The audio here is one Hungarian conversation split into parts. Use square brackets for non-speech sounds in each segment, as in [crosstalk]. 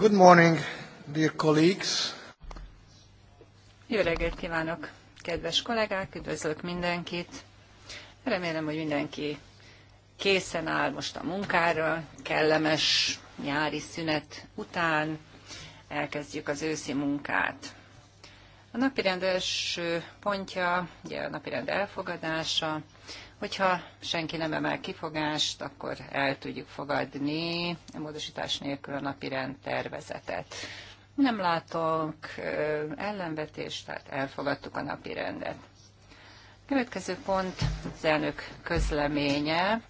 Good morning, dear colleagues. Jó reggelt kívánok, kedves kollégák, üdvözlök mindenkit. Remélem, hogy mindenki készen áll most a munkára, kellemes nyári szünet után elkezdjük az őszi munkát. A napirend első pontja, ugye a napirend elfogadása, hogyha senki nem emel kifogást, akkor el tudjuk fogadni a módosítás nélkül a napirend tervezetet. Nem látok ellenvetést, tehát elfogadtuk a napirendet. Következő pont az elnök közleménye.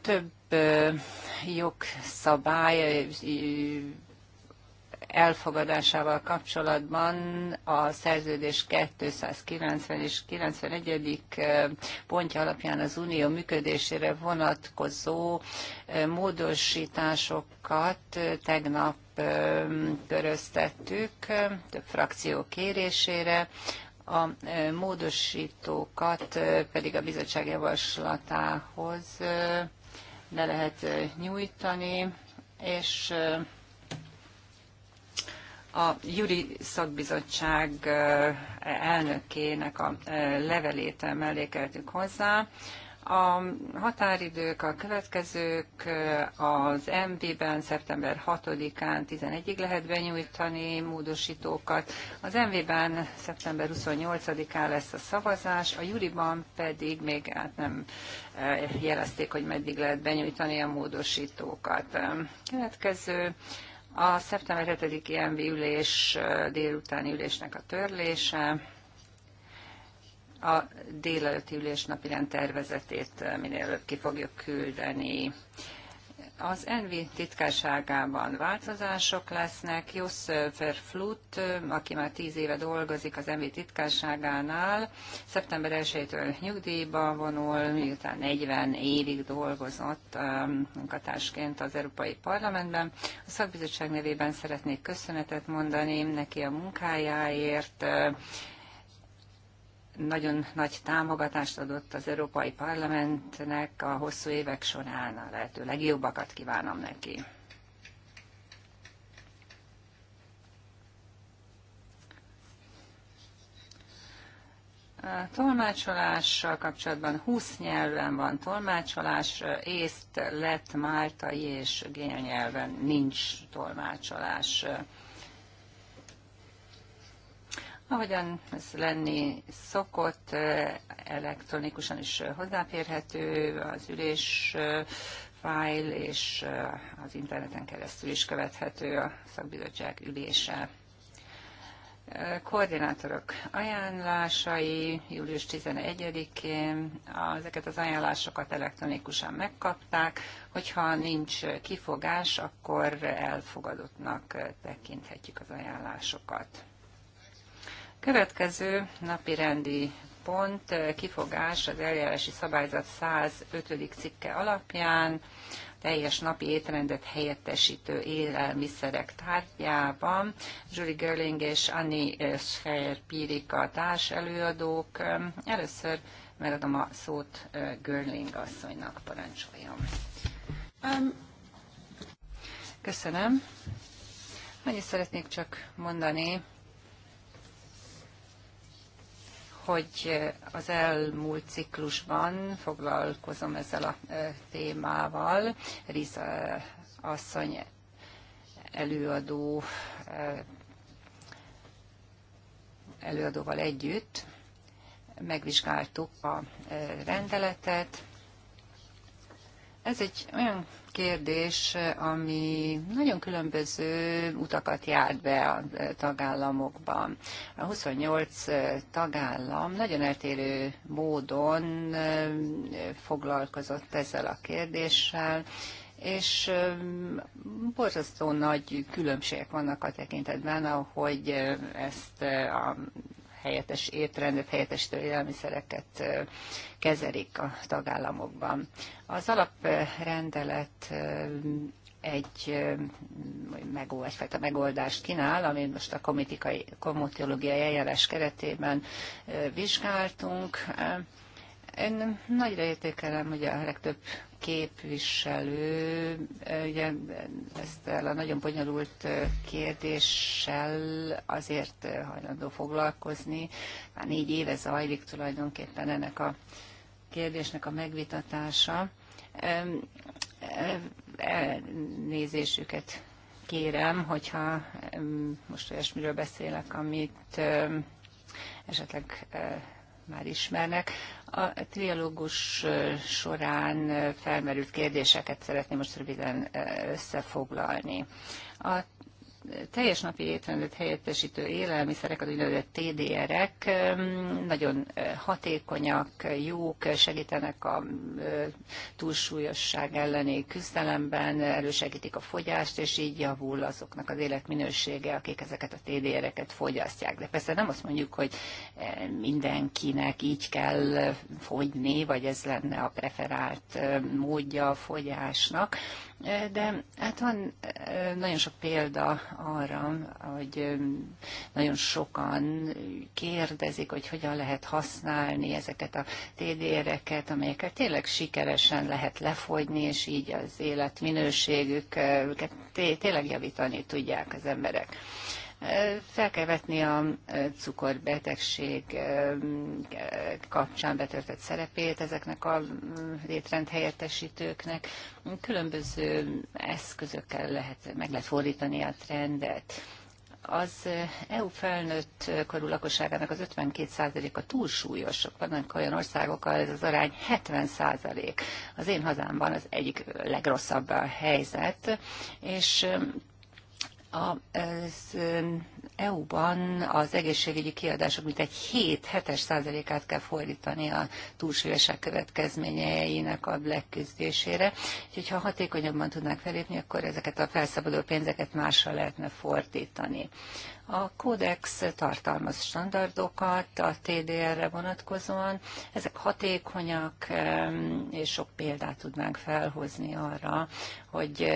Több jogszabály elfogadásával kapcsolatban a szerződés 290 és 91. pontja alapján az unió működésére vonatkozó módosításokat tegnap köröztettük több frakció kérésére a módosítókat pedig a bizottság javaslatához le lehet nyújtani, és a Juri Szakbizottság elnökének a levelét mellékeltük hozzá. A határidők a következők, az MV-ben szeptember 6-án 11-ig lehet benyújtani módosítókat, az MV-ben szeptember 28-án lesz a szavazás, a Juriban pedig még hát nem jelezték, hogy meddig lehet benyújtani a módosítókat. Következő a szeptember 7-i ülés délutáni ülésnek a törlése, a délelőtti ülés napirend tervezetét minél előbb ki fogjuk küldeni. Az Envi titkárságában változások lesznek. Jossz Verflut, aki már tíz éve dolgozik az Envi titkárságánál, szeptember 1-től nyugdíjba vonul, miután 40 évig dolgozott um, munkatársként az Európai Parlamentben. A szakbizottság nevében szeretnék köszönetet mondani neki a munkájáért, nagyon nagy támogatást adott az Európai Parlamentnek a hosszú évek során. A lehető legjobbakat kívánom neki. A tolmácsolással kapcsolatban 20 nyelven van tolmácsolás, észt, lett, máltai és gél nyelven nincs tolmácsolás. Ahogyan ez lenni szokott, elektronikusan is hozzáférhető az ülés fájl, és az interneten keresztül is követhető a szakbizottság ülése koordinátorok ajánlásai július 11-én, ezeket az ajánlásokat elektronikusan megkapták, hogyha nincs kifogás, akkor elfogadottnak tekinthetjük az ajánlásokat. Következő napi rendi pont eh, kifogás az eljárási szabályzat 105. cikke alapján teljes napi étrendet helyettesítő élelmiszerek tárgyában. Julie Görling és Annie eh, Scheer Pirika társ előadók. Eh, először megadom a szót Görling asszonynak, parancsoljam. Um, Köszönöm. Annyit szeretnék csak mondani, hogy az elmúlt ciklusban foglalkozom ezzel a e, témával. Riza asszony előadó e, előadóval együtt megvizsgáltuk a e, rendeletet. Ez egy olyan kérdés, ami nagyon különböző utakat járt be a tagállamokban. A 28 tagállam nagyon eltérő módon eh, foglalkozott ezzel a kérdéssel, és eh, borzasztó nagy különbségek vannak a tekintetben, ahogy eh, ezt a helyettes étrendet, helyettes élelmiszereket kezelik a tagállamokban. Az alaprendelet egy megó, egyfajta megoldást kínál, amit most a komitológiai eljárás keretében vizsgáltunk. Én nagyra értékelem, hogy a legtöbb képviselő ugye ezt a nagyon bonyolult kérdéssel azért hajlandó foglalkozni. Már négy éve zajlik tulajdonképpen ennek a kérdésnek a megvitatása. Elnézésüket kérem, hogyha most olyasmiről beszélek, amit esetleg már ismernek. A trialógus során felmerült kérdéseket szeretném most röviden összefoglalni. A teljes napi étrendet helyettesítő élelmiszerek, az úgynevezett TDR-ek nagyon eh, hatékonyak, jók, segítenek a eh, túlsúlyosság elleni küzdelemben, elősegítik a fogyást, és így javul azoknak az életminősége, akik ezeket a TDR-eket fogyasztják. De persze nem azt mondjuk, hogy eh, mindenkinek így kell fogyni, vagy ez lenne a preferált módja a fogyásnak, de hát van nagyon sok példa arra, hogy nagyon sokan kérdezik, hogy hogyan lehet használni ezeket a TDR-eket, amelyeket tényleg sikeresen lehet lefogyni, és így az életminőségüket tényleg javítani tudják az emberek. Fel kell vetni a cukorbetegség kapcsán betöltött szerepét ezeknek a mm, helyettesítőknek. Különböző eszközökkel lehet, meg lehet fordítani a trendet az EU felnőtt korú lakosságának az 52%-a túlsúlyosok. Vannak olyan országok, ez az arány 70%. Az én hazámban az egyik legrosszabb a helyzet, és az EU-ban az egészségügyi kiadások mint egy 7-7-es százalékát kell fordítani a túlsúlyosság következményeinek a leküzdésére. Úgyhogy ha hatékonyabban tudnánk felépni, akkor ezeket a felszabaduló pénzeket másra lehetne fordítani. A kódex tartalmaz standardokat a TDR-re vonatkozóan. Ezek hatékonyak, és sok példát tudnánk felhozni arra, hogy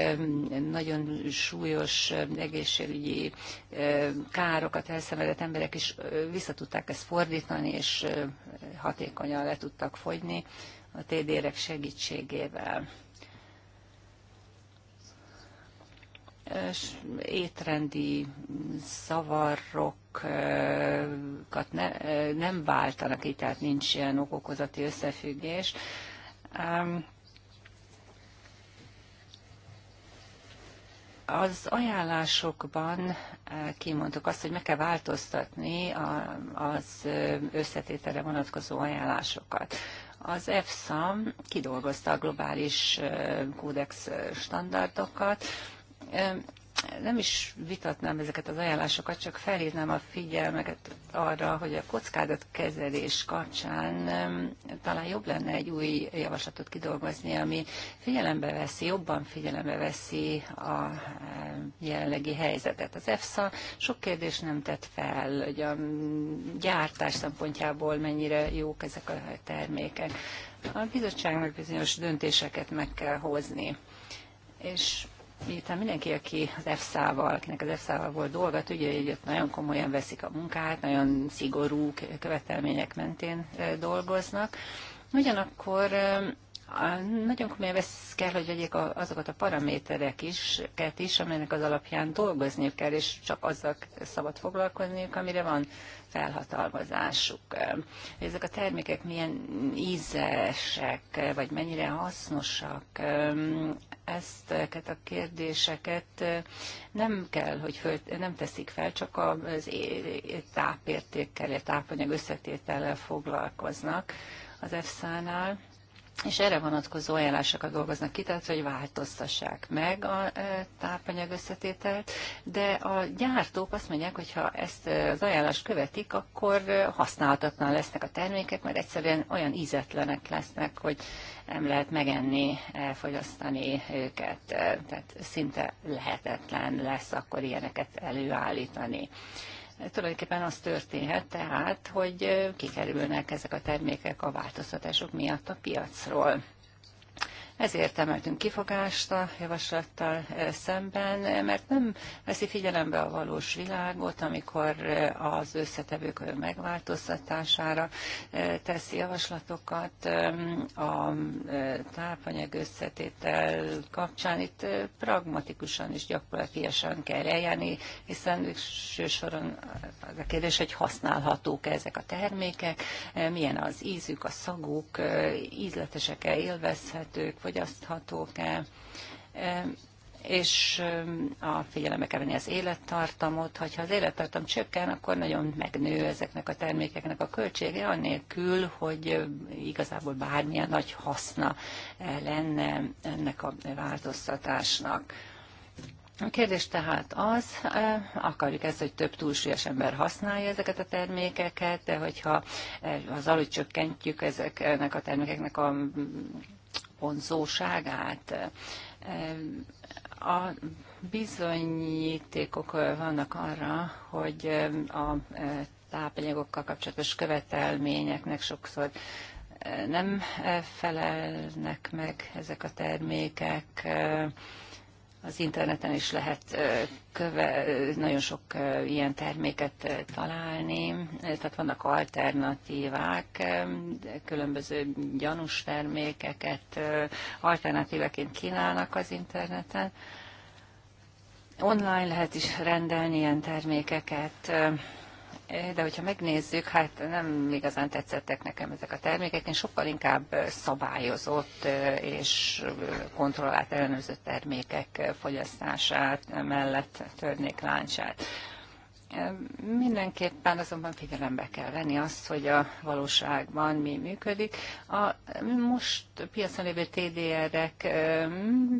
nagyon súlyos egészségügyi károkat elszenvedett emberek is vissza tudták ezt fordítani, és hatékonyan le tudtak fogyni a TD-rek segítségével. étrendi zavarokat ne, nem váltanak itt, tehát nincs ilyen okokozati összefüggés. Az ajánlásokban eh, kimondtuk azt, hogy meg kell változtatni az összetételre vonatkozó ajánlásokat. Az EFSA kidolgozta a globális kódex standardokat, nem is vitatnám ezeket az ajánlásokat, csak felhívnám a figyelmeket arra, hogy a kezelés kapcsán talán jobb lenne egy új javaslatot kidolgozni, ami figyelembe veszi, jobban figyelembe veszi a jelenlegi helyzetet. Az EFSA sok kérdést nem tett fel, hogy a gyártás szempontjából mennyire jók ezek a termékek. A bizottságnak bizonyos döntéseket meg kell hozni. És miután mindenki, aki az EFSA-val, akinek az EFSA-val volt dolga, tudja, hogy ott nagyon komolyan veszik a munkát, nagyon szigorú követelmények mentén dolgoznak. Ugyanakkor nagyon komolyan kell, hogy vegyék azokat a paraméterek is, is, amelynek az alapján dolgozniuk kell, és csak azzal szabad foglalkozniuk, amire van felhatalmazásuk. Ezek a termékek milyen ízesek, vagy mennyire hasznosak, ezt a kérdéseket nem kell, hogy föl, nem teszik fel, csak az tápértékkel, a tápanyag összetétellel foglalkoznak az EFSA-nál és erre vonatkozó ajánlásokat dolgoznak ki, tehát hogy változtassák meg a e, tápanyag összetételt, de a gyártók azt mondják, hogy ha ezt e, az ajánlást követik, akkor e, használhatatlan lesznek a termékek, mert egyszerűen olyan ízetlenek lesznek, hogy nem lehet megenni, elfogyasztani őket, tehát szinte lehetetlen lesz akkor ilyeneket előállítani tulajdonképpen az történhet tehát, hogy kikerülnek ezek a termékek a változtatások miatt a piacról. Ezért emeltünk kifogást a javaslattal eh, szemben, eh, mert nem veszi figyelembe a valós világot, amikor eh, az összetevők megváltoztatására teszi javaslatokat ehm, a tápanyag összetétel kapcsán. Itt pragmatikusan és gyakorlatilag kell eljárni, hiszen végső soron az a kérdés, hogy használhatók -e ezek a termékek, milyen az ízük, a szaguk, ízletesek-e, élvezhetők, fogyaszthatók-e, és a figyelembe kell venni az élettartamot. Ha az élettartam csökken, akkor nagyon megnő ezeknek a termékeknek a költsége, annélkül, hogy igazából bármilyen nagy haszna lenne ennek a változtatásnak. A kérdés tehát az, akarjuk ezt, hogy több túlsúlyos ember használja ezeket a termékeket, de hogyha az hogy csökkentjük ezeknek a termékeknek a vonzóságát. A bizonyítékok vannak arra, hogy a tápanyagokkal kapcsolatos követelményeknek sokszor nem felelnek meg ezek a termékek, az interneten is lehet köve, nagyon sok ilyen terméket találni, tehát vannak alternatívák, különböző gyanús termékeket alternatíveként kínálnak az interneten. Online lehet is rendelni ilyen termékeket, de hogyha megnézzük, hát nem igazán tetszettek nekem ezek a termékek, én sokkal inkább szabályozott és kontrollált ellenőrzött termékek fogyasztását mellett törnék láncsát. Mindenképpen azonban figyelembe kell venni azt, hogy a valóságban mi működik. A most piacon lévő TDR-ek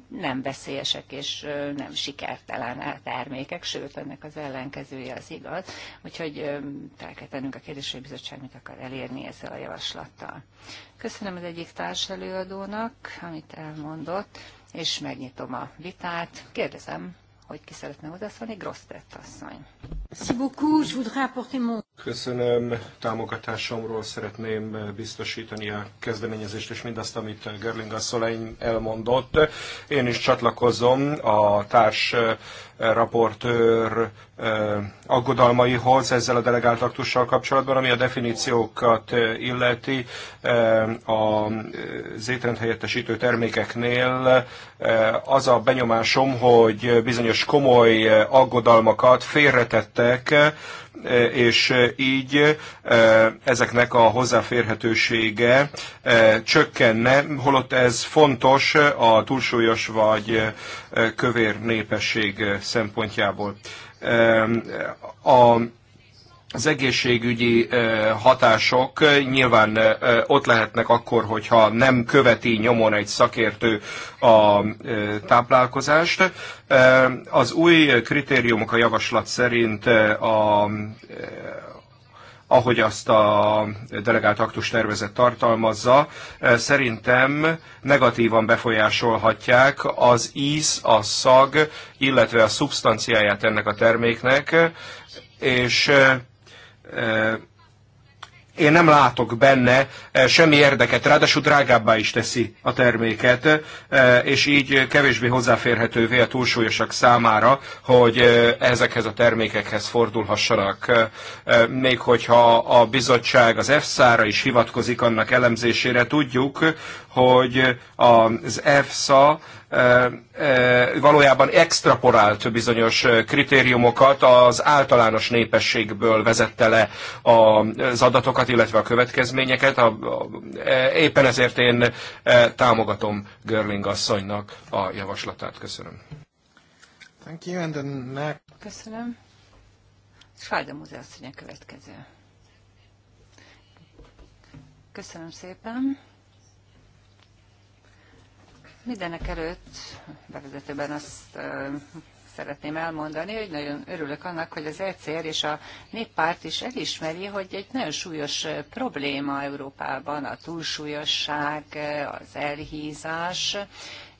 nem veszélyesek és nem sikertelen termékek, sőt, ennek az ellenkezője az igaz. Úgyhogy fel kell tennünk a kérdés, hogy a bizottság mit akar elérni ezzel a javaslattal. Köszönöm az egyik társelőadónak, amit elmondott, és megnyitom a vitát. Kérdezem, hogy ki szeretne hozzászólni, Grosztett asszony. Köszönöm. Támogatásomról szeretném biztosítani a kezdeményezést és mindazt, amit Gerling asszony elmondott. Én is csatlakozom a társ raportőr aggodalmaihoz ezzel a delegált aktussal kapcsolatban, ami a definíciókat illeti zétrend helyettesítő termékeknél. Az a benyomásom, hogy bizonyos komoly aggodalmakat félretettek, Eh, és eh, így eh, ezeknek a hozzáférhetősége csökkenne, holott ez fontos a túlsúlyos vagy kövér népesség szempontjából. A az egészségügyi hatások nyilván ott lehetnek akkor, hogyha nem követi nyomon egy szakértő a táplálkozást. Az új kritériumok a javaslat szerint a ahogy azt a delegált aktus tervezet tartalmazza, szerintem negatívan befolyásolhatják az íz, a szag, illetve a szubstanciáját ennek a terméknek, és én nem látok benne semmi érdeket, ráadásul drágábbá is teszi a terméket, és így kevésbé hozzáférhetővé a túlsúlyosak számára, hogy ezekhez a termékekhez fordulhassanak. Még hogyha a bizottság az EFSA-ra is hivatkozik annak elemzésére, tudjuk, hogy az EFSA eh, eh, valójában extraporált bizonyos kritériumokat, az általános népességből vezette le az adatokat, illetve a következményeket. Eh, éppen ezért én támogatom Görling asszonynak a javaslatát. Köszönöm. Thank you, and the Köszönöm. Svájda asszony a következő. Köszönöm szépen. Mindenek előtt bevezetőben azt szeretném elmondani, hogy nagyon örülök annak, hogy az ECR és a néppárt is elismeri, hogy egy nagyon súlyos probléma Európában a túlsúlyosság, az elhízás,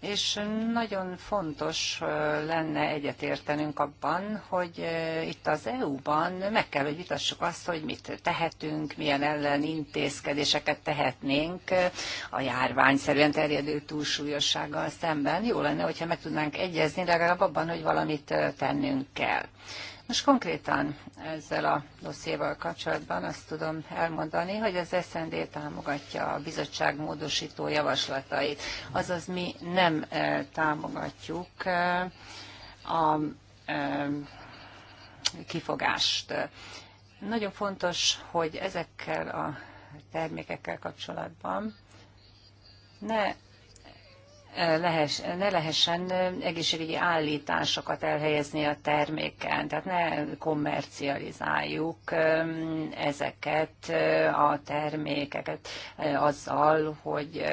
és nagyon fontos lenne egyetértenünk abban, hogy itt az EU-ban meg kell, hogy vitassuk azt, hogy mit tehetünk, milyen ellen intézkedéseket tehetnénk a járványszerűen terjedő túlsúlyossággal szemben. Jó lenne, hogyha meg tudnánk egyezni legalább abban, hogy valamit tennünk kell. Most konkrétan ezzel a dosszéval kapcsolatban azt tudom elmondani, hogy az SND támogatja a bizottság módosító javaslatait. Azaz mi nem eh, támogatjuk eh, a eh, kifogást. Nagyon fontos, hogy ezekkel a termékekkel kapcsolatban ne lehess, ne lehessen egészségügyi állításokat elhelyezni a terméken, tehát ne kommercializáljuk ezeket a termékeket azzal, hogy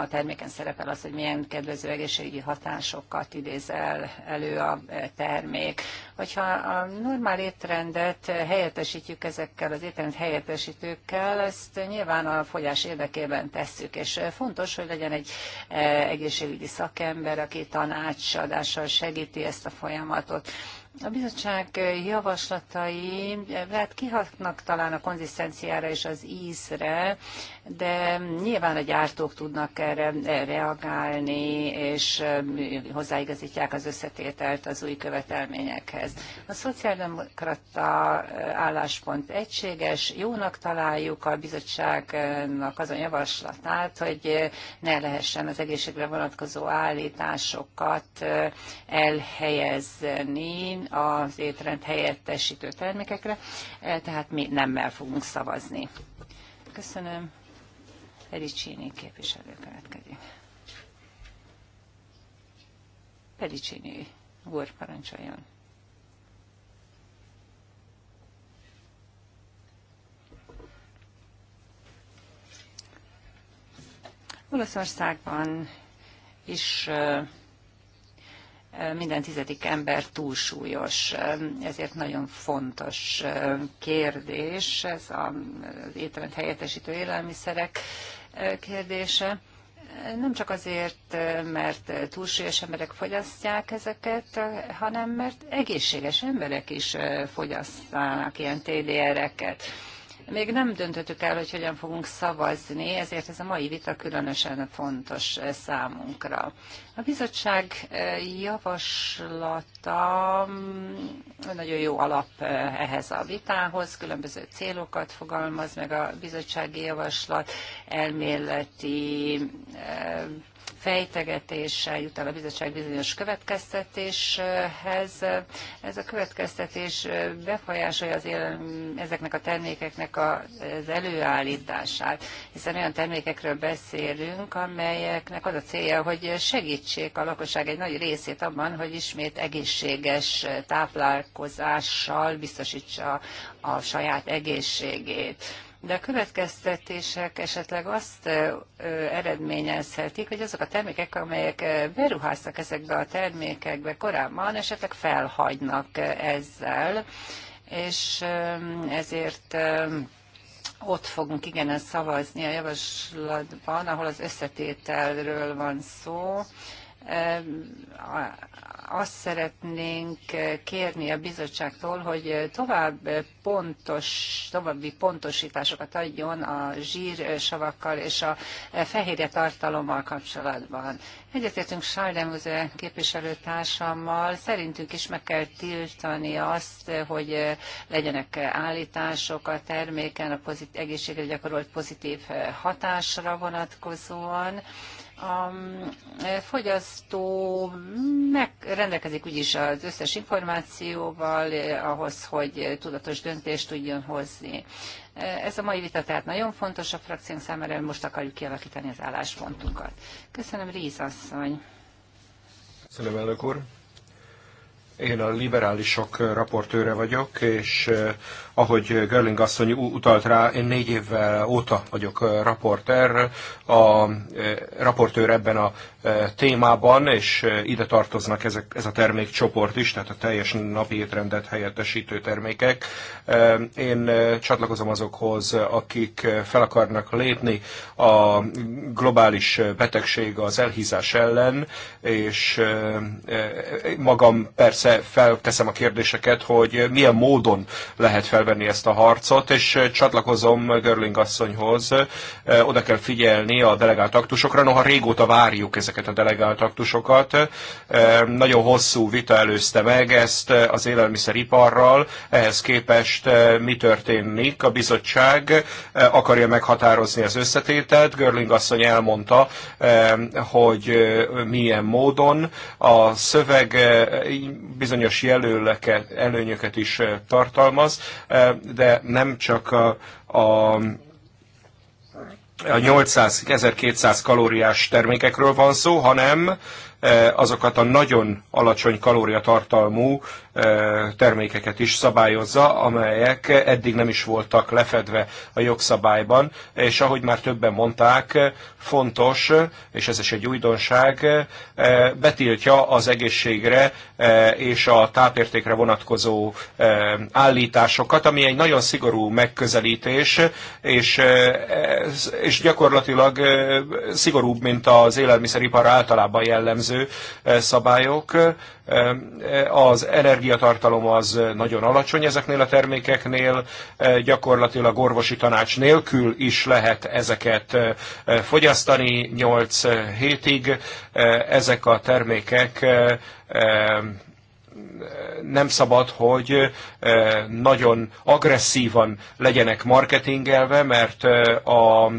a terméken szerepel az, hogy milyen kedvező egészségügyi hatásokat idéz el elő a termék. Hogyha a normál étrendet helyettesítjük ezekkel az étrend helyettesítőkkel, ezt nyilván a fogyás érdekében tesszük, és fontos, hogy legyen egy e, egészségügyi szakember, aki tanácsadással segíti ezt a folyamatot. A bizottság javaslatai hát kihatnak talán a konzisztenciára és az ízre, de nyilván a gyártók tudnak erre reagálni, és hozzáigazítják az összetételt az új követelményekhez. A szociáldemokrata álláspont egységes, jónak találjuk a bizottságnak azon javaslatát, hogy ne lehessen az egészségre vonatkozó állításokat elhelyezni az étrend helyettesítő termékekre, e, tehát mi nemmel fogunk szavazni. Köszönöm. Pericsini képviselő következik. Pericsini úr parancsoljon. Olaszországban is minden tizedik ember túlsúlyos, ezért nagyon fontos kérdés ez az étrend helyettesítő élelmiszerek kérdése. Nem csak azért, mert túlsúlyos emberek fogyasztják ezeket, hanem mert egészséges emberek is fogyasztanak ilyen TDR-eket. Még nem döntöttük el, hogy hogyan fogunk szavazni, ezért ez a mai vita különösen fontos eh, számunkra. A bizottság eh, javaslata mm, nagyon jó alap eh, ehhez a vitához, különböző célokat fogalmaz meg a bizottsági javaslat, elméleti fejtegetéssel jut el a bizottság bizonyos következtetéshez. Ez a következtetés befolyásolja az él, ezeknek a termékeknek az előállítását, hiszen olyan termékekről beszélünk, amelyeknek az a célja, hogy segítsék a lakosság egy nagy részét abban, hogy ismét egészséges táplálkozással biztosítsa a saját egészségét de a következtetések esetleg azt eredményezhetik, hogy azok a termékek, amelyek beruháztak ezekbe a termékekbe korábban, esetleg felhagynak ezzel, és ezért ott fogunk igen szavazni a javaslatban, ahol az összetételről van szó, azt szeretnénk kérni a bizottságtól, hogy tovább pontos, további pontosításokat adjon a zsírsavakkal és a fehérje tartalommal kapcsolatban. Egyetértünk Sajlemüze képviselőtársammal, szerintünk is meg kell tiltani azt, hogy legyenek állítások a terméken a pozit- egészségre gyakorolt pozitív hatásra vonatkozóan, a e, fogyasztó meg rendelkezik úgyis az összes információval e, ahhoz, hogy tudatos döntést tudjon hozni. E, ez a mai vita tehát nagyon fontos a frakciónk számára, most akarjuk kialakítani az álláspontunkat. Köszönöm, Ríz asszony. Köszönöm, elnök úr. Én a liberálisok raportőre vagyok, és ahogy Görling asszony utalt rá, én négy évvel óta vagyok raporter, a raportőr ebben a témában, és ide tartoznak ezek, ez a termékcsoport is, tehát a teljes napi étrendet helyettesítő termékek. Én csatlakozom azokhoz, akik fel akarnak lépni a globális betegség az elhízás ellen, és magam persze felteszem a kérdéseket, hogy milyen módon lehet felvenni felvenni ezt a harcot, és csatlakozom Görling asszonyhoz, oda kell figyelni a delegált aktusokra, noha régóta várjuk ezeket a delegált aktusokat. Nagyon hosszú vita előzte meg ezt az élelmiszeriparral, ehhez képest mi történik, a bizottság akarja meghatározni az összetételt, Görling asszony elmondta, hogy milyen módon a szöveg bizonyos jelöleket, előnyöket is tartalmaz de nem csak a, a a 800-1200 kalóriás termékekről van szó, hanem eh, azokat a nagyon alacsony kalóriatartalmú termékeket is szabályozza, amelyek eddig nem is voltak lefedve a jogszabályban, és ahogy már többen mondták, fontos, és ez is egy újdonság, betiltja az egészségre és a tápértékre vonatkozó állításokat, ami egy nagyon szigorú megközelítés, és, és gyakorlatilag szigorúbb, mint az élelmiszeripar általában jellemző szabályok az energiatartalom az nagyon alacsony ezeknél a termékeknél, gyakorlatilag orvosi tanács nélkül is lehet ezeket eh, fogyasztani 8 hétig. Eh, ezek a termékek eh, nem szabad, hogy nagyon agresszívan legyenek marketingelve, mert a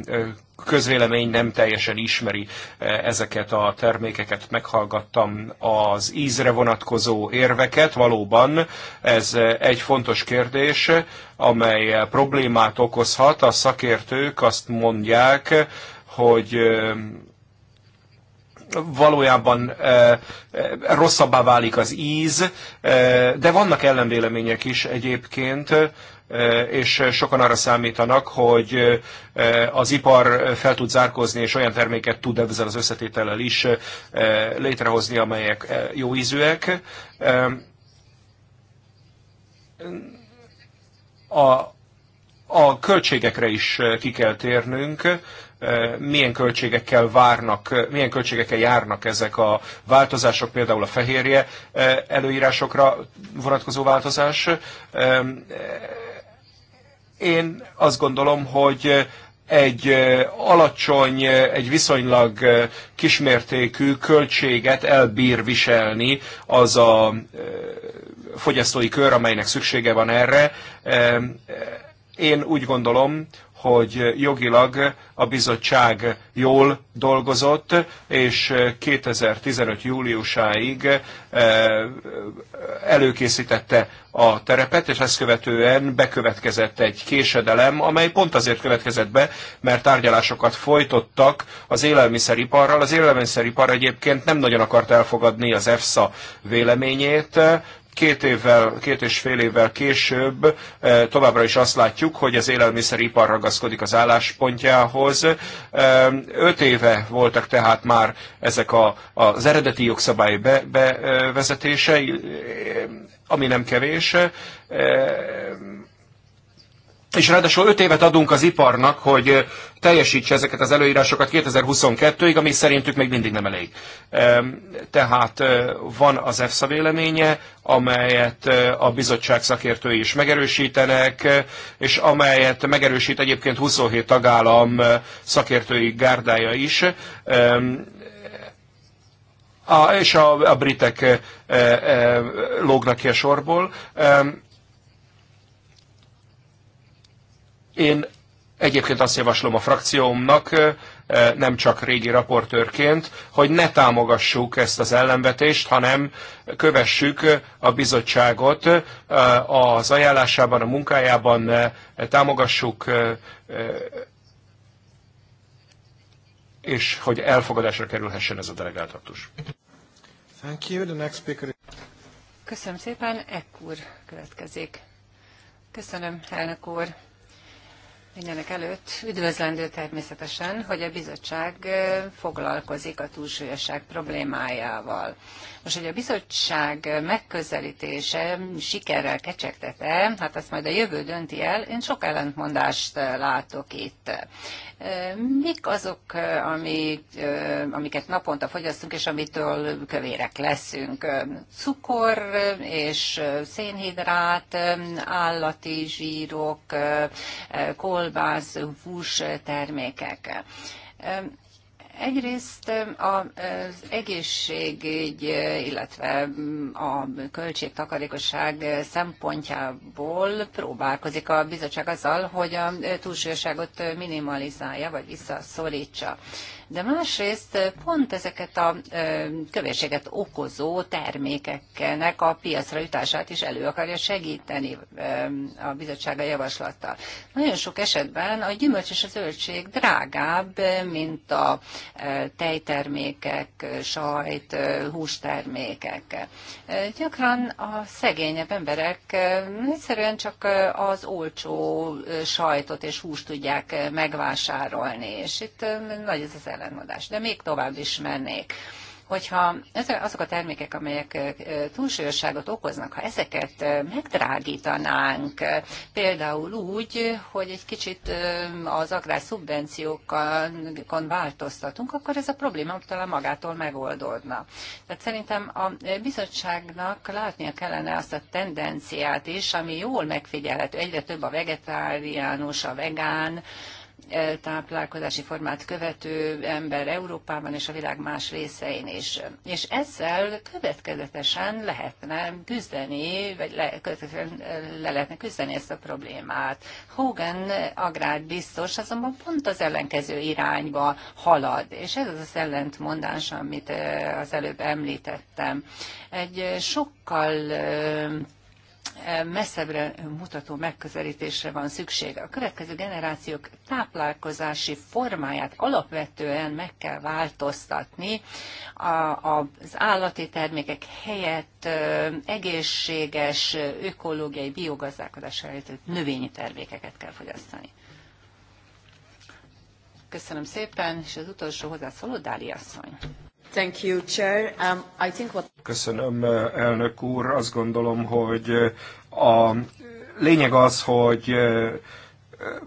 közvélemény nem teljesen ismeri eh, ezeket a termékeket. Meghallgattam az ízre vonatkozó érveket, valóban ez eh, egy fontos kérdés, amely eh, problémát okozhat. A szakértők azt mondják, hogy valójában rosszabbá válik az íz, de vannak ellenvélemények is egyébként. Eh, és eh, sokan arra számítanak, hogy eh, az ipar fel tud zárkozni, és olyan terméket tud ezzel az összetétellel is létrehozni, amelyek jó ízűek. A, a költségekre is ki kell térnünk, milyen költségekkel várnak, milyen költségekkel járnak ezek a változások, például a fehérje előírásokra vonatkozó változás én azt gondolom, hogy egy alacsony, egy viszonylag kismértékű költséget elbír viselni az a fogyasztói kör, amelynek szüksége van erre én úgy gondolom, hogy jogilag a bizottság jól dolgozott, és 2015. júliusáig eh, előkészítette a terepet, és ezt követően bekövetkezett egy késedelem, amely pont azért következett be, mert tárgyalásokat folytottak az élelmiszeriparral. Az élelmiszeripar egyébként nem nagyon akart elfogadni az EFSA véleményét, két, évvel, két és fél évvel később eh, továbbra is azt látjuk, hogy az élelmiszeripar ragaszkodik az álláspontjához. Eh, öt éve voltak tehát már ezek a, az eredeti jogszabály be, bevezetése, eh, ami nem kevés és ráadásul 5 évet adunk az iparnak, hogy teljesítse ezeket az előírásokat 2022-ig, ami szerintük még mindig nem elég. Tehát van az EFSA véleménye, amelyet a bizottság szakértői is megerősítenek, és amelyet megerősít egyébként 27 tagállam szakértői gárdája is. A, és a, a britek e, e, lógnak ki a sorból. E, Én egyébként azt javaslom a frakciómnak, nem csak régi raportőrként, hogy ne támogassuk ezt az ellenvetést, hanem kövessük a bizottságot az ajánlásában, a munkájában, támogassuk és hogy elfogadásra kerülhessen ez a delegáltatus. Thank you. The next speaker... Köszönöm szépen, Ekkur következik. Köszönöm, elnök úr. Mindenek előtt üdvözlendő természetesen, hogy a bizottság foglalkozik a túlsúlyosság problémájával. Most, hogy a bizottság megközelítése sikerrel kecsegtete, hát ezt majd a jövő dönti el, én sok ellentmondást látok itt. Mik azok, amik, amiket naponta fogyasztunk, és amitől kövérek leszünk? Cukor és szénhidrát, állati zsírok, kolbász, hús termékek. Egyrészt az egészségügy, illetve mm, a költségtakarékosság szempontjából próbálkozik a bizottság azzal, hogy a túlsúlyoságot minimalizálja, vagy visszaszorítsa de másrészt eh, pont ezeket a eh, kövérséget okozó termékeknek a piacra jutását is elő akarja segíteni eh, a bizottsága javaslattal. Nagyon sok esetben a gyümölcs és a zöldség drágább, mint a tejtermékek, sajt, hústermékek. Gyakran a szegényebb emberek egyszerűen csak az olcsó sajtot és húst tudják megvásárolni, és itt nagy ez az ellenmondás. De még tovább is mennék hogyha azok a termékek, amelyek túlsúlyosságot okoznak, ha ezeket megdrágítanánk, például úgy, hogy egy kicsit az agrár szubvenciókon változtatunk, akkor ez a probléma talán magától megoldódna. Tehát szerintem a bizottságnak látnia kellene azt a tendenciát is, ami jól megfigyelhető. Egyre több a vegetáriánus, a vegán, táplálkozási formát követő ember Európában és a világ más részein is. És ezzel következetesen lehetne küzdeni, vagy le, következetesen le lehetne küzdeni ezt a problémát. Hogan agrár biztos azonban pont az ellenkező irányba halad, és ez az az ellentmondás, amit az előbb említettem. Egy sokkal messzebbre mutató megközelítésre van szükség. A következő generációk táplálkozási formáját alapvetően meg kell változtatni. az állati termékek helyett egészséges, ökológiai biogazdálkodásra helyett növényi termékeket kell fogyasztani. Köszönöm szépen, és az utolsó hozzászóló Dáli asszony. Thank you, Chair. Um, I think what... Köszönöm, elnök úr. Azt gondolom, hogy a lényeg az, hogy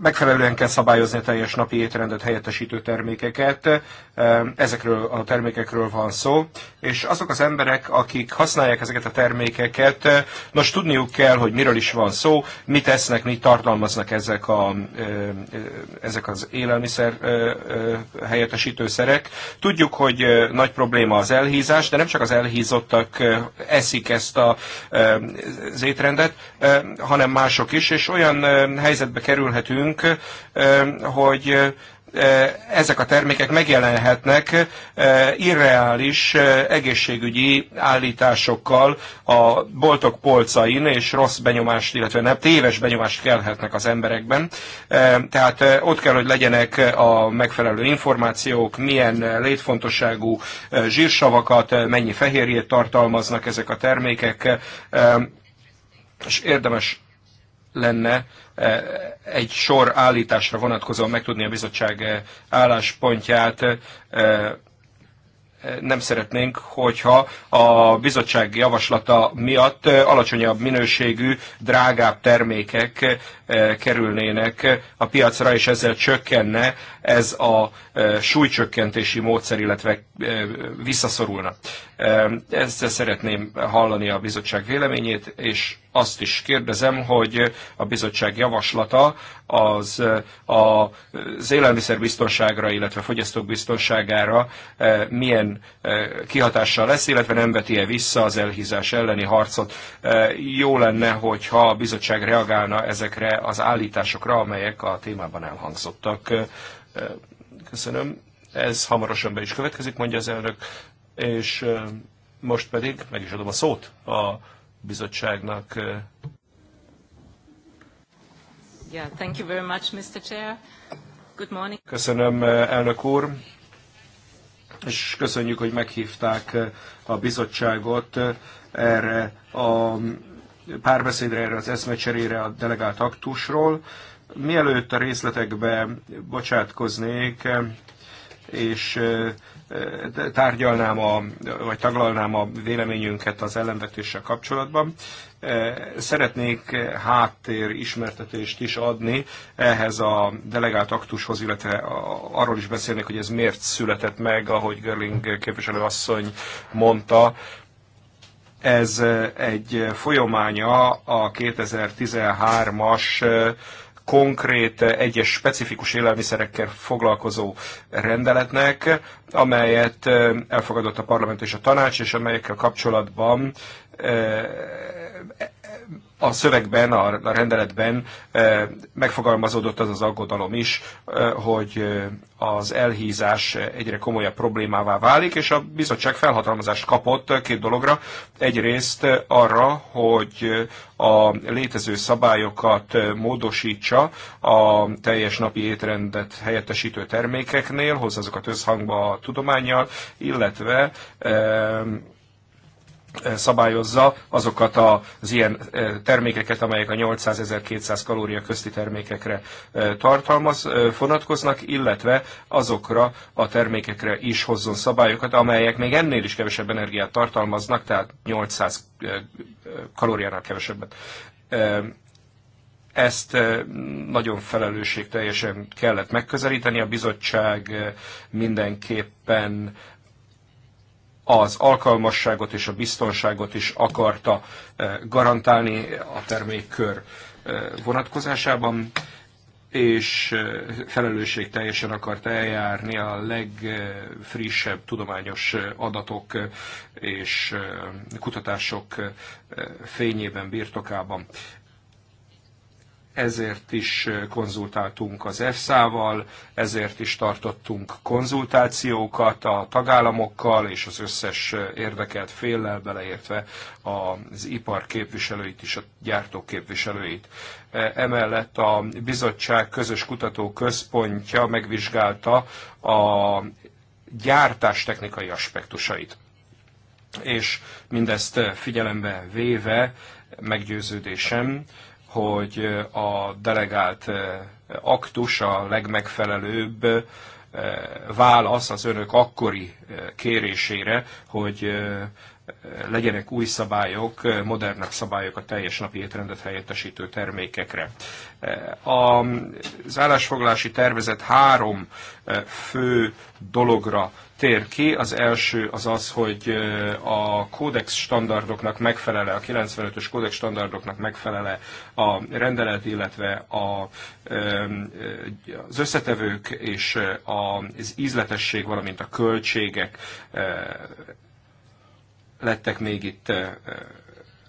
megfelelően kell szabályozni a teljes napi étrendet helyettesítő termékeket. Ezekről a termékekről van szó, és azok az emberek, akik használják ezeket a termékeket, nos tudniuk kell, hogy miről is van szó, mit esznek, mit tartalmaznak ezek, a, ezek az élelmiszer helyettesítő szerek. Tudjuk, hogy nagy probléma az elhízás, de nem csak az elhízottak eszik ezt a, az étrendet, hanem mások is, és olyan helyzetbe kerülhet beszélgetünk, hogy ezek a termékek megjelenhetnek irreális egészségügyi állításokkal a boltok polcain, és rossz benyomást, illetve nem téves benyomást kelhetnek az emberekben. Tehát ott kell, hogy legyenek a megfelelő információk, milyen létfontosságú zsírsavakat, mennyi fehérjét tartalmaznak ezek a termékek, és érdemes lenne E, egy sor állításra vonatkozóan megtudni a bizottság e, álláspontját. E, nem szeretnénk, hogyha a bizottság javaslata miatt alacsonyabb minőségű, drágább termékek kerülnének a piacra, és ezzel csökkenne ez a e, súlycsökkentési módszer, illetve e, visszaszorulna. E, Ezt szeretném hallani a bizottság véleményét, és azt is kérdezem, hogy a bizottság javaslata az az élelmiszerbiztonságra, illetve fogyasztók biztonságára milyen kihatással lesz, illetve nem veti-e vissza az elhízás elleni harcot. Jó lenne, hogyha a bizottság reagálna ezekre az állításokra, amelyek a témában elhangzottak. Köszönöm. Ez hamarosan be is következik, mondja az elnök. És most pedig meg is adom a szót a bizottságnak. Yeah, thank you very much, Mr. Chair. Good morning. Köszönöm, elnök úr és köszönjük, hogy meghívták a bizottságot erre a párbeszédre, erre az eszmecserére a delegált aktusról. Mielőtt a részletekbe bocsátkoznék, és tárgyalnám, a, vagy taglalnám a véleményünket az ellenvetéssel kapcsolatban. Szeretnék háttér ismertetést is adni ehhez a delegált aktushoz, illetve arról is beszélnék, hogy ez miért született meg, ahogy Görling képviselőasszony mondta, ez egy folyamánya a 2013-as konkrét, eh, egyes specifikus élelmiszerekkel foglalkozó rendeletnek, amelyet eh, elfogadott a parlament és a tanács, és amelyekkel kapcsolatban eh, a szövegben, a, rendeletben megfogalmazódott az az aggodalom is, hogy az elhízás egyre komolyabb problémává válik, és a bizottság felhatalmazást kapott két dologra. Egyrészt arra, hogy a létező szabályokat módosítsa a teljes napi étrendet helyettesítő termékeknél, hozza azokat összhangba a tudományjal, illetve szabályozza azokat az ilyen termékeket, amelyek a 800-1200 kalória közti termékekre tartalmaz, vonatkoznak, illetve azokra a termékekre is hozzon szabályokat, amelyek még ennél is kevesebb energiát tartalmaznak, tehát 800 kalóriánál kevesebbet ezt nagyon felelősség teljesen kellett megközelíteni. A bizottság mindenképpen az alkalmasságot és a biztonságot is akarta eh, garantálni a termékkör eh, vonatkozásában, és eh, felelősség teljesen akart eljárni a legfrissebb tudományos adatok és kutatások fényében, birtokában ezért is konzultáltunk az EFSA-val, ezért is tartottunk konzultációkat a tagállamokkal és az összes érdekelt féllel, beleértve az ipar képviselőit és a gyártók képviselőit. Emellett a bizottság közös kutatóközpontja megvizsgálta a gyártás technikai aspektusait. És mindezt figyelembe véve meggyőződésem, hogy a delegált aktus a legmegfelelőbb válasz az önök akkori kérésére, hogy legyenek új szabályok, modernak szabályok a teljes napi étrendet helyettesítő termékekre. Az állásfoglási tervezet három fő dologra tér ki. Az első az az, hogy a kódex standardoknak megfelele, a 95-ös kódex standardoknak megfelele a rendelet, illetve a, az összetevők és az ízletesség, valamint a költségek lettek még itt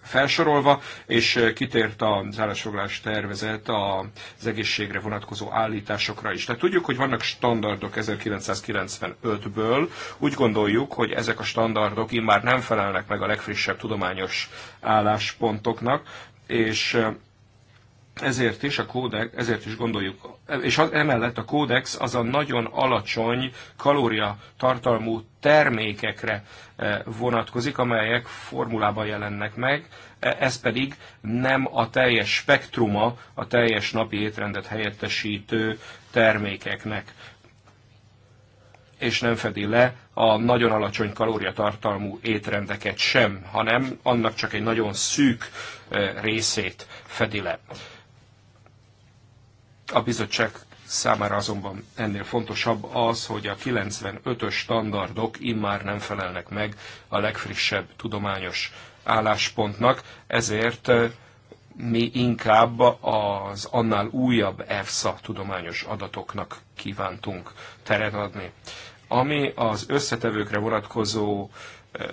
felsorolva, és eh, kitért az állásfoglalás tervezet az egészségre vonatkozó állításokra is. Tehát tudjuk, hogy vannak standardok 1995-ből, úgy gondoljuk, hogy ezek a standardok immár nem felelnek meg a legfrissebb tudományos álláspontoknak, és eh, ezért is a kódex, ezért is gondoljuk, és emellett a kódex az a nagyon alacsony kalória tartalmú termékekre eh, vonatkozik, amelyek formulában jelennek meg, e, ez pedig nem a teljes spektruma, a teljes napi étrendet helyettesítő termékeknek, és nem fedi le a nagyon alacsony kalóriatartalmú étrendeket sem, hanem annak csak egy nagyon szűk eh, részét fedi le. A bizottság számára azonban ennél fontosabb az, hogy a 95-ös standardok immár nem felelnek meg a legfrissebb tudományos álláspontnak, ezért eh, mi inkább az annál újabb EFSA tudományos adatoknak kívántunk teret adni. Ami az összetevőkre vonatkozó eh,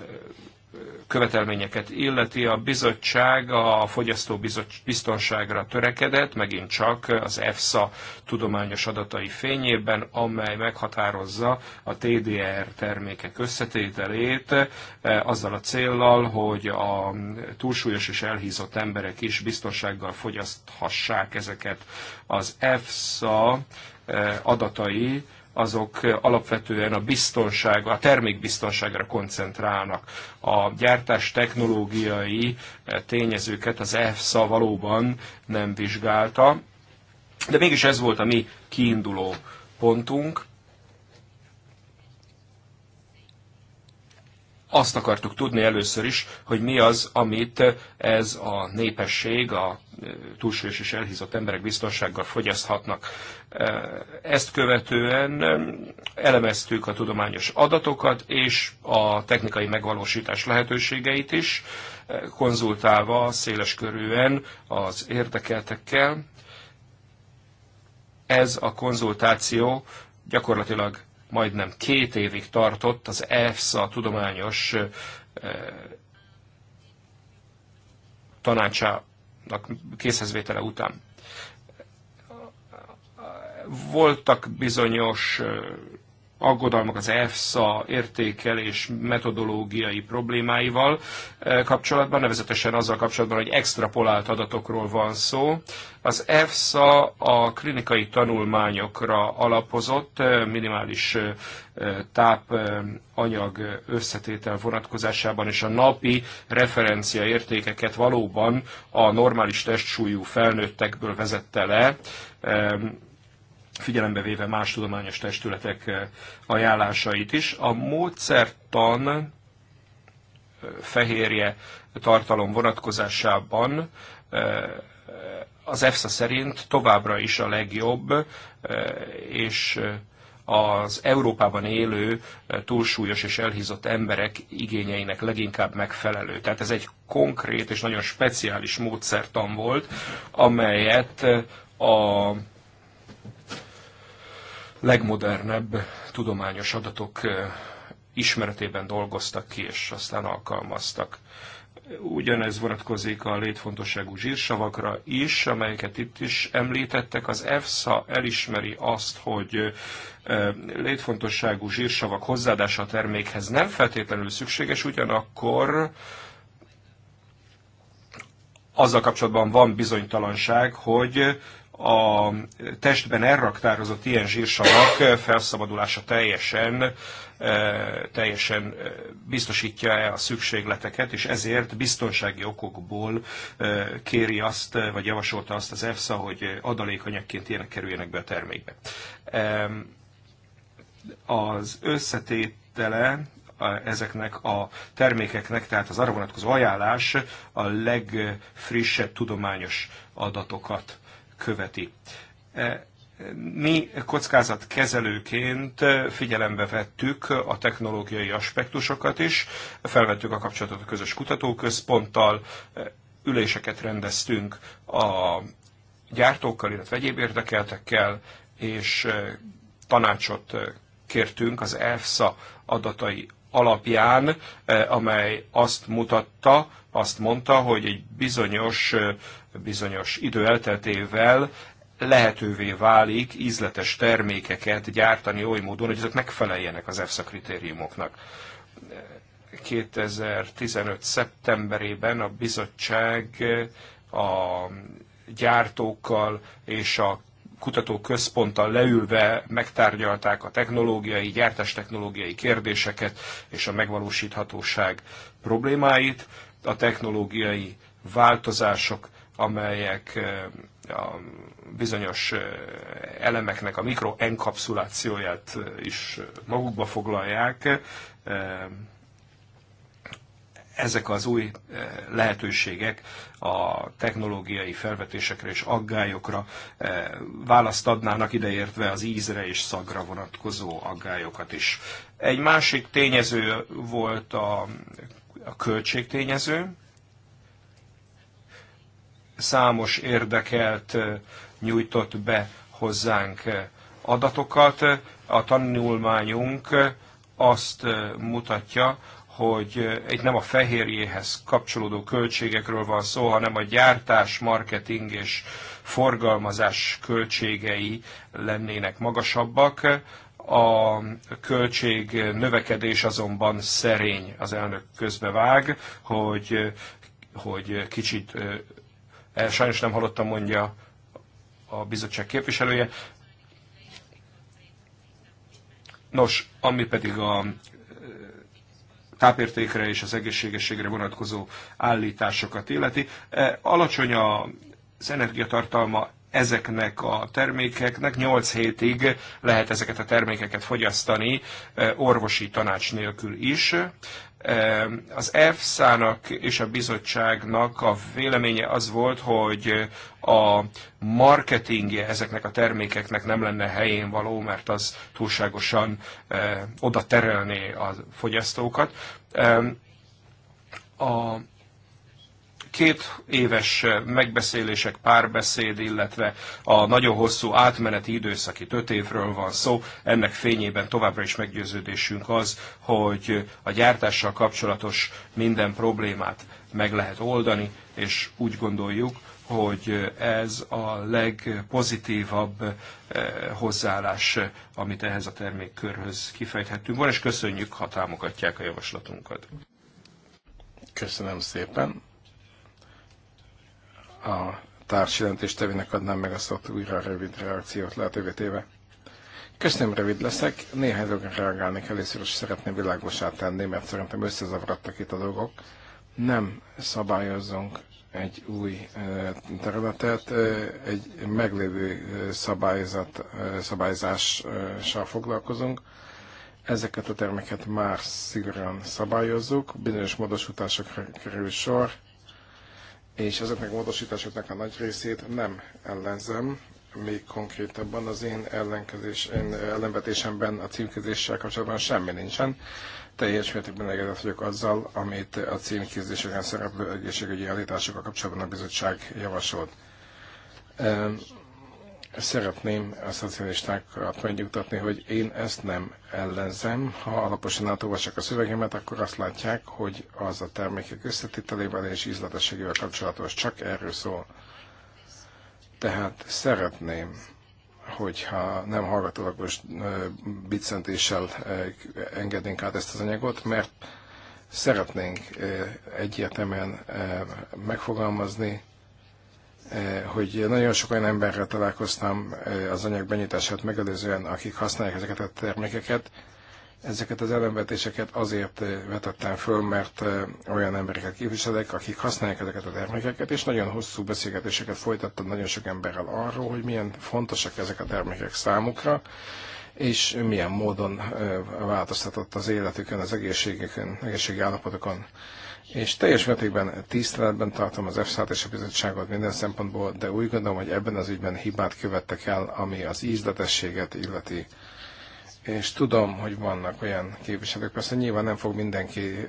követelményeket illeti, a bizottság a fogyasztó biztonságra törekedett, megint csak az EFSA tudományos adatai fényében, amely meghatározza a TDR termékek összetételét, e, azzal a céllal, hogy a túlsúlyos és elhízott emberek is biztonsággal fogyaszthassák ezeket. Az EFSA e, adatai azok eh, alapvetően a biztonság, a termékbiztonságra koncentrálnak. A gyártás technológiai eh, tényezőket az EFSA valóban nem vizsgálta, de mégis ez volt a mi kiinduló pontunk. azt akartuk tudni először is, hogy mi az, amit ez a népesség, a e, túlsúlyos és elhízott emberek biztonsággal fogyaszthatnak. E, ezt követően e, elemeztük a tudományos adatokat és a technikai megvalósítás lehetőségeit is, konzultálva körűen az érdekeltekkel. Ez a konzultáció gyakorlatilag majdnem két évig tartott az EFSA tudományos tanácsának készhezvétele után. Voltak bizonyos aggodalmak az EFSA értékelés metodológiai problémáival eh, kapcsolatban, nevezetesen azzal kapcsolatban, hogy extrapolált adatokról van szó. Az EFSA a klinikai tanulmányokra alapozott eh, minimális eh, tápanyag összetétel vonatkozásában, és a napi referencia értékeket valóban a normális testsúlyú felnőttekből vezette le, figyelembe véve más tudományos testületek eh, ajánlásait is. A módszertan eh, fehérje tartalom vonatkozásában eh, az EFSA szerint továbbra is a legjobb, és az Európában élő túlsúlyos és elhízott emberek igényeinek leginkább megfelelő. Tehát ez egy konkrét és nagyon speciális módszertan volt, amelyet a legmodernebb tudományos adatok ismeretében dolgoztak ki, és aztán alkalmaztak. Ugyanez vonatkozik a létfontosságú zsírsavakra is, amelyeket itt is említettek. Az EFSA elismeri azt, hogy létfontosságú zsírsavak hozzáadása a termékhez nem feltétlenül szükséges, ugyanakkor azzal kapcsolatban van bizonytalanság, hogy a testben elraktározott ilyen zsírsavak felszabadulása teljesen e, teljesen e, biztosítja-e a szükségleteket, és ezért biztonsági okokból e, kéri azt, vagy javasolta azt az EFSA, hogy adalékanyagként ilyenek kerüljenek be a termékbe. Az összetétele ezeknek a termékeknek, tehát az arra vonatkozó ajánlás a legfrissebb tudományos adatokat követi. E, mi kockázatkezelőként figyelembe vettük a technológiai aspektusokat is, felvettük a kapcsolatot a közös kutatóközponttal, e, üléseket rendeztünk a gyártókkal, illetve egyéb érdekeltekkel, és e, tanácsot kértünk az EFSA adatai alapján, amely azt mutatta, azt mondta, hogy egy bizonyos bizonyos idő elteltével lehetővé válik ízletes termékeket gyártani oly módon, hogy ezek megfeleljenek az EFSA kritériumoknak. 2015. szeptemberében a bizottság a gyártókkal és a kutatóközponttal leülve megtárgyalták a technológiai, gyártás technológiai kérdéseket és a megvalósíthatóság problémáit. A technológiai változások amelyek eh, a bizonyos eh, elemeknek a mikroenkapszulációját eh, is magukba foglalják. Ezek az új lehetőségek a technológiai felvetésekre és aggályokra választ adnának ideértve az ízre és szagra vonatkozó aggályokat is. Egy másik tényező volt a, a költségtényező, számos érdekelt nyújtott be hozzánk adatokat. A tanulmányunk azt mutatja, hogy itt nem a fehérjéhez kapcsolódó költségekről van szó, hanem a gyártás, marketing és forgalmazás költségei lennének magasabbak. A költség növekedés azonban szerény, az elnök közbevág, hogy, hogy kicsit Eh, sajnos nem hallottam, mondja a bizottság képviselője. Nos, ami pedig a eh, tápértékre és az egészségességre vonatkozó állításokat illeti. Eh, alacsony az energiatartalma ezeknek a termékeknek 8 hétig lehet ezeket a termékeket fogyasztani orvosi tanács nélkül is. Az EFSA-nak és a bizottságnak a véleménye az volt, hogy a marketingje ezeknek a termékeknek nem lenne helyén való, mert az túlságosan e, oda terelné a fogyasztókat. A két éves megbeszélések, párbeszéd, illetve a nagyon hosszú átmeneti időszaki öt évről van szó, ennek fényében továbbra is meggyőződésünk az, hogy a gyártással kapcsolatos minden problémát meg lehet oldani, és úgy gondoljuk, hogy ez a legpozitívabb eh, hozzáállás, amit ehhez a termékkörhöz kifejthetünk van, és köszönjük, ha támogatják a javaslatunkat. Köszönöm szépen a jelentéstevének adnám meg a szót újra a rövid reakciót lehetővé téve. Köszönöm, rövid leszek. Néhány dologra reagálni először, és szeretném világosá tenni, mert szerintem összezavarodtak itt a dolgok. Nem szabályozzunk egy új területet, egy meglévő szabályzat, szabályzással foglalkozunk. Ezeket a terméket már szigorúan szabályozzuk, bizonyos módosításokra kerül sor, és ezeknek a módosításoknak a nagy részét nem ellenzem, még konkrétabban az én, ellenkezés, én ellenvetésemben a címkézéssel kapcsolatban semmi nincsen. Teljes mértékben elégedett vagyok azzal, amit a címkézéseken szereplő egészségügyi állításokkal kapcsolatban a bizottság javasolt. Szeretném a szocialistákat megnyugtatni, hogy én ezt nem ellenzem. Ha alaposan átolvassák a szövegemet, akkor azt látják, hogy az a termékek összetételével és ízletességével kapcsolatos csak erről szól. Tehát szeretném, hogyha nem hallgatólagos bicentéssel engednénk át ezt az anyagot, mert szeretnénk egyértelműen megfogalmazni, Eh, hogy nagyon sok olyan emberrel találkoztam eh, az anyag benyitását megelőzően, akik használják ezeket a termékeket. Ezeket az ellenvetéseket azért eh, vetettem föl, mert olyan embereket képviselek, akik használják ezeket a termékeket, és nagyon hosszú beszélgetéseket folytattam nagyon sok emberrel arról, hogy milyen fontosak ezek a termékek számukra, és milyen módon változtatott az életükön, az egészségükön, egészségi állapotokon és teljes mértékben tiszteletben tartom az EFSA-t és a bizottságot minden szempontból, de úgy gondolom, hogy ebben az ügyben hibát követtek el, ami az ízletességet illeti. És tudom, hogy vannak olyan képviselők, persze nyilván nem fog mindenki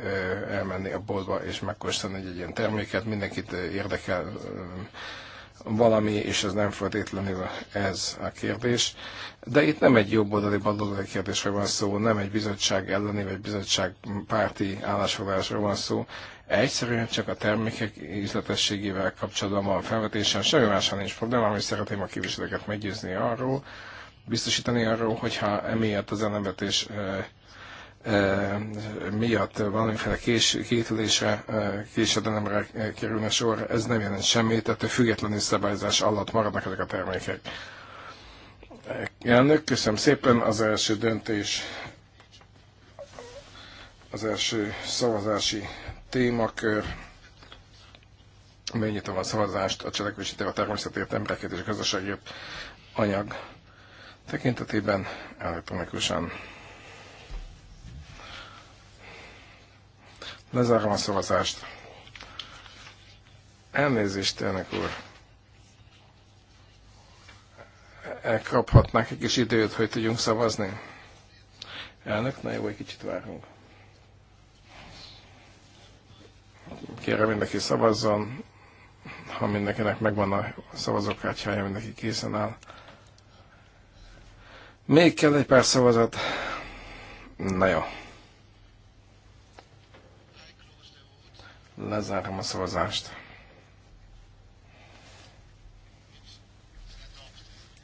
elmenni a boltba és megkóstolni egy, egy ilyen terméket, mindenkit érdekel valami, és ez nem feltétlenül ez a kérdés. De itt nem egy oldali baloldali kérdésről van szó, nem egy bizottság elleni vagy bizottság párti állásfoglalásról van szó, Egyszerűen csak a termékek üzletességével kapcsolatban van felvetésen, semmi mással nincs probléma, és szeretném a képviselőket meggyőzni arról, biztosítani arról, hogyha emiatt az ellenvetés miatt valamiféle kés, kétülésre, késedelemre kerülne sor, ez nem jelent semmit, tehát függetlenül szabályozás alatt maradnak ezek a termékek. Elnök, köszönöm szépen. Az első döntés, az első szavazási témakör. mennyit a szavazást a cselekvési a természetért, emberekért és gazdaságért anyag tekintetében elektronikusan. Lezárom a szavazást. Elnézést, elnök úr. Elkaphatnák egy kis időt, hogy tudjunk szavazni? Elnök, na jó, egy kicsit várunk. Kérem mindenki szavazzon, ha mindenkinek megvan a szavazókártyája, mindenki készen áll. Még kell egy pár szavazat. Na jó. Lezárom a szavazást.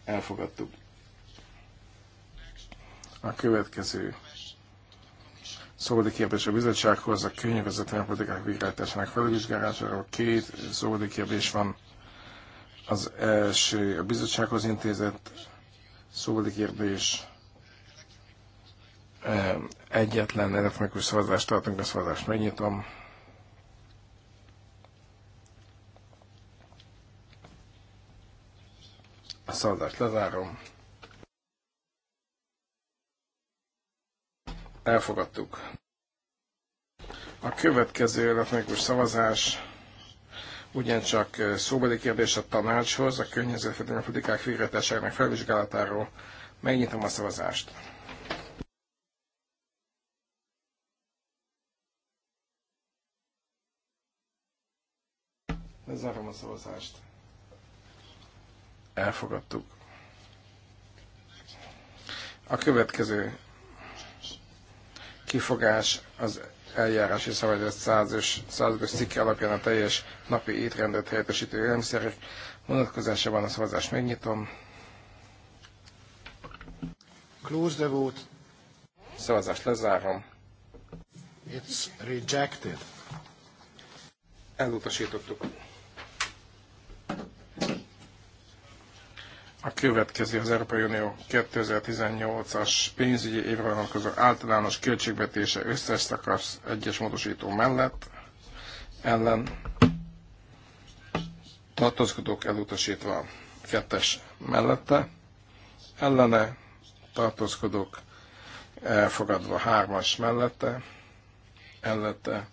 Elfogadtuk. A következő szóbeli kérdés a bizottsághoz, a környezetvédelmi politikák végrehajtásának felvizsgálásáról. Két szóbeli kérdés van. Az első a bizottsághoz intézett szóbeli kérdés. Egyetlen elektronikus szavazást tartunk, a szavazást megnyitom. A szavazást lezárom. Elfogadtuk. A következő elektronikus szavazás ugyancsak eh, szóbeli kérdés a tanácshoz, a környezetvédelmi politikák végrehajtásának felvizsgálatáról. Megnyitom a szavazást. Lezárom a szavazást. Elfogadtuk. A következő kifogás az eljárási szabályzat 100-os cikke alapján a teljes napi étrendet helyettesítő élelmiszerek vonatkozásában a szavazást megnyitom. Close the vote. Szavazást lezárom. It's rejected. Elutasítottuk. A következő az Európai Unió 2018-as pénzügyi évre vonatkozó általános költségvetése összes szakasz egyes módosító mellett ellen tartózkodók elutasítva kettes mellette, ellene tartózkodók elfogadva hármas mellette, ellette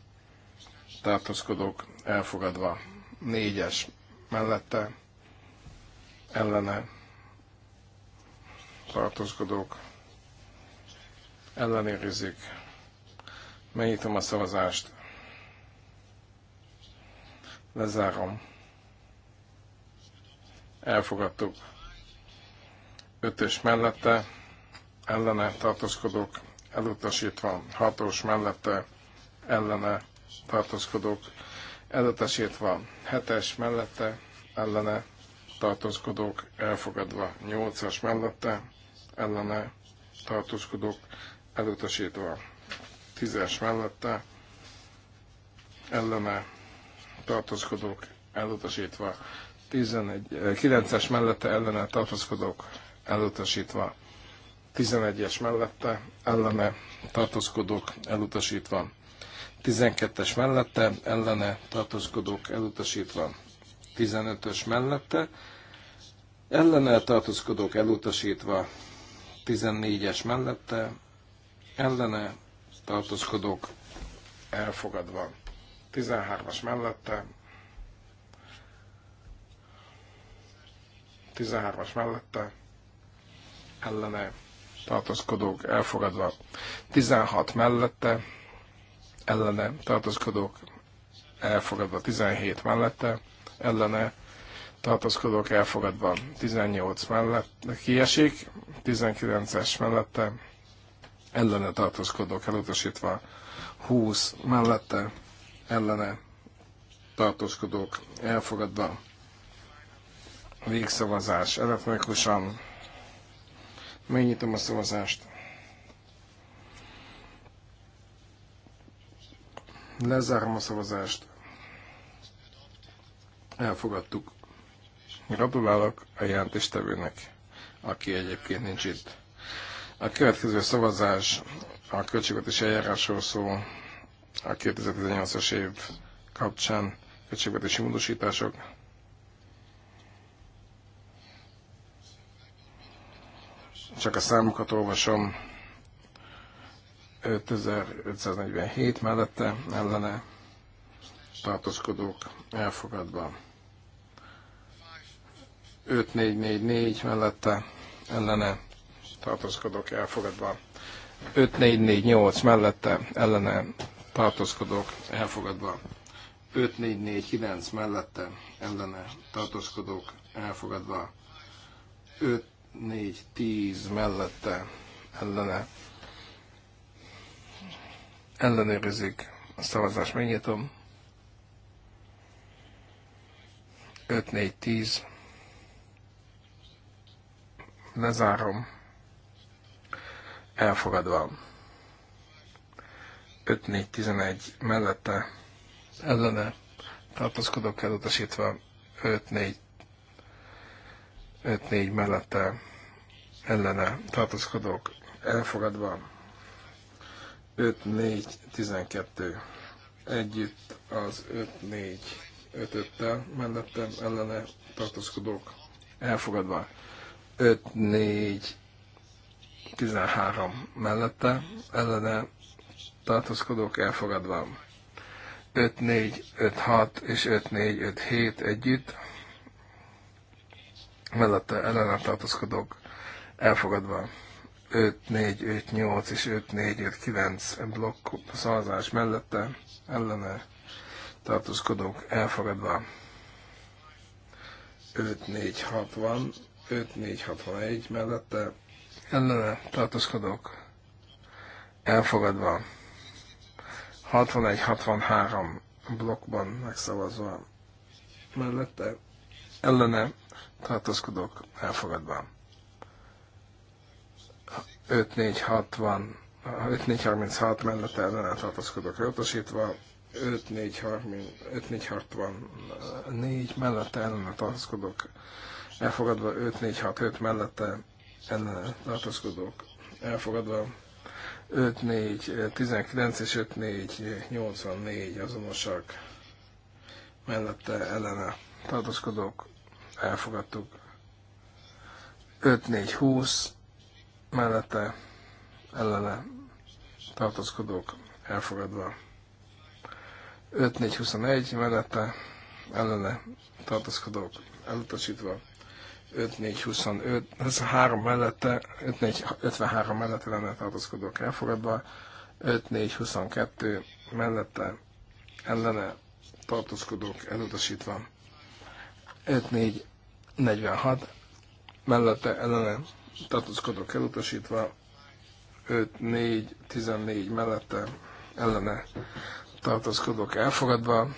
tartózkodók elfogadva négyes mellette, ellene tartózkodók ellenőrizzük. Megnyitom a szavazást. Lezárom. Elfogadtuk. Ötös mellette ellene tartózkodók elutasítva. Hatos mellette ellene tartózkodók elutasítva. Hetes mellette ellene tartózkodók elfogadva. Nyolcas mellette ellene tartózkodók elutasítva. Tízes mellette ellene tartózkodók elutasítva. 11, 9-es eh, mellette ellene tartózkodók elutasítva. 11-es mellette ellene tartózkodók elutasítva. 12-es mellette ellene tartózkodók elutasítva. 15-ös mellette ellene tartózkodók elutasítva. 14-es mellette, ellene tartózkodók elfogadva. 13-as mellette, 13-as mellette, ellene tartózkodók elfogadva. 16 mellette, ellene tartózkodók elfogadva. 17 mellette, ellene tartózkodók elfogadva 18 mellett kiesik, 19-es mellette ellene tartózkodók elutasítva 20 mellette ellene tartózkodók elfogadva végszavazás elektronikusan. Megnyitom a szavazást. Lezárom a szavazást. Elfogadtuk. Gratulálok a jelentéstevőnek, aki egyébként nincs itt. A következő szavazás a költségvetési eljárásról szól a 2018-as év kapcsán költségvetési módosítások. Csak a számokat olvasom. 5547 mellette ellene tartózkodók elfogadva. 5444 mellette ellene tartózkodok elfogadva. 5448 mellette ellene tartózkodok elfogadva. 5449 mellette ellene tartózkodok elfogadva. 5410 mellette ellene ellenőrizik a szavazást megnyitom. 5410 Lezárom. Elfogadva. 5-4-11 mellette ellene tartozkodok elutasítva 5-4 mellette ellene tartozkodok, elfogadva 5-4-12 együtt az 5-4 5 5 mellette ellene tartozkodok, elfogadva 5, 4, 13 mellette, ellene tartózkodók elfogadva. 5, 4, 5, 6 és 5, 4, 5, 7 együtt, mellette ellene tartózkodók elfogadva. 5, 4, 5, 8 és 5, 4, 5, 9 blokk szavazás mellette ellene tartózkodók elfogadva. 5, 4, 6 van. 1 mellette ellene tartózkodók elfogadva. 61-63 blokkban megszavazva mellette ellene tartózkodók elfogadva. 4 36 mellette ellene tartózkodók elutasítva, 5464 mellette ellene tartózkodók elfogadva 5-4-6-5 mellette ellene tartózkodók, elfogadva 5-4-19 és 5-4-84 azonosak mellette ellene tartózkodók, elfogadtuk 5-4-20 mellette ellene tartózkodók, elfogadva 5-4-21 mellette ellene tartózkodók, elutasítva 5425, ez a három mellette, 5-4-53 mellette lenne tartózkodók elfogadva, 5422 mellette ellene tartózkodók elutasítva, 5446 mellette ellene tartózkodók elutasítva, 5414 mellette ellene tartózkodók elfogadva,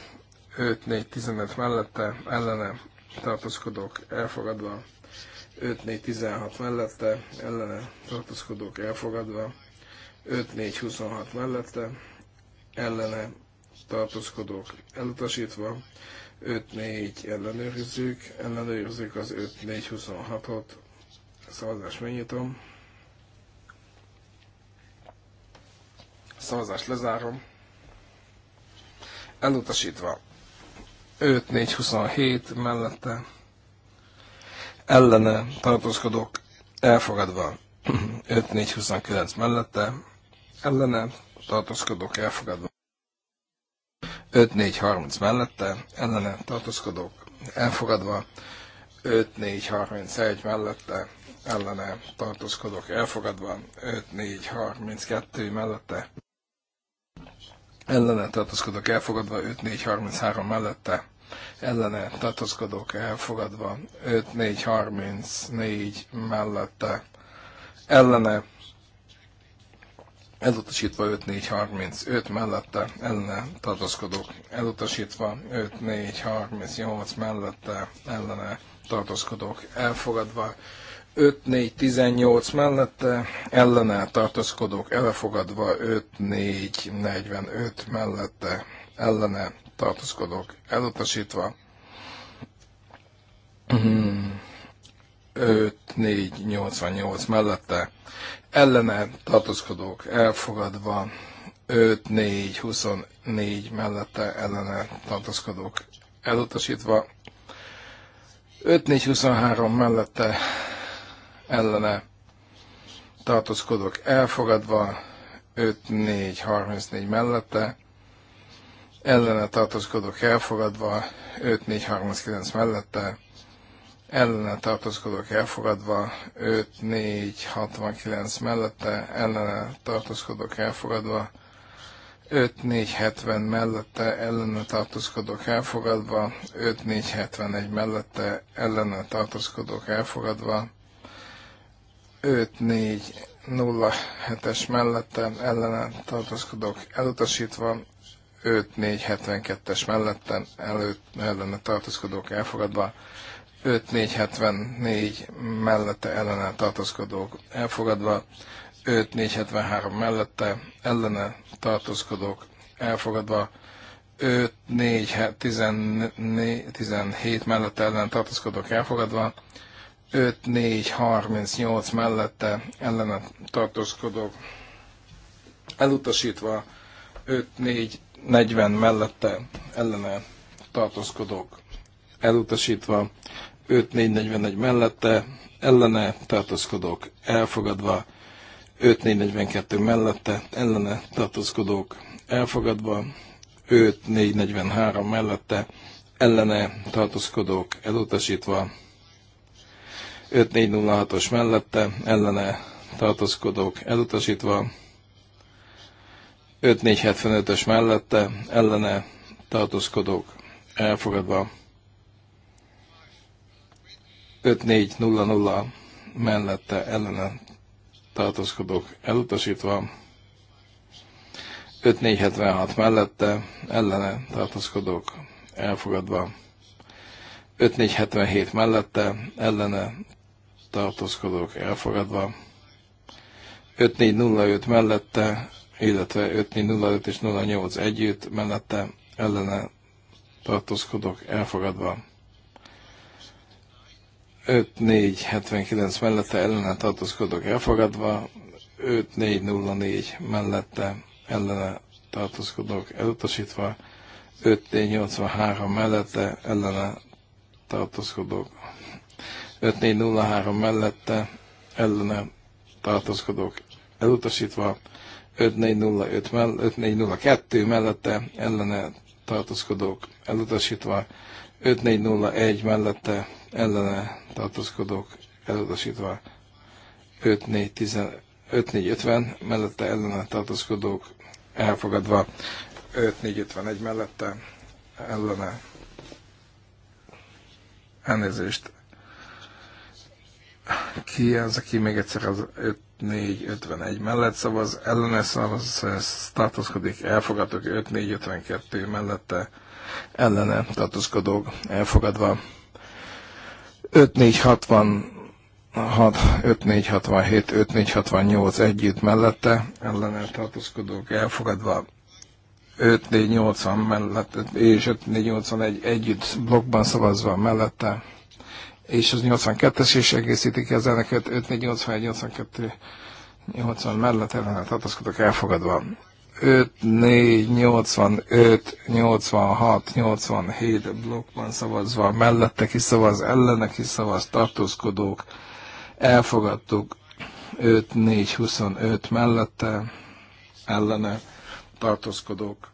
5415 mellette ellene tartózkodók elfogadva, 5-4-16 mellette, ellene tartózkodók elfogadva, 5-4-26 mellette, ellene tartózkodók elutasítva, 5-4 ellenőrizzük, ellenőrizzük az 5-4-26-ot, szavazás megnyitom, szavazást lezárom, elutasítva 5427 mellette ellene tartózkodok, elfogadva 5429 [clears throat] mellette ellene tartózkodok, elfogadva 5430 mellette ellene tartózkodok, elfogadva 5431 mellette ellene tartózkodok, elfogadva 5432 mellette ellene tartózkodók elfogadva, 5-4-33 mellette ellene tartózkodók elfogadva, 5-4-34 mellette ellene elutasítva 5435 mellette, ellene tartózkodók, elutasítva 5438 mellette, ellene tartózkodók, elfogadva 5-4-18 mellette, ellene tartózkodók elfogadva 5-4-45 mellette, ellene tartózkodók elutasítva 5-4-88 mellette, ellene tartózkodók elfogadva 5-4-24 mellette, ellene tartózkodók elutasítva 5-4-23 mellette ellene tartózkodok elfogadva, 5-4-34 mellette, ellene tartózkodok elfogadva, 5-4-39 mellette, ellene tartózkodok elfogadva, 5-4-69 mellette, ellene tartózkodok elfogadva, 5-4-70 mellette, ellene tartózkodok elfogadva, 5-4-71 mellette, ellene tartózkodok elfogadva, 5407-es mellette ellene tartózkodok elutasítva, 5472-es mellettem előtt, ellene tartózkodók elfogadva, 5474 mellette ellene tartózkodók elfogadva, 5473 mellette ellene tartózkodók elfogadva, 5417 mellette ellene tartózkodók elfogadva, 5-4-38 mellette ellene tartózkodok, elutasítva, 5-4-40 mellette ellene tartózkodok, elutasítva, 5-4-41 mellette ellene tartózkodok, elfogadva, 5-4-42 mellette ellene tartózkodok, elfogadva, 5-4-43 mellette ellene tartózkodok, elutasítva, 5406-os mellette, ellene tartózkodók elutasítva, 5475-ös mellette, ellene tartózkodók elfogadva, 5400 mellette, ellene tartózkodók elutasítva, 5476 mellette, ellene tartózkodók elfogadva, 5477 mellette, ellene tartózkodók elfogadva. 5405 mellette, illetve 5405 és 08 együtt mellette ellene tartózkodók elfogadva. 5479 mellette ellene tartózkodók elfogadva, 5404 mellette ellene tartózkodók elutasítva, 5483 mellette ellene tartózkodók 5403 mellette ellene tartózkodók elutasítva, 5405 mell 5402 mellette ellene tartózkodók elutasítva, 5401 mellette ellene tartózkodók elutasítva, 5450 mellette ellene tartózkodók elfogadva, 5451 mellette ellene elnézést ki az, aki még egyszer az 5451 mellett szavaz, ellene szavaz, tartózkodik, elfogadok 5452 mellette, ellene tartózkodók, elfogadva. 5460 5467, 5468 együtt mellette, ellene tartózkodók elfogadva 5480 mellett és 5481 együtt blokkban szavazva mellette, és az 82-es, és egészíti ki az elnököt 5481-82-80 mellett ellenet tartózkodók elfogadva. 5, 4, 85, 86, 87 blokkban szavazva, mellette kiszavaz, ellene kiszavaz, tartózkodók, elfogadtuk 5, 4, 25 mellette, ellene, tartózkodók,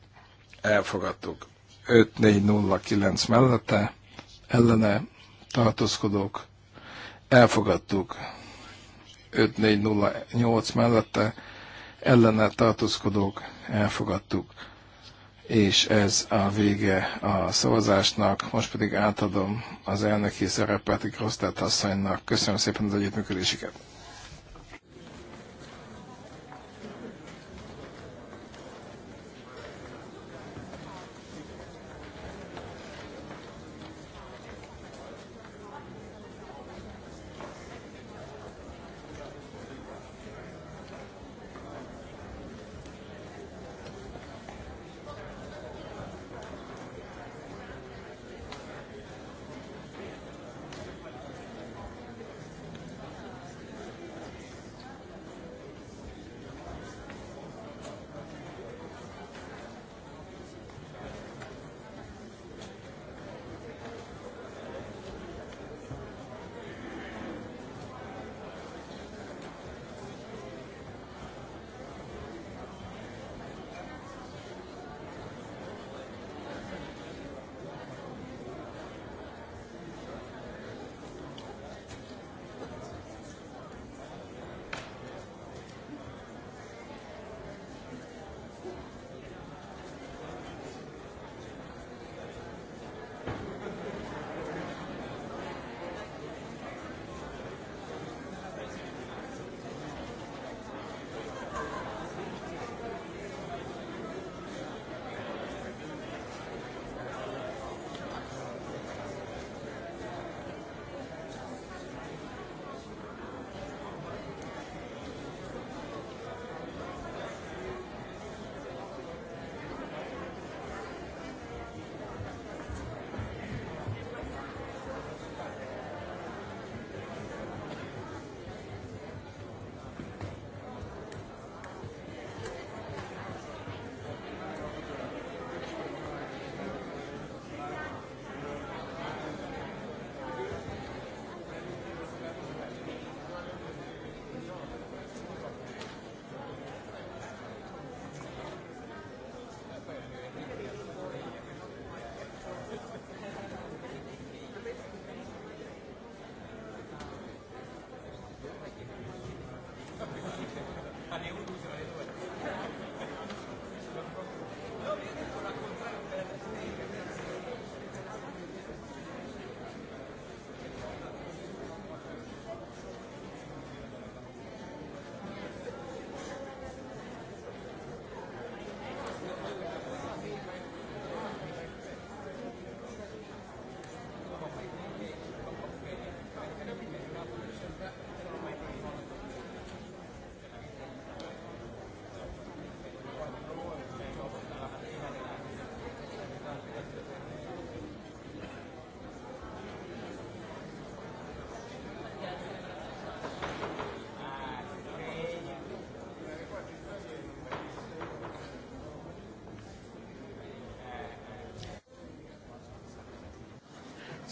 elfogadtuk 5, 4, 0, 9 mellette, ellene, tartózkodók, elfogadtuk 5408 mellette, ellene tartózkodók, elfogadtuk. És ez a vége a szavazásnak. Most pedig átadom az elnöki szerepet Grosztát asszonynak. Köszönöm szépen az együttműködésüket.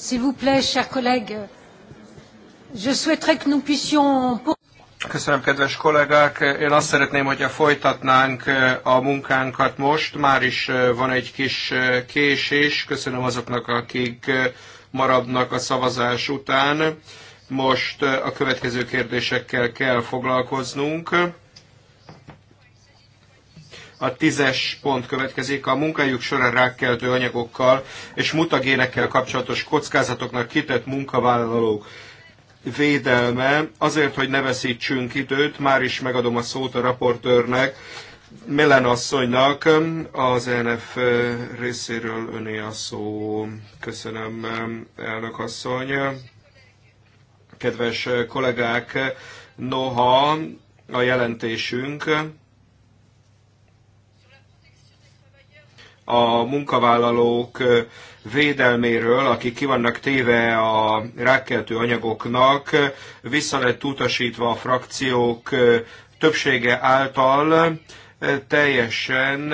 S'il vous plaît, chers collègues, je souhaiterais que nous puissions... Köszönöm, kedves kollégák! Én azt szeretném, hogyha folytatnánk eh, a munkánkat most. Már is eh, van egy kis eh, késés. Köszönöm azoknak, akik maradnak a szavazás után. Most a következő kérdésekkel kell foglalkoznunk. A tízes pont következik. A munkájuk során rákkeltő anyagokkal és mutagénekkel kapcsolatos kockázatoknak kitett munkavállalók védelme. Azért, hogy ne veszítsünk időt, már is megadom a szót a raportőrnek, Melen asszonynak, az ENF részéről öné a szó. Köszönöm, elnök asszony. Kedves kollégák, noha a jelentésünk a munkavállalók védelméről, akik ki vannak téve a rákkeltő anyagoknak, vissza lett utasítva a frakciók többsége által teljesen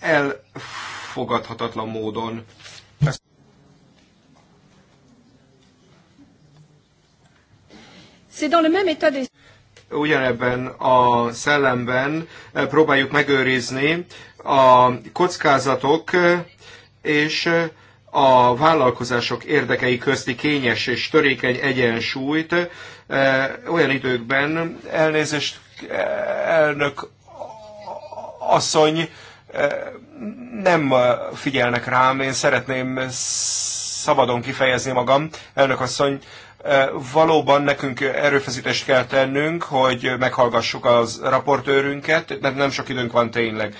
elfogadhatatlan módon. C'est dans le même état des ugyanebben a szellemben eh, próbáljuk megőrizni a kockázatok eh, és eh, a vállalkozások érdekei közti kényes és törékeny egyensúlyt olyan időkben elnézést elnök asszony nem figyelnek rám, én szeretném szabadon kifejezni magam. Elnök asszony, Valóban nekünk erőfeszítést kell tennünk, hogy meghallgassuk az raportőrünket, mert nem sok időnk van tényleg.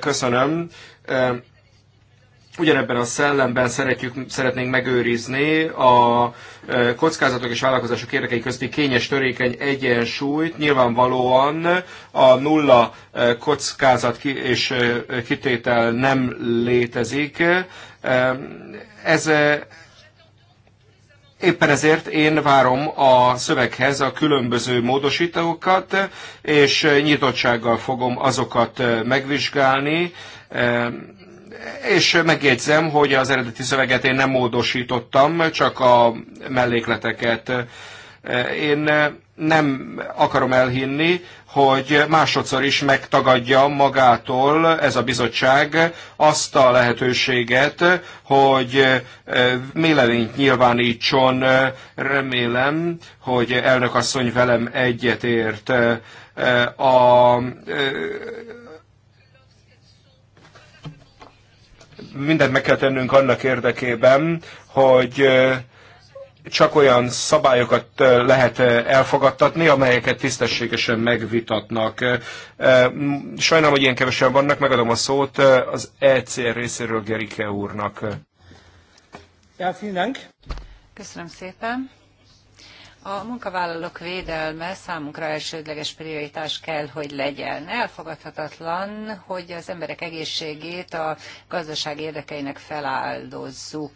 Köszönöm ugyanebben a szellemben szeretjük, szeretnénk megőrizni a kockázatok és vállalkozások érdekei közti kényes törékeny egyensúlyt. Nyilvánvalóan a nulla kockázat és kitétel nem létezik. Ez Éppen ezért én várom a szöveghez a különböző módosítókat, és nyitottsággal fogom azokat eh, megvizsgálni, eh, és megjegyzem, hogy az eredeti szöveget én nem módosítottam, csak a mellékleteket. Eh, én nem akarom elhinni, hogy másodszor is megtagadja magától ez a bizottság azt a lehetőséget, hogy mélelényt nyilvánítson. Remélem, hogy asszony velem egyetért. A, mindent meg kell tennünk annak érdekében, hogy csak olyan szabályokat lehet elfogadtatni, amelyeket tisztességesen megvitatnak. Sajnálom, hogy ilyen kevesen vannak, megadom a szót az ECR részéről Gerike úrnak. Ja, Köszönöm szépen. A munkavállalók védelme számunkra elsődleges prioritás kell, hogy legyen. Elfogadhatatlan, hogy az emberek egészségét a gazdaság érdekeinek feláldozzuk.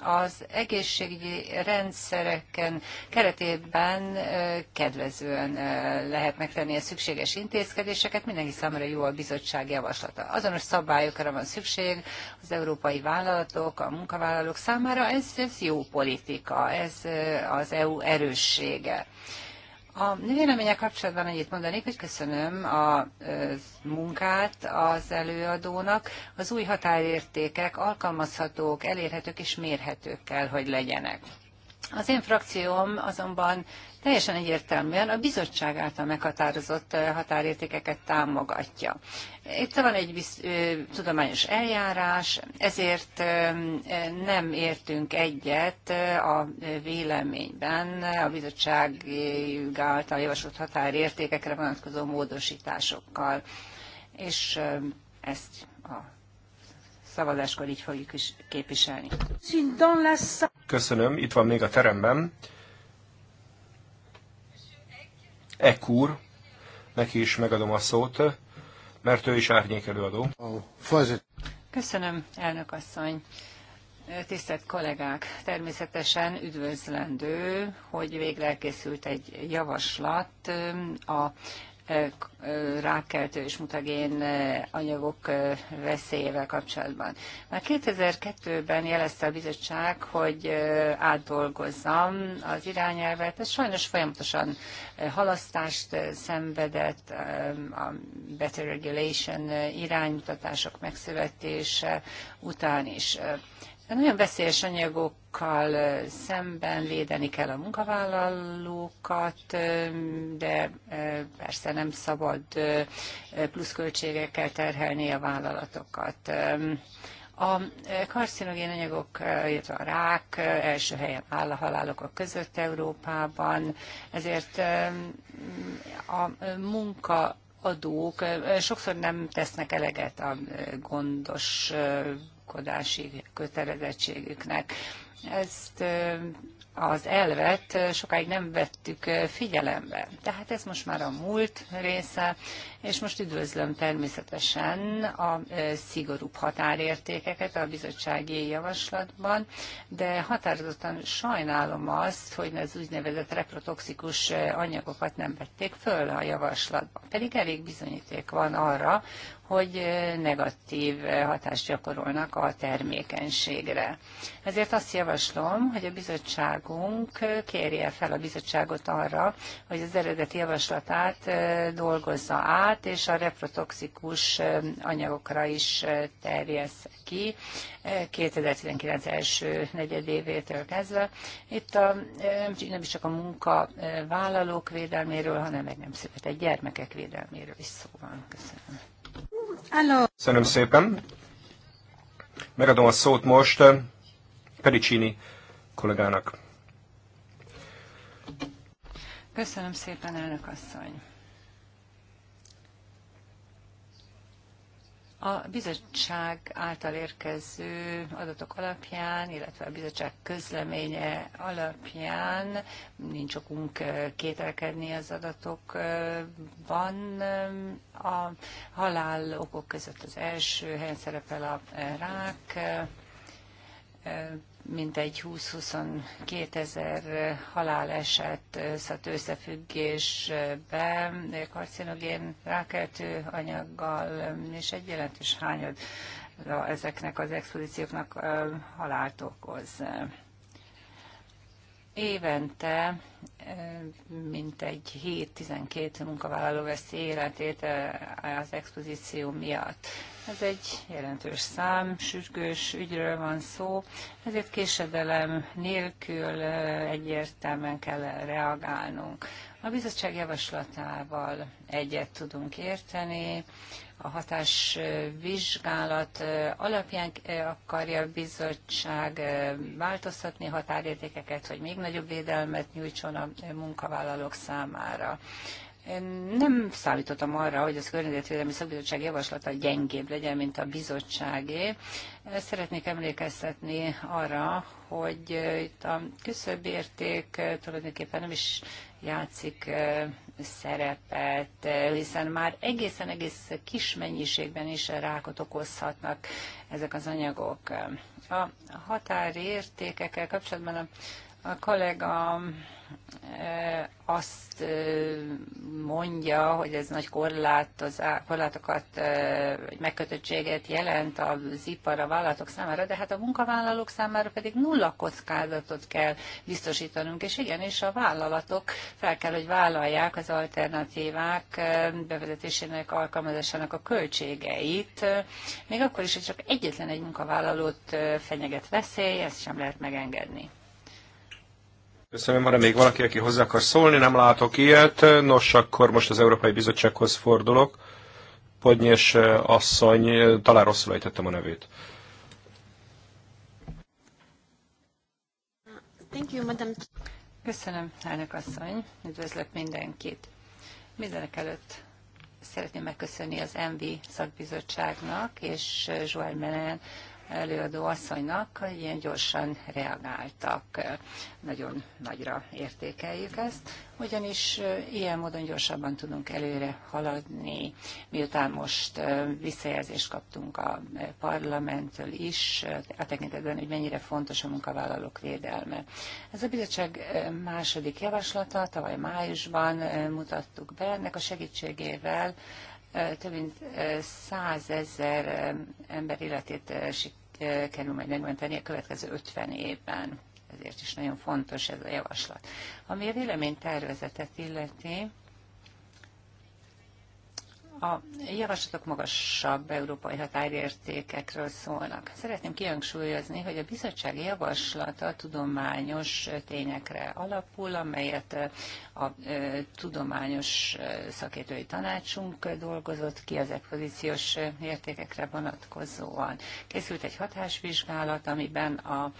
Az egészségügyi rendszereken keretében kedvezően lehet megtenni a szükséges intézkedéseket, mindenki számára jó a bizottság javaslata. Azonos szabályokra van szükség az európai vállalatok, a munkavállalók számára, ez, ez jó politika, ez az EU erős felelőssége. A vélemények kapcsolatban annyit mondanék, hogy köszönöm a munkát az előadónak. Az új határértékek alkalmazhatók, elérhetők és mérhetők kell, hogy legyenek. Az én frakcióm azonban teljesen egyértelműen a bizottság által meghatározott határértékeket támogatja. Itt van egy biz, tudományos eljárás, ezért nem értünk egyet a véleményben a bizottság által javasolt határértékekre vonatkozó módosításokkal. És ezt a szavazáskor így fogjuk is képviselni. Köszönöm, itt van még a teremben Ekur, neki is megadom a szót, mert ő is árnyék előadó. Köszönöm, elnök asszony. Tisztelt kollégák, természetesen üdvözlendő, hogy végre elkészült egy javaslat a rákeltő és mutagén anyagok veszélyével kapcsolatban. Már 2002-ben jelezte a bizottság, hogy átdolgozzam az irányelvet. Ez sajnos folyamatosan halasztást szenvedett, a Better Regulation iránymutatások megszületése után is. De nagyon veszélyes anyagokkal szemben védeni kell a munkavállalókat, de persze nem szabad pluszköltségekkel terhelni a vállalatokat. A karcinogén anyagok, illetve a rák első helyen áll a halálok között Európában, ezért a munka adók sokszor nem tesznek eleget a gondos gondolkodási kötelezettségüknek. Ezt az elvet sokáig nem vettük figyelembe. Tehát ez most már a múlt része, és most üdvözlöm természetesen a e, szigorúbb határértékeket a bizottsági javaslatban, de határozottan sajnálom azt, hogy az úgynevezett reprotoxikus e, anyagokat nem vették föl a javaslatban. Pedig elég bizonyíték van arra, hogy e, negatív hatást gyakorolnak a termékenységre. Ezért azt javaslom, hogy a bizottságunk kérje fel a bizottságot arra, hogy az eredeti javaslatát dolgozza át, át, és a reprotoxikus anyagokra is terjesz ki 2019 első negyedévétől kezdve. Itt a, nem csak a munkavállalók védelméről, hanem meg nem született gyermekek védelméről is szó van. Köszönöm. Hello. Köszönöm szépen. Megadom a szót most Pericini kollégának. Köszönöm szépen, elnök asszony. A bizottság által érkező adatok alapján, illetve a bizottság közleménye alapján nincs okunk eh, kételkedni az adatokban. Eh, a halál okok között az első helyen szerepel a eh, rák, mintegy 20-22 ezer haláleset összet összefüggésbe karcinogén rákeltő anyaggal, és egy jelentős hányad ezeknek az expozícióknak halált okoz. Évente mintegy 7-12 munkavállaló veszi életét az expozíció miatt. Ez egy jelentős szám, sürgős ügyről van szó, ezért késedelem nélkül egyértelműen kell reagálnunk. A bizottság javaslatával egyet tudunk érteni, a hatásvizsgálat alapján akarja a bizottság változtatni határértékeket, hogy még nagyobb védelmet nyújtson a munkavállalók számára. Én nem számítottam arra, hogy az Környezetvédelmi Szakbizottság javaslata gyengébb legyen, mint a bizottságé. Szeretnék emlékeztetni arra, hogy itt a küszöbérték tulajdonképpen nem is játszik szerepet, hiszen már egészen egész kis mennyiségben is rákot okozhatnak ezek az anyagok. A határértékekkel kapcsolatban a, a kollega azt mondja, hogy ez nagy korlátozá, korlátokat, vagy megkötöttséget jelent az ipar a vállalatok számára, de hát a munkavállalók számára pedig nulla kockázatot kell biztosítanunk, és igenis a vállalatok fel kell, hogy vállalják az alternatívák bevezetésének, alkalmazásának a költségeit, még akkor is, hogy csak egyetlen egy munkavállalót fenyeget veszély, ezt sem lehet megengedni. Köszönöm, van még valaki, aki hozzá akar szólni, nem látok ilyet. Nos, akkor most az Európai Bizottsághoz fordulok. Podnyes eh, asszony, eh, talán rosszul ejtettem a nevét. Thank you, madam. Köszönöm, elnök asszony. Üdvözlök mindenkit. Mindenek előtt szeretném megköszönni az MV szakbizottságnak és Joel Menel előadó asszonynak, hogy ilyen gyorsan reagáltak. Nagyon nagyra értékeljük ezt, ugyanis ilyen módon gyorsabban tudunk előre haladni. Miután most visszajelzést kaptunk a parlamenttől is, a tekintetben, hogy mennyire fontos a munkavállalók védelme. Ez a bizottság második javaslata, tavaly májusban mutattuk be, ennek a segítségével több mint százezer ember életét kerül majd megmenteni a következő 50 évben. Ezért is nagyon fontos ez a javaslat. Ami a véleménytervezetet illeti, a javaslatok magasabb európai határértékekről szólnak. Szeretném kihangsúlyozni, hogy a bizottság javaslata tudományos tényekre alapul, amelyet a tudományos szakértői tanácsunk dolgozott ki az expozíciós értékekre vonatkozóan. Készült egy hatásvizsgálat, amiben a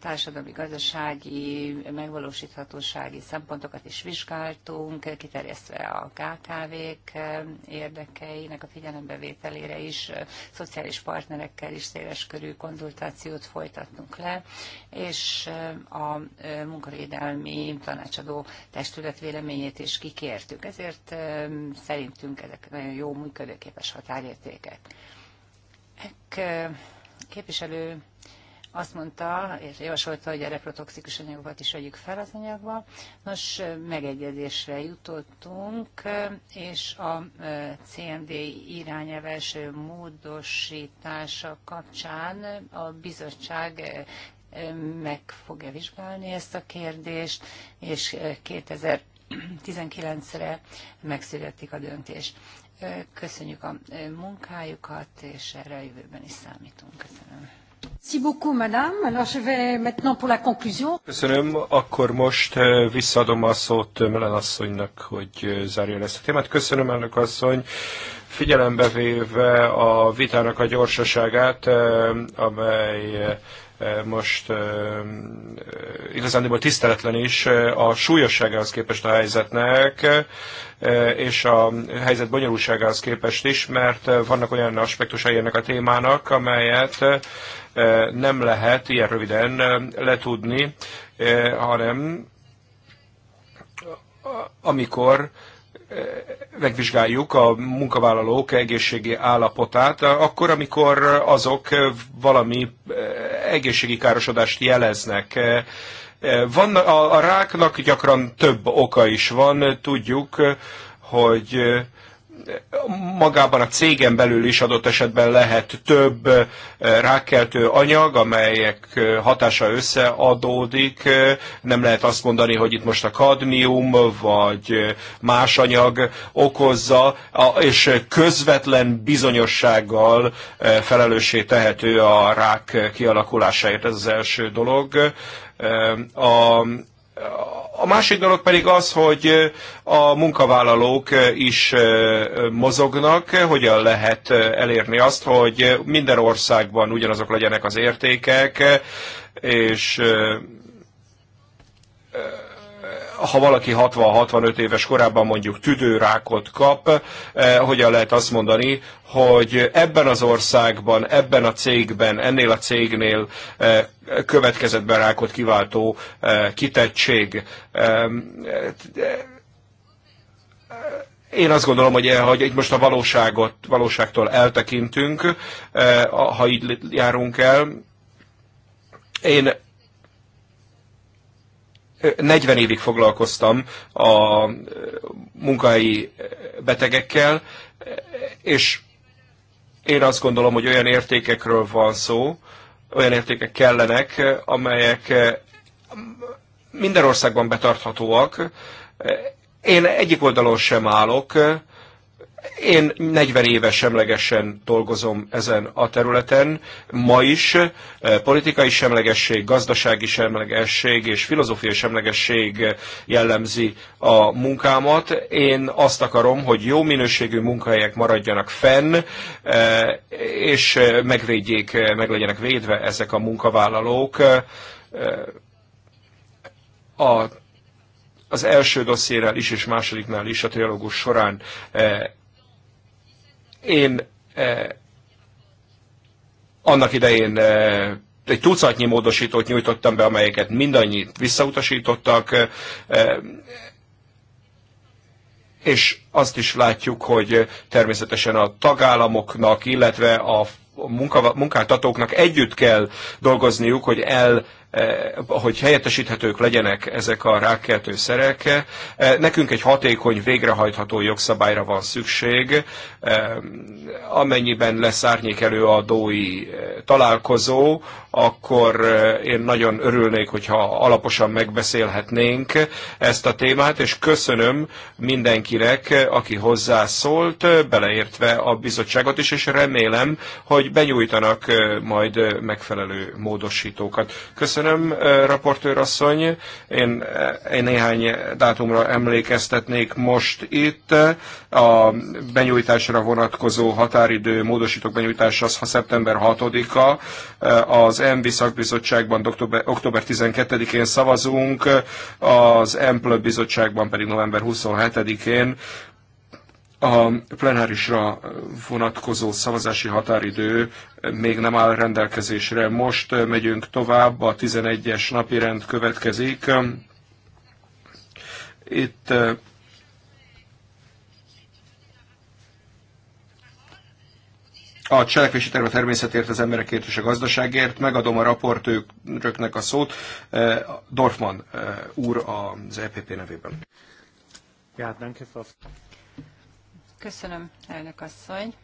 társadalmi, gazdasági, megvalósíthatósági szempontokat is vizsgáltunk, kiterjesztve a KKV-k eh, érdekeinek a figyelembevételére is, eh, szociális partnerekkel is széles körű konzultációt folytattunk le, és eh, a munkavédelmi tanácsadó testület véleményét is kikértük. Ezért szerintünk ezek nagyon jó működőképes határértékek. Ek, képviselő azt mondta, és javasolta, hogy a reprotoxikus anyagokat is vegyük fel az anyagba. Nos, megegyezésre jutottunk, és a e, CMD irányelv módosítása kapcsán a bizottság e, e, meg fogja vizsgálni ezt a kérdést, és 2019-re megszületik a döntés. Köszönjük a munkájukat, és erre a jövőben is számítunk. Köszönöm. Köszönöm, akkor most eh, visszaadom a szót eh, Melen asszonynak, hogy eh, zárja ezt a témát. Köszönöm, elnök asszony. Figyelembe véve a vitának a gyorsaságát, amely most igazándiból tiszteletlen is a súlyosságához képest a helyzetnek, és a helyzet bonyolulságához képest is, mert vannak olyan aspektusai ennek a témának, amelyet nem lehet ilyen röviden letudni, hanem amikor megvizsgáljuk a munkavállalók egészségi állapotát, akkor, amikor azok valami eh, egészségi károsodást jeleznek. Eh, van, a, a ráknak gyakran több oka is van, tudjuk, hogy eh, magában a cégen belül is adott esetben lehet több eh, rákeltő anyag, amelyek eh, hatása összeadódik. Eh, nem lehet azt mondani, hogy itt most a kadmium vagy más anyag okozza, és közvetlen bizonyossággal felelőssé tehető a rák kialakulásáért. Ez az első dolog. A a másik dolog pedig az, hogy a munkavállalók is mozognak, hogyan lehet elérni azt, hogy minden országban ugyanazok legyenek az értékek, és ha valaki 60-65 éves korában mondjuk tüdőrákot kap, eh, hogyan lehet azt mondani, hogy ebben az országban, ebben a cégben, ennél a cégnél eh, következetben rákot kiváltó eh, kitettség én azt gondolom, hogy, hogy itt most a valóságot, valóságtól eltekintünk, ha így járunk el. Én 40 évig foglalkoztam a e, munkai e, betegekkel, e, és én azt gondolom, hogy olyan értékekről van szó, olyan értékek kellenek, amelyek minden országban betarthatóak. Én egyik oldalon sem állok, én 40 éve semlegesen dolgozom ezen a területen, ma is eh, politikai semlegesség, gazdasági semlegesség és filozófiai semlegesség eh, jellemzi a munkámat. Én azt akarom, hogy jó minőségű munkahelyek maradjanak fenn, eh, és megvédjék, meg legyenek védve ezek a munkavállalók. A az első dosszérrel is és másodiknál is a trialógus során én eh, annak idején eh, egy tucatnyi módosítót nyújtottam be, amelyeket mindannyit visszautasítottak, eh, eh, és azt is látjuk, hogy természetesen a tagállamoknak, illetve a munkáltatóknak együtt kell dolgozniuk, hogy el Eh, hogy helyettesíthetők legyenek ezek a rákkeltő szerek. Eh, nekünk egy hatékony, végrehajtható jogszabályra van szükség, eh, amennyiben lesz árnyékelő a dói találkozó, akkor én nagyon örülnék, hogyha alaposan megbeszélhetnénk ezt a témát, és köszönöm mindenkinek, aki hozzászólt, beleértve a bizottságot is, és remélem, hogy benyújtanak majd megfelelő módosítókat. Köszönöm Köszönöm, raportőr asszony. Én, én néhány dátumra emlékeztetnék most itt. A benyújtásra vonatkozó határidő módosítók benyújtása az szeptember 6-a. Az MV szakbizottságban október, október 12-én szavazunk, az MPL bizottságban pedig november 27-én a plenárisra vonatkozó szavazási határidő még nem áll rendelkezésre. Most megyünk tovább, a 11-es napi rend következik. Itt a cselekvési terve természetért, az emberekért és a gazdaságért. Megadom a raportőröknek a szót. Dorfman úr az EPP nevében. Ja, danke, hát Köszönöm, elnök asszony.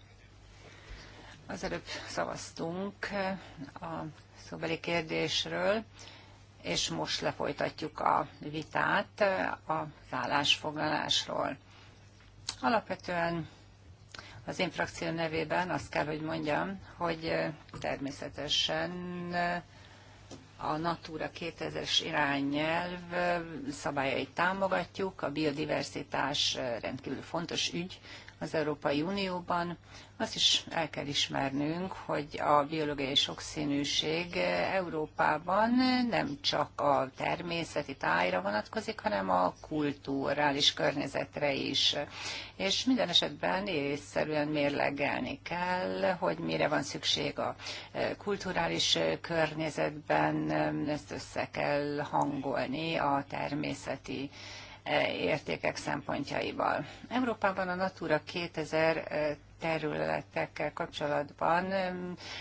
Az előbb szavaztunk eh, a szóbeli kérdésről, és most lefolytatjuk a vitát eh, a állásfoglalásról. Alapvetően az én frakció nevében azt kell, hogy mondjam, hogy eh, természetesen a Natura 2000-es irányelv szabályait támogatjuk, a biodiverzitás rendkívül fontos ügy az Európai Unióban. Azt is el kell ismernünk, hogy a biológiai sokszínűség Európában nem csak a természeti tájra vonatkozik, hanem a kulturális környezetre is. És minden esetben észszerűen mérlegelni kell, hogy mire van szükség a kulturális környezetben, ezt össze kell hangolni a természeti E, értékek szempontjaival. Európában a Natura 2000 e, területekkel kapcsolatban e,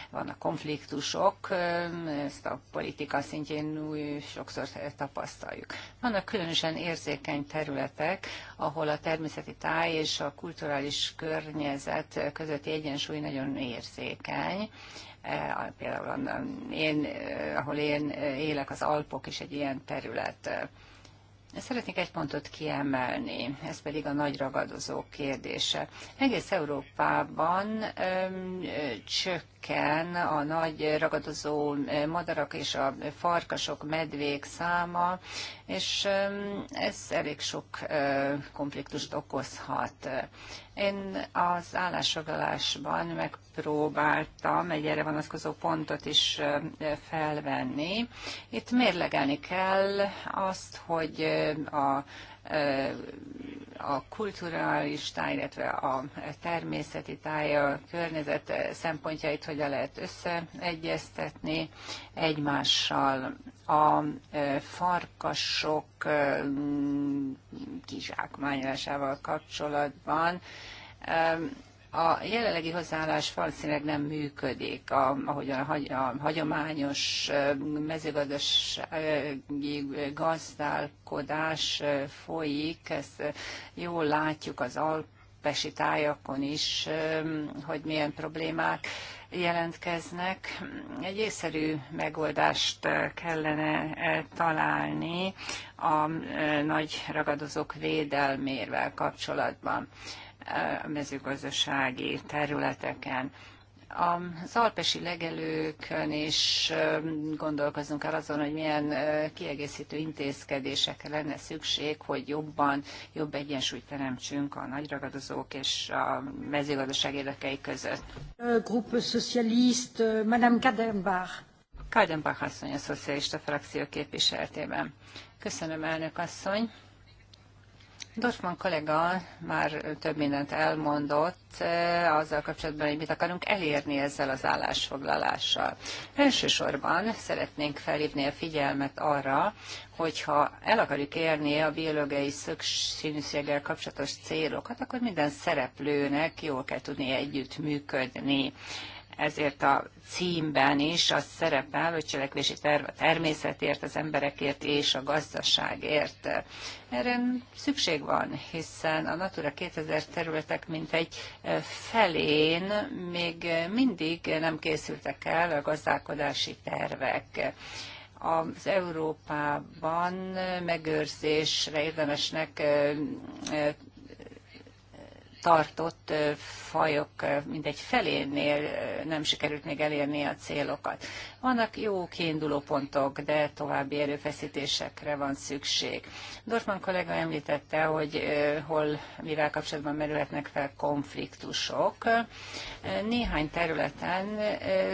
vannak konfliktusok, ezt a politika szintjén új sokszor tapasztaljuk. Vannak különösen érzékeny területek, ahol a természeti táj és a kulturális környezet közötti egyensúly nagyon érzékeny. Például én, ahol én élek, az Alpok is egy ilyen terület Szeretnék egy pontot kiemelni, ez pedig a nagy ragadozók kérdése. Egész Európában öm, csökken a nagy ragadozó madarak és a farkasok, medvék száma, és öm, ez elég sok öm, konfliktust okozhat. Én az állásfoglalásban megpróbáltam egy erre vonatkozó pontot is felvenni. Itt mérlegelni kell azt, hogy a a kulturális táj, illetve a természeti táj, a környezet szempontjait hogyan lehet összeegyeztetni egymással a e, farkasok e, kizsákmányolásával kapcsolatban e, a jelenlegi hozzáállás valószínűleg nem működik, a, ahogy a, a hagyományos mezőgazdasági gazdálkodás folyik, ezt jól látjuk az alpesi tájakon is, hogy milyen problémák jelentkeznek. Egy észszerű megoldást kellene eh, találni a eh, nagy ragadozók védelmével kapcsolatban eh, a mezőgazdasági területeken. Az alpesi legelőkön is gondolkozunk el azon, hogy milyen kiegészítő intézkedésekre lenne szükség, hogy jobban, jobb egyensúlyt teremtsünk a nagyragadozók és a mezőgazdaság érdekei között. Gruppe Socialiste, euh, Madame Kadenbach. Kadenbach asszony a szocialista frakció képviseltében. Köszönöm, elnök asszony. Dorfman kollega már több mindent elmondott e, azzal kapcsolatban, hogy mit akarunk elérni ezzel az állásfoglalással. Elsősorban szeretnénk felhívni a figyelmet arra, hogyha el akarjuk érni a biológiai szükségűséggel kapcsolatos célokat, akkor minden szereplőnek jól kell tudni együttműködni ezért a címben is az szerepel, hogy cselekvési terv a természetért, az emberekért és a gazdaságért. Erre szükség van, hiszen a Natura 2000 területek mint egy eh, felén még mindig nem készültek el a gazdálkodási tervek az Európában megőrzésre érdemesnek eh, eh, tartott fajok mindegy felénél nem sikerült még elérni a célokat. Vannak jó kiinduló pontok, de további erőfeszítésekre van szükség. Dorfman kollega említette, hogy hol, mivel kapcsolatban merülhetnek fel konfliktusok. Néhány területen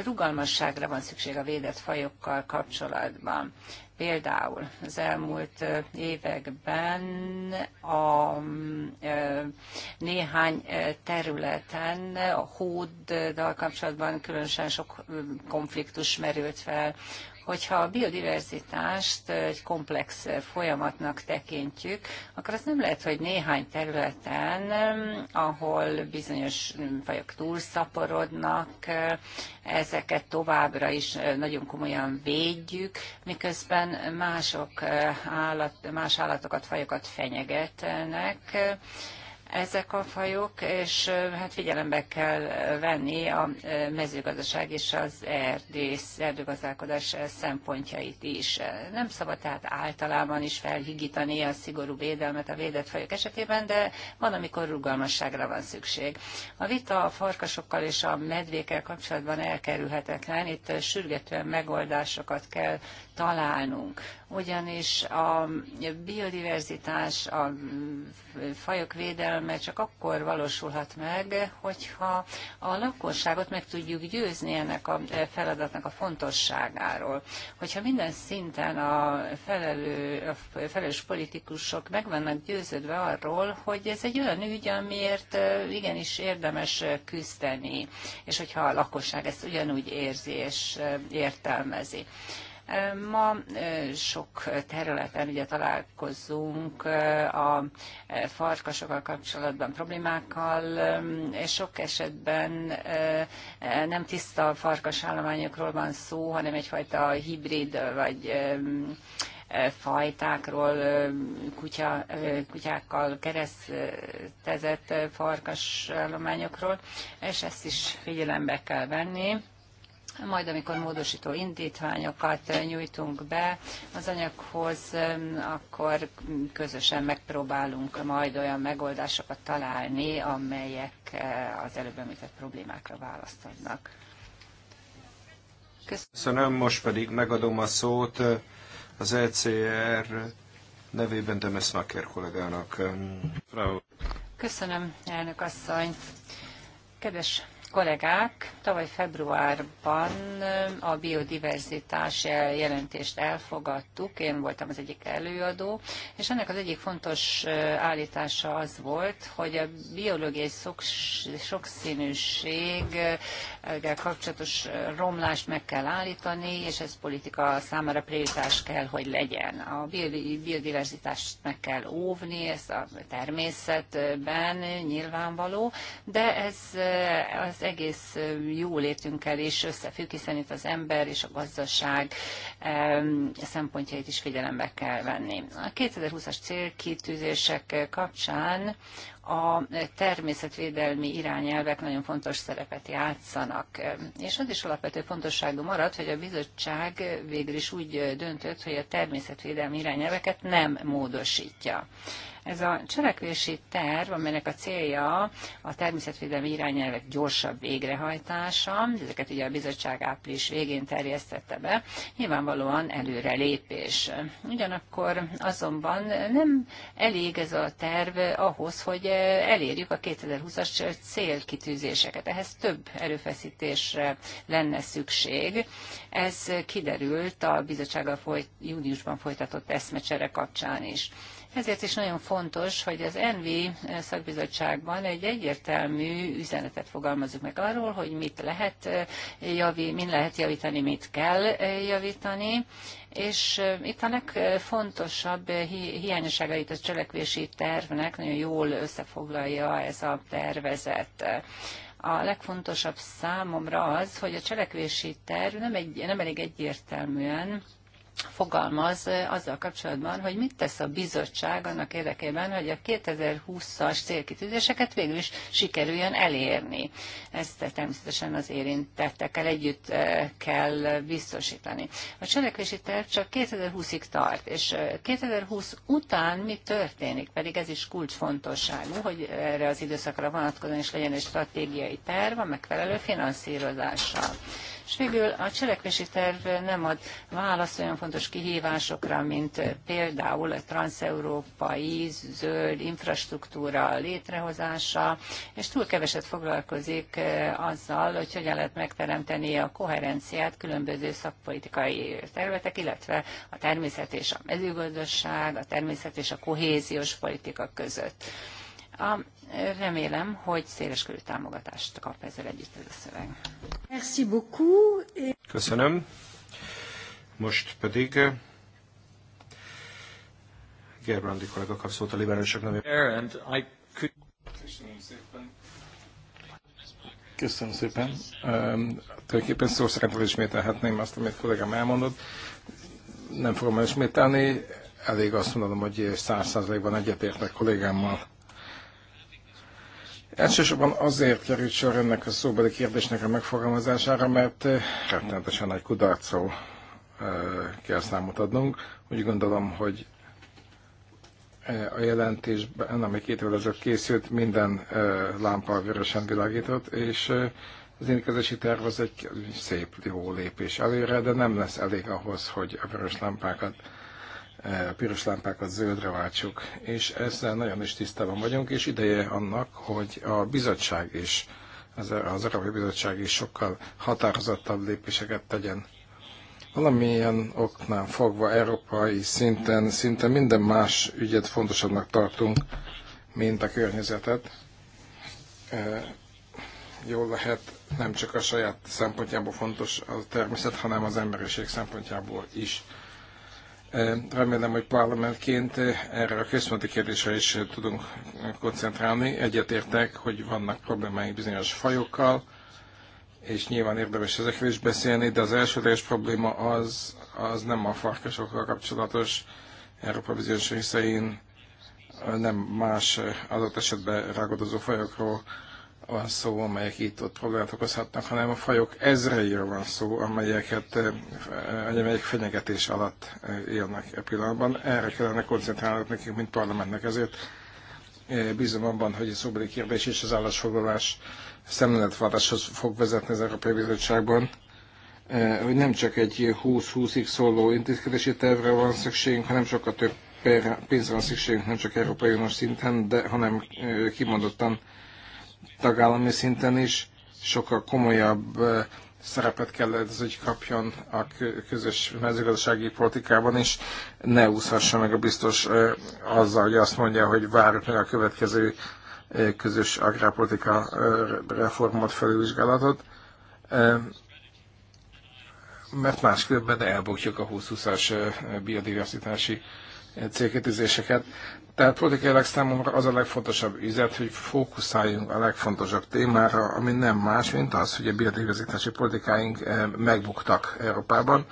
rugalmasságra van szükség a védett fajokkal kapcsolatban. Például az elmúlt években a néhány területen a hóddal kapcsolatban különösen sok konfliktus merült fel, Hogyha a biodiverzitást egy komplex folyamatnak tekintjük, akkor az nem lehet, hogy néhány területen, ahol bizonyos fajok túlszaporodnak, ezeket továbbra is nagyon komolyan védjük, miközben mások állat, más állatokat, fajokat fenyegetnek, ezek a fajok, és hát figyelembe kell venni a mezőgazdaság és az erdész, erdőgazdálkodás szempontjait is. Nem szabad tehát általában is felhigítani a szigorú védelmet a védett fajok esetében, de van, amikor rugalmasságra van szükség. A vita a farkasokkal és a medvékkel kapcsolatban elkerülhetetlen, itt sürgetően megoldásokat kell találnunk, ugyanis a biodiverzitás, a fajok védelme csak akkor valósulhat meg, hogyha a lakosságot meg tudjuk győzni ennek a feladatnak a fontosságáról. Hogyha minden szinten a, felelő, a felelős politikusok meg vannak győződve arról, hogy ez egy olyan ügy, amiért igenis érdemes küzdeni, és hogyha a lakosság ezt ugyanúgy érzi és értelmezi. Ma sok területen ugye találkozunk a farkasokkal kapcsolatban problémákkal, és sok esetben nem tiszta farkas állományokról van szó, hanem egyfajta hibrid vagy fajtákról, kutya, kutyákkal keresztezett állományokról, és ezt is figyelembe kell venni majd amikor módosító indítványokat nyújtunk be az anyaghoz, akkor közösen megpróbálunk majd olyan megoldásokat találni, amelyek eh, az előbb említett problémákra választ adnak. Köszönöm, most pedig megadom a szót eh, az ECR nevében Demes Macker kollégának. Köszönöm, elnök asszony. Kedves kollégák, tavaly februárban a biodiverzitás jelentést elfogadtuk, én voltam az egyik előadó, és ennek az egyik fontos állítása az volt, hogy a biológiai sokszínűséggel kapcsolatos romlást meg kell állítani, és ez politika számára prioritás kell, hogy legyen. A biodiverzitást meg kell óvni, ez a természetben nyilvánvaló, de ez az az egész jólétünkkel is összefügg, hiszen itt az ember és a gazdaság szempontjait is figyelembe kell venni. A 2020-as célkitűzések kapcsán a természetvédelmi irányelvek nagyon fontos szerepet játszanak. És az is alapvető fontosságú marad, hogy a bizottság végül is úgy döntött, hogy a természetvédelmi irányelveket nem módosítja. Ez a cselekvési terv, amelynek a célja a természetvédelmi irányelvek gyorsabb végrehajtása, ezeket ugye a bizottság április végén terjesztette be, nyilvánvalóan előre lépés. Ugyanakkor azonban nem elég ez a terv ahhoz, hogy elérjük a 2020-as célkitűzéseket. Ehhez több erőfeszítésre lenne szükség. Ez kiderült a bizottsággal folyt, júniusban folytatott eszmecsere kapcsán is. Ezért is nagyon fontos, hogy az ENVI szakbizottságban egy egyértelmű üzenetet fogalmazunk meg arról, hogy mit lehet eh, javi, min lehet javítani, mit kell eh, javítani, és eh, itt a legfontosabb hi- hiányosságait a cselekvési tervnek nagyon jól összefoglalja ez a tervezet a legfontosabb számomra az, hogy a cselekvési terv nem, egy, nem elég egyértelműen fogalmaz azzal kapcsolatban, hogy mit tesz a bizottság annak érdekében, hogy a 2020-as célkitűzéseket végül is sikerüljön elérni. Ezt természetesen az érintettekkel együtt kell biztosítani. A cselekvési terv csak 2020-ig tart, és 2020 után mi történik, pedig ez is kulcsfontosságú, hogy erre az időszakra vonatkozóan is legyen egy stratégiai terv a megfelelő finanszírozással. És végül a cselekvési terv nem ad választ olyan fontos kihívásokra, mint például a transeurópai zöld infrastruktúra létrehozása, és túl keveset foglalkozik eh, azzal, hogy hogyan lehet megteremteni a koherenciát különböző szakpolitikai területek, illetve a természet és a mezőgazdaság, a természet és a kohéziós politika között. A, remélem, hogy széleskörű támogatást kap ezzel együtt ez a szöveg. Merci beaucoup. Köszönöm. Most pedig eh, Gerbrandi kollega kap szót a liberálisok nevében. Köszönöm szépen. Um, tulajdonképpen szó szerint ismételhetném azt, amit kollégám elmondott. Nem fogom elismételni, elég azt mondanom, hogy száz százalékban egyetértek kollégámmal. Elsősorban azért került sor ennek a szóbeli kérdésnek a megfogalmazására, mert eh, rettenetesen nagy kudarcó eh, kell számot adnunk. Úgy gondolom, hogy eh, a jelentésben, ami két évvel ezelőtt készült, minden lámpa vörösen világított, és az indikázási terv az egy szép jó lépés előre, de nem lesz elég ahhoz, hogy a vörös lámpákat a piros lámpákat zöldre váltsuk, és ezzel nagyon is tisztában vagyunk, és ideje annak, hogy a bizottság is, az, az Bizottság is sokkal határozottabb lépéseket tegyen. Valamilyen oknál fogva európai szinten szinte minden más ügyet fontosabbnak tartunk, mint a környezetet. E, jól lehet, nem csak a saját szempontjából fontos a természet, hanem az emberiség szempontjából is Remélem, hogy parlamentként erre a központi kérdésre is tudunk koncentrálni. Egyetértek, hogy vannak problémáink bizonyos fajokkal, és nyilván érdemes ezekről is beszélni, de az elsődleges probléma az, az nem a farkasokkal kapcsolatos, Európa bizonyos részein, nem más adott esetben rágadozó fajokról van szó, amelyek itt-ott problémát okozhatnak, hanem a fajok ezreire van szó, amelyeket, eh, eh, amelyek fenyegetés alatt eh, élnek e pillanatban. Erre kellene koncentrálnunk nekik, mint parlamentnek. Ezért bízom abban, hogy a szóbeli kérdés és az állásfoglalás szemléletváltáshoz fog vezetni az Európai Bizottságban, hogy nem csak egy 20-20-ig szóló intézkedési tervre van szükségünk, hanem sokkal több pénzre van szükségünk, nem csak Európai Uniós szinten, de hanem kimondottan tagállami szinten is sokkal komolyabb szerepet kell ez, hogy kapjon a közös mezőgazdasági politikában is, ne úszhassa meg a biztos azzal, hogy azt mondja, hogy várjuk meg a következő közös agrárpolitika reformot, felülvizsgálatot, mert másképpen elbukjuk a 20 as biodiversitási célkitűzéseket. Tehát politikailag számomra az a legfontosabb üzlet, hogy fókuszáljunk a legfontosabb témára, ami nem más, mint az, hogy a biodiverzitási politikáink eh, megbuktak Európában,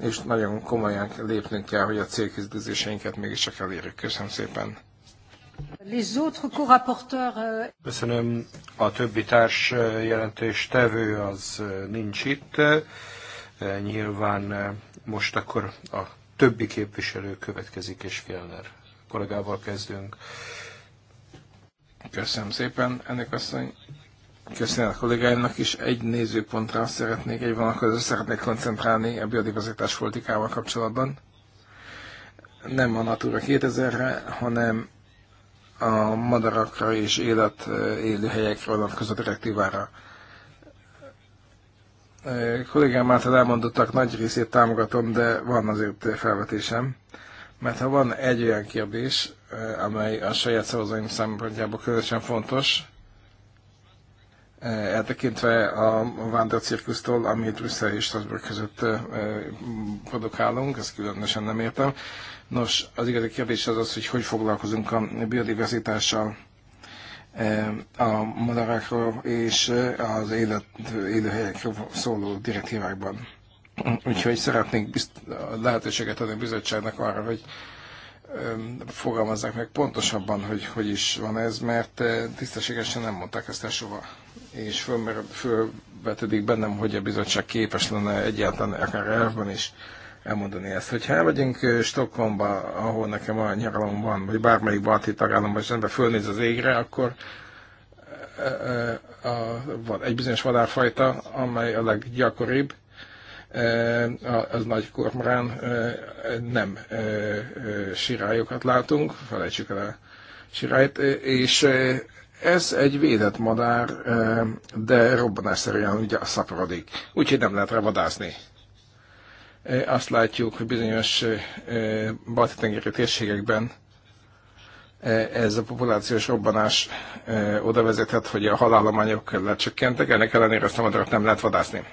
és nagyon komolyan lépnünk kell, hogy a célkitűzéseinket mégiscsak elérjük. Köszönöm szépen! Euh, Köszönöm. A többi társ eh, jelentés tevő az eh, nincs itt. Nyilván most akkor a többi képviselő következik, és Fjellner kollégával kezdünk. Köszönöm szépen, ennek asszony. Köszönöm a kollégáimnak is. Egy nézőpontra szeretnék, egy vonalkozó szeretnék koncentrálni a biodiverzitás politikával kapcsolatban. Nem a Natura 2000-re, hanem a madarakra és élet eh, élőhelyekre vonatkozó direktívára. Eh, kollégám által elmondottak nagy részét támogatom, de van azért felvetésem. Mert ha van egy olyan kérdés, eh, amely a saját szavazóim szempontjából különösen fontos, eh, eltekintve a cirkusztól, amit Brüsszel és Strasbourg között produkálunk, ezt különösen nem értem. Nos, az igazi kérdés az az, hogy hogy foglalkozunk a biodiverzitással Eh, a madarakról és eh, az élet, élőhelyekről szóló direktívákban. Úgyhogy szeretnénk bizt, lehetőséget adni a bizottságnak arra, hogy fogalmazzák meg pontosabban, hogy hogy is van ez, mert eh, tisztességesen nem mondták ezt el soha. És fölvetődik bennem, hogy a bizottság képes lenne egyáltalán akár elvben is elmondani ezt. Hogyha elmegyünk Stockholmba, ahol nekem a nyaralom van, vagy bármelyik balti tagállamban és ember fölnéz az égre, akkor van egy bizonyos vadárfajta, amely a leggyakoribb, az nagy kormorán nem sirályokat látunk, felejtsük el a sirályt, és ez egy védett madár, de robbanásszerűen ugye szaporodik, úgyhogy nem lehet rá vadászni. Eh, azt látjuk, hogy bizonyos eh, balti-tengeri térségekben eh, ez a populációs robbanás oda vezethet, hogy a halállományok lecsökkentek, ennek ellenére ezt a madarat nem lehet vadászni.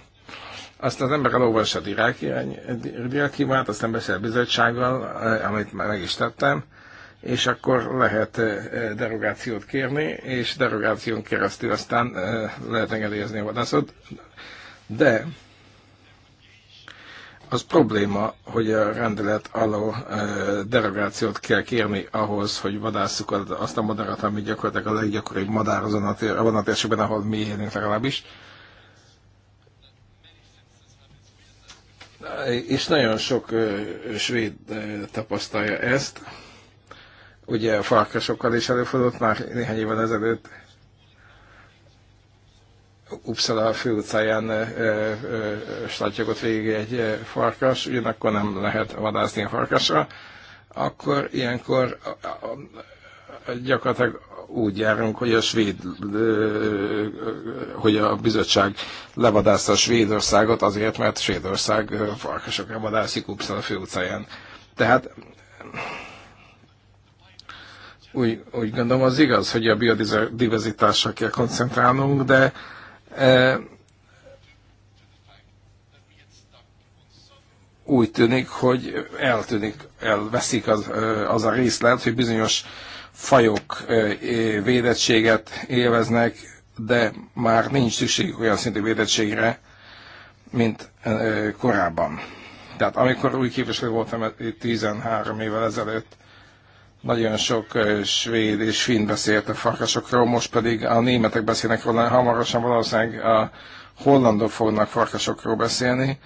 Aztán az ember elolvassa a direktívát, aztán beszél a bizottsággal, amit már meg is tettem, és akkor lehet derogációt kérni, és derogáción keresztül aztán lehet engedélyezni a vadászatot. De az probléma, hogy a rendelet alól derogációt kell kérni ahhoz, hogy vadásszuk azt a madarat, ami gyakorlatilag a leggyakoribb madár azon a, tér, a térségben, ahol mi élünk legalábbis. És nagyon sok svéd tapasztalja ezt. Ugye a farkasokkal is előfordult már néhány évvel ezelőtt, Uppsala főutcáján slattyogott végig egy farkas, ugyanakkor nem lehet vadászni a farkasra, akkor ilyenkor gyakorlatilag úgy járunk, hogy a svéd, hogy a bizottság levadászta a Svédországot azért, mert Svédország farkasokra vadászik Uppsala főutcáján. Tehát úgy, úgy gondolom az igaz, hogy a biodiverzitásra kell koncentrálnunk, de úgy tűnik, hogy eltűnik, elveszik az, az a részlet, hogy bizonyos fajok védettséget élveznek, de már nincs szükség olyan szintű védettségre, mint korábban. Tehát amikor új képviselő voltam 13 évvel ezelőtt, nagyon sok eh, svéd és finn beszélt a farkasokról, most pedig a németek beszélnek róla, hamarosan valószínűleg a hollandok fognak farkasokról beszélni.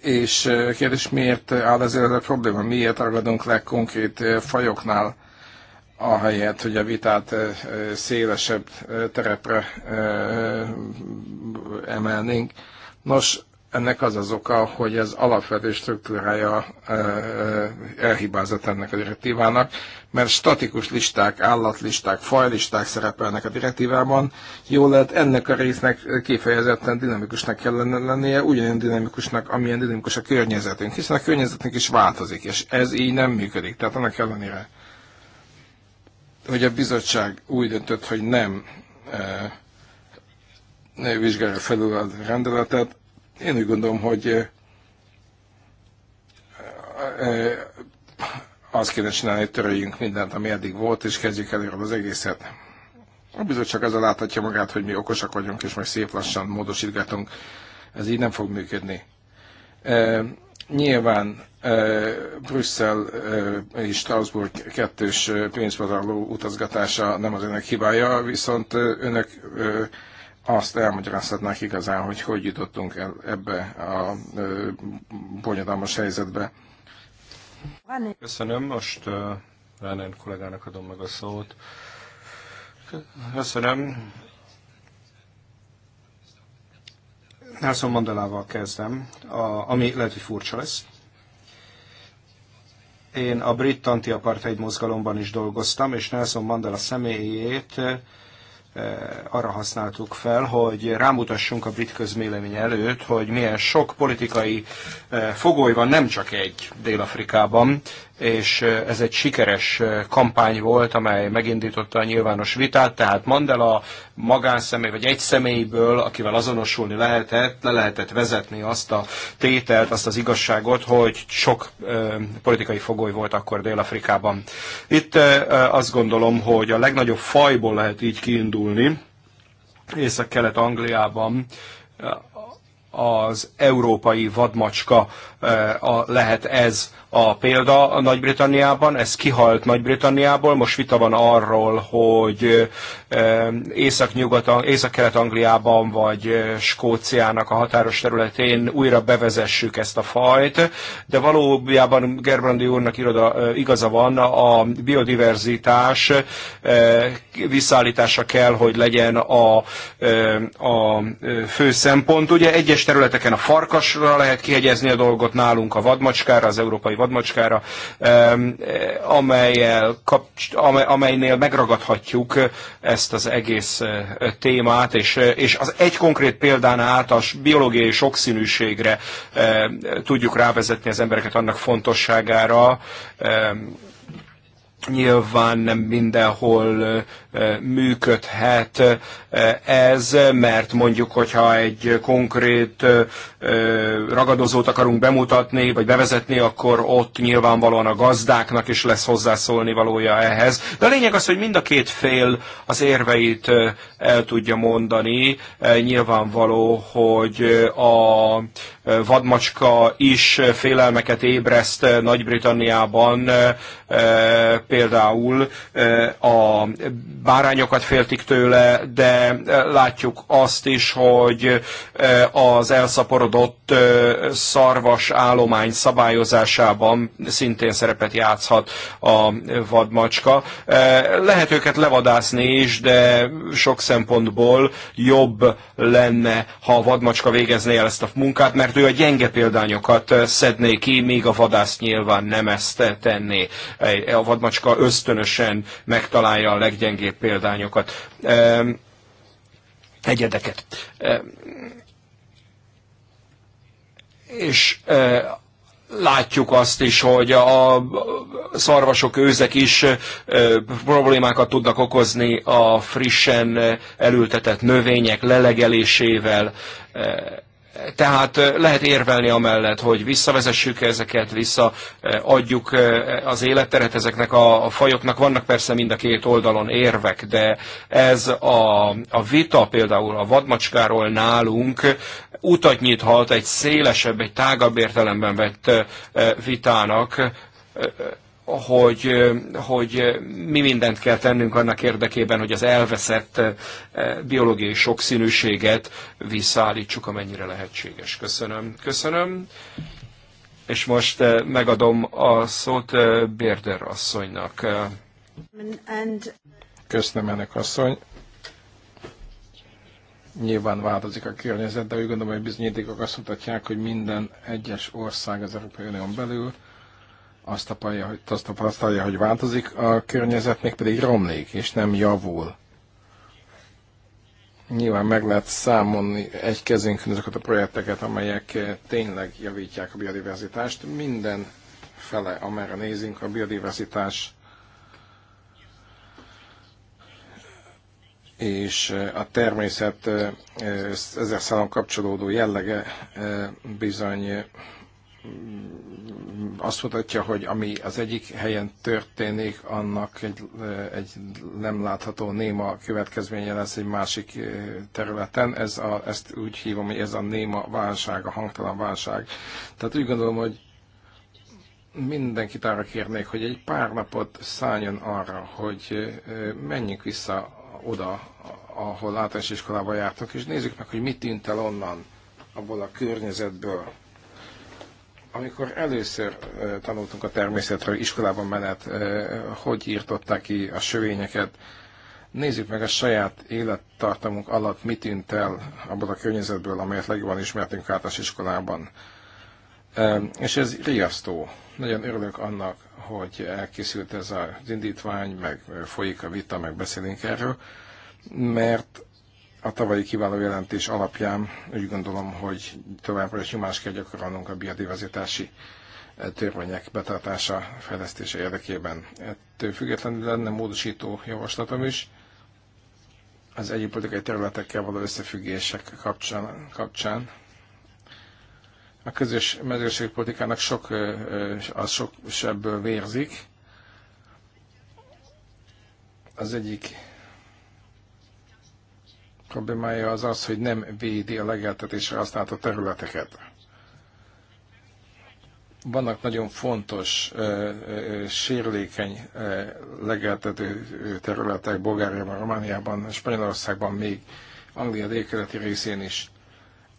És eh, kérdés, miért áll ez a probléma? Miért ragadunk le konkrét eh, fajoknál, ahelyett, hogy a vitát szélesebb terepre emelnénk? Nos, ennek az az oka, hogy az alapvető struktúrája elhibázott ennek a direktívának, mert statikus listák, állatlisták, fajlisták szerepelnek a direktívában. Jól lehet, ennek a résznek kifejezetten dinamikusnak kellene lennie, ugyanilyen dinamikusnak, amilyen dinamikus a környezetünk, hiszen a környezetünk is változik, és ez így nem működik. Tehát annak ellenére, hogy a bizottság úgy döntött, hogy nem vizsgálja felül a rendeletet, én úgy gondolom, hogy azt kéne csinálni, hogy töröljünk mindent, ami eddig volt, és kezdjük előről az egészet. A bizottság ezzel láthatja magát, hogy mi okosak vagyunk, és meg szép lassan módosítgatunk. Ez így nem fog működni. E, nyilván e, Brüsszel e, és Strasbourg kettős pénzpazarló utazgatása nem az önök hibája, viszont önök e, azt elmagyarázhatnák igazán, hogy hogy jutottunk el ebbe a bonyodalmas helyzetbe. Köszönöm, most Ránen kollégának adom meg a szót. Köszönöm. Nelson Mandelával kezdem, a, ami lehet, hogy furcsa lesz. Én a brit anti-apartheid mozgalomban is dolgoztam, és Nelson Mandela személyét Eh, arra használtuk fel, hogy rámutassunk a brit közmélemény előtt, hogy milyen sok politikai eh, fogoly van, nem csak egy Dél-Afrikában, és ez egy sikeres kampány volt, amely megindította a nyilvános vitát, tehát Mandela magánszemély vagy egy személyből, akivel azonosulni lehetett, le lehetett vezetni azt a tételt, azt az igazságot, hogy sok ö, politikai fogoly volt akkor Dél-Afrikában. Itt ö, azt gondolom, hogy a legnagyobb fajból lehet így kiindulni, Észak-Kelet-Angliában az európai vadmacska lehet ez a példa a Nagy-Britanniában, ez kihalt Nagy-Britanniából, most vita van arról, hogy észak észak Észak-Kelet-Angliában vagy eh, Skóciának a határos területén újra bevezessük ezt a fajt, de valójában Gerbrandi úrnak iroda, eh, igaza van, a biodiverzitás eh, visszaállítása kell, hogy legyen a, a fő szempont. Ugye egyes területeken a farkasra lehet kihegyezni a dolgot, nálunk a vadmacskára, az európai vadmacskára, eh, amelyel amelynél megragadhatjuk eh, ezt az egész eh, témát, és, és az egy konkrét példán át a biológiai sokszínűségre tudjuk rávezetni az embereket annak fontosságára, nyilván nem mindenhol működhet ez, mert mondjuk, hogyha egy konkrét ragadozót akarunk bemutatni, vagy bevezetni, akkor ott nyilvánvalóan a gazdáknak is lesz hozzászólni valója ehhez. De a lényeg az, hogy mind a két fél az érveit el tudja mondani. Nyilvánvaló, hogy a vadmacska is félelmeket ébreszt Nagy-Britanniában például a bárányokat féltik tőle, de e, látjuk azt is, hogy e, az elszaporodott e, szarvas állomány szabályozásában szintén szerepet játszhat a vadmacska. Lehet őket levadászni is, de sok szempontból jobb lenne, ha a vadmacska végezné el ezt a munkát, mert ő a gyenge példányokat szedné ki, míg a vadász nyilván nem ezt tenné. A vadmacska ösztönösen megtalálja a leggyengébb egyéb példányokat, egyedeket. És látjuk azt is, hogy a szarvasok, őzek is problémákat tudnak okozni a frissen elültetett növények lelegelésével. Tehát lehet érvelni amellett, hogy visszavezessük ezeket, visszaadjuk az életteret ezeknek a fajoknak. Vannak persze mind a két oldalon érvek, de ez a, a vita például a vadmacskáról nálunk utat nyithat egy szélesebb, egy tágabb értelemben vett vitának, hogy, hogy mi mindent kell tennünk annak érdekében, hogy az elveszett biológiai sokszínűséget visszaállítsuk, amennyire lehetséges. Köszönöm. Köszönöm. És most megadom a szót Bérder asszonynak. Köszönöm ennek asszony. Nyilván változik a környezet, de úgy gondolom, hogy bizonyítékok azt mutatják, hogy minden egyes ország az Európai Unión belül azt tapasztalja, azt tapasztalja, hogy változik a környezet, még pedig romlik, és nem javul. Nyilván meg lehet számolni egy kezünkön azokat a projekteket, amelyek tényleg javítják a biodiverzitást. Minden fele, amerre nézünk, a biodiverzitás és a természet ezzel kapcsolódó jellege bizony azt mutatja, hogy ami az egyik helyen történik, annak egy, egy nem látható néma következménye lesz egy másik eh, területen. Ez a, ezt úgy hívom, hogy ez a néma válság, a hangtalan válság. Tehát úgy gondolom, hogy mindenkit arra kérnék, hogy egy pár napot szálljon arra, hogy eh, menjünk vissza oda, ahol általános iskolába jártunk, és nézzük meg, hogy mit tűnt el onnan, abból a környezetből amikor először tanultunk a természetről iskolában menet, hogy írtották ki a sövényeket, nézzük meg a saját élettartamunk alatt mit tűnt el abban a környezetből, amelyet legjobban ismertünk az iskolában. És ez riasztó. Nagyon örülök annak, hogy elkészült ez az indítvány, meg folyik a vita, meg beszélünk erről, mert a tavalyi kiváló jelentés alapján úgy gondolom, hogy továbbra is nyomást kell gyakorolnunk a biodiverzitási eh, törvények betartása fejlesztése érdekében. Ettől függetlenül lenne módosító javaslatom is az egyéb politikai területekkel való összefüggések kapcsán. kapcsán. A közös mezőségpolitikának sok, eh, eh, az sok sebből vérzik. Az egyik problémája az az, hogy nem védi a legeltetésre a területeket. Vannak nagyon fontos, sérülékeny legeltető területek Bulgáriában, Romániában, Spanyolországban, még Anglia délkeleti részén is,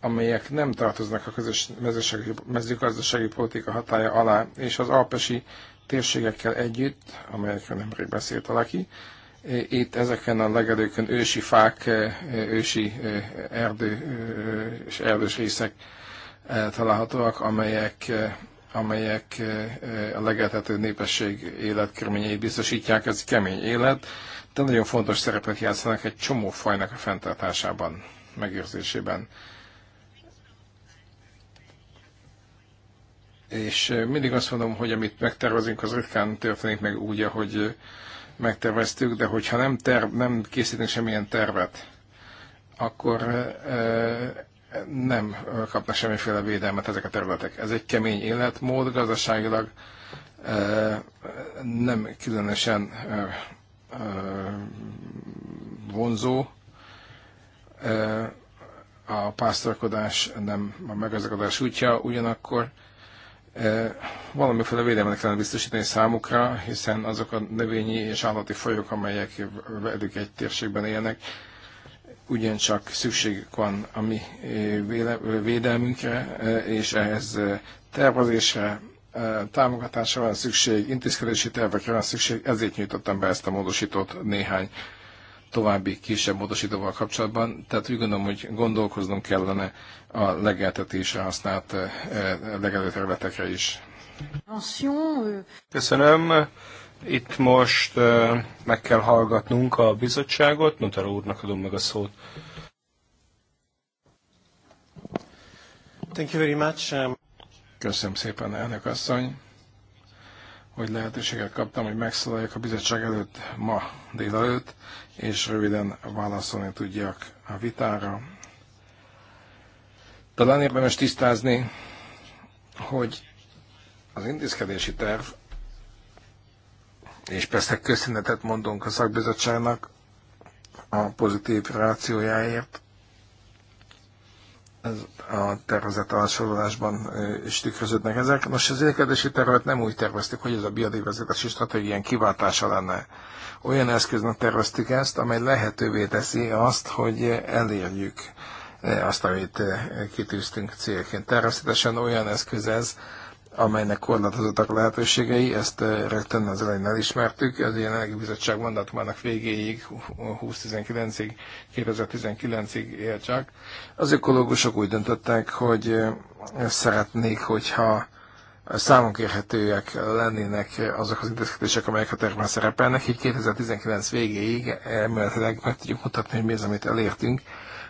amelyek nem tartoznak a közös mezőgazdasági politika hatája alá, és az alpesi térségekkel együtt, amelyekről nemrég beszélt ki. Itt ezeken a legelőkön ősi fák, e, e, ősi e, erdő és erdős részek találhatóak, amelyek, amelyek a legeltető népesség életkörményeit biztosítják, ez kemény élet, de nagyon fontos szerepet játszanak egy csomó fajnak a fenntartásában, megőrzésében. És mindig azt mondom, hogy amit megtervezünk, az ritkán történik meg úgy, ahogy, megterveztük, de hogyha nem, terv, nem készítünk semmilyen tervet, akkor nem kapna semmiféle védelmet ezek a területek. Ez egy kemény életmód, gazdaságilag nem különösen vonzó. A pásztorkodás nem a megazdagodás útja, ugyanakkor Eh, valamiféle védelmet kellene biztosítani számukra, hiszen azok a növényi és állati fajok, amelyek velük egy térségben élnek, ugyancsak szükségük van a mi eh, védelmünkre, eh, és ehhez tervezésre, támogatásra van szükség, intézkedési tervekre van szükség, ezért nyújtottam be ezt a módosított néhány további kisebb módosítóval kapcsolatban, tehát úgy gondolom, hogy gondolkoznom kellene a legeltetésre használt eh, eh, legelőterületekre is. Köszönöm. Itt most eh, meg kell hallgatnunk a bizottságot. Notar úrnak adom meg a szót. Thank you very much. Um, Köszönöm szépen, elnök asszony, hogy lehetőséget kaptam, hogy megszólaljak a bizottság előtt ma délelőtt, és röviden válaszolni tudjak a vitára. Talán érdemes tisztázni, hogy az intézkedési terv, és persze köszönetet mondunk a szakbizottságnak a pozitív rációjáért, ez a tervezett alsorolásban is tükröződnek ezek. Nos, az érkedési tervet nem úgy terveztük, hogy ez a biodiverzitási ilyen kiváltása lenne. Olyan eszköznek terveztük ezt, amely lehetővé teszi azt, hogy elérjük azt, amit kitűztünk célként. Természetesen olyan eszköz ez, amelynek korlátozottak lehetőségei, ezt eh, rögtön az elején elismertük, az jelenlegi bizottság mandátumának végéig, 2019-ig, 2019-ig csak. Az ökológusok úgy döntöttek, hogy eh, szeretnék, hogyha számunk érhetőek lennének azok az intézkedések, amelyek a tervben szerepelnek, így 2019 végéig emeletileg meg tudjuk mutatni, hogy mi az, amit elértünk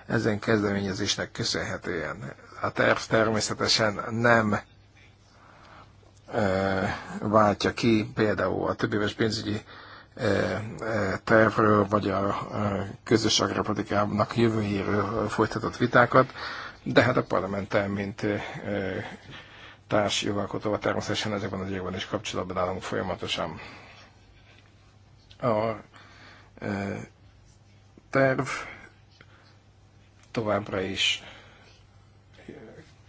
ezen kezdeményezésnek köszönhetően. A terv természetesen nem váltja ki, például a éves pénzügyi tervről, vagy a közös agrárpolitikának jövőjéről folytatott vitákat, de hát a parlamenten mint társ jogalkotóval természetesen ezekben az években is kapcsolatban állunk folyamatosan. A terv továbbra is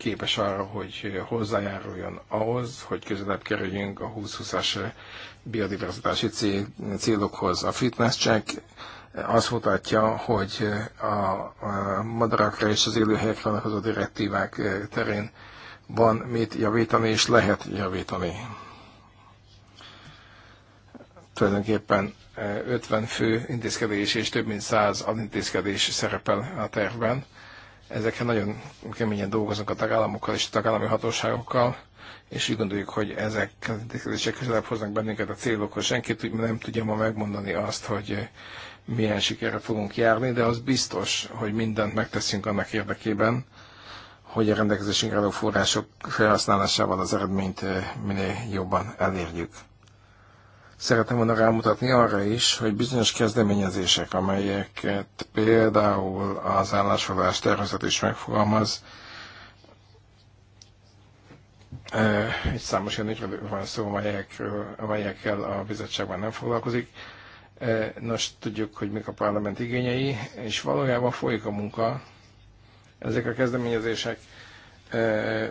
képes arra, hogy hozzájáruljon ahhoz, hogy közelebb kerüljünk a 2020-as biodiverzitási célokhoz. A fitness check azt mutatja, hogy a madarakra és az élőhelyekre vonatkozó direktívák terén van mit javítani, és lehet javítani. Tulajdonképpen 50 fő intézkedés és több mint 100 alintézkedés szerepel a tervben Ezeken nagyon keményen dolgoznak a tagállamokkal és a tagállami hatóságokkal, és úgy gondoljuk, hogy ezek kezdések közelebb hoznak bennünket a célokhoz. Senki nem tudja ma megmondani azt, hogy eh, milyen sikerre fogunk járni, de az biztos, hogy mindent megteszünk annak érdekében, hogy a rendelkezésünkre álló források felhasználásával az eredményt eh, minél jobban elérjük. Szeretném volna rámutatni arra is, hogy bizonyos kezdeményezések, amelyeket például az állásfoglalás tervezet is megfogalmaz, eh, egy számos olyan van szó, amelyekről, amelyekkel a bizottságban nem foglalkozik. Eh, nos, tudjuk, hogy mik a parlament igényei, és valójában folyik a munka. Ezek a kezdeményezések eh,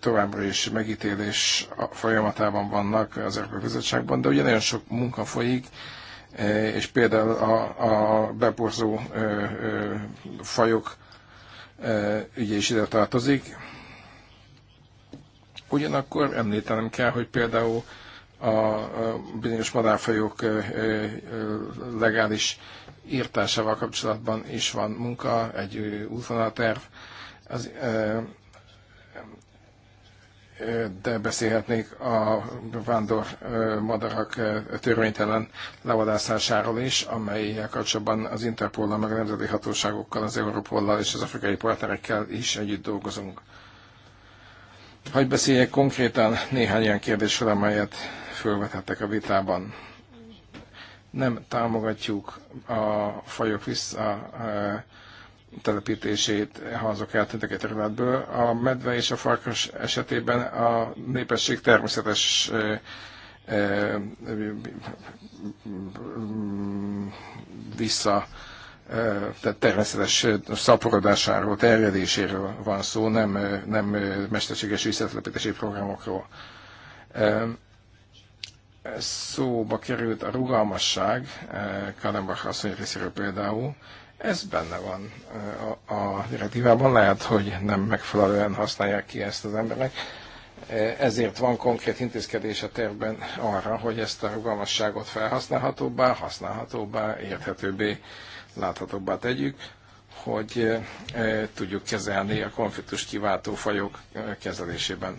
továbbra is megítélés folyamatában vannak az Európai Bizottságban, de ugye nagyon sok munka folyik, e, és például a, a beporzó e, e, fajok ügye is ide tartozik. Ugyanakkor említenem kell, hogy például a bizonyos madárfajok legális írtásával kapcsolatban is van munka, egy útvonalterv. Az de beszélhetnék a vándor madarak törvénytelen levadászásáról is, amelyek kapcsolatban az interpol meg a nemzeti hatóságokkal, az europol és az afrikai partnerekkel is együtt dolgozunk. Hagy beszéljek konkrétan néhány ilyen kérdésről, amelyet felvetettek a vitában. Nem támogatjuk a fajok vissza telepítését, ha azok eltűntek egy területből. A medve és a farkas esetében a népesség természetes vissza, tehát természetes szaporodásáról, terjedéséről van szó, nem, nem mesterséges visszatelepítési programokról. Szóba került a rugalmasság, Kalembach asszony részéről például, ez benne van a, direktívában, lehet, hogy nem megfelelően használják ki ezt az emberek. Ezért van konkrét intézkedés a tervben arra, hogy ezt a rugalmasságot felhasználhatóbbá, használhatóbbá, érthetőbbé, láthatóbbá tegyük, hogy tudjuk kezelni a konfliktus kiváltó fajok kezelésében.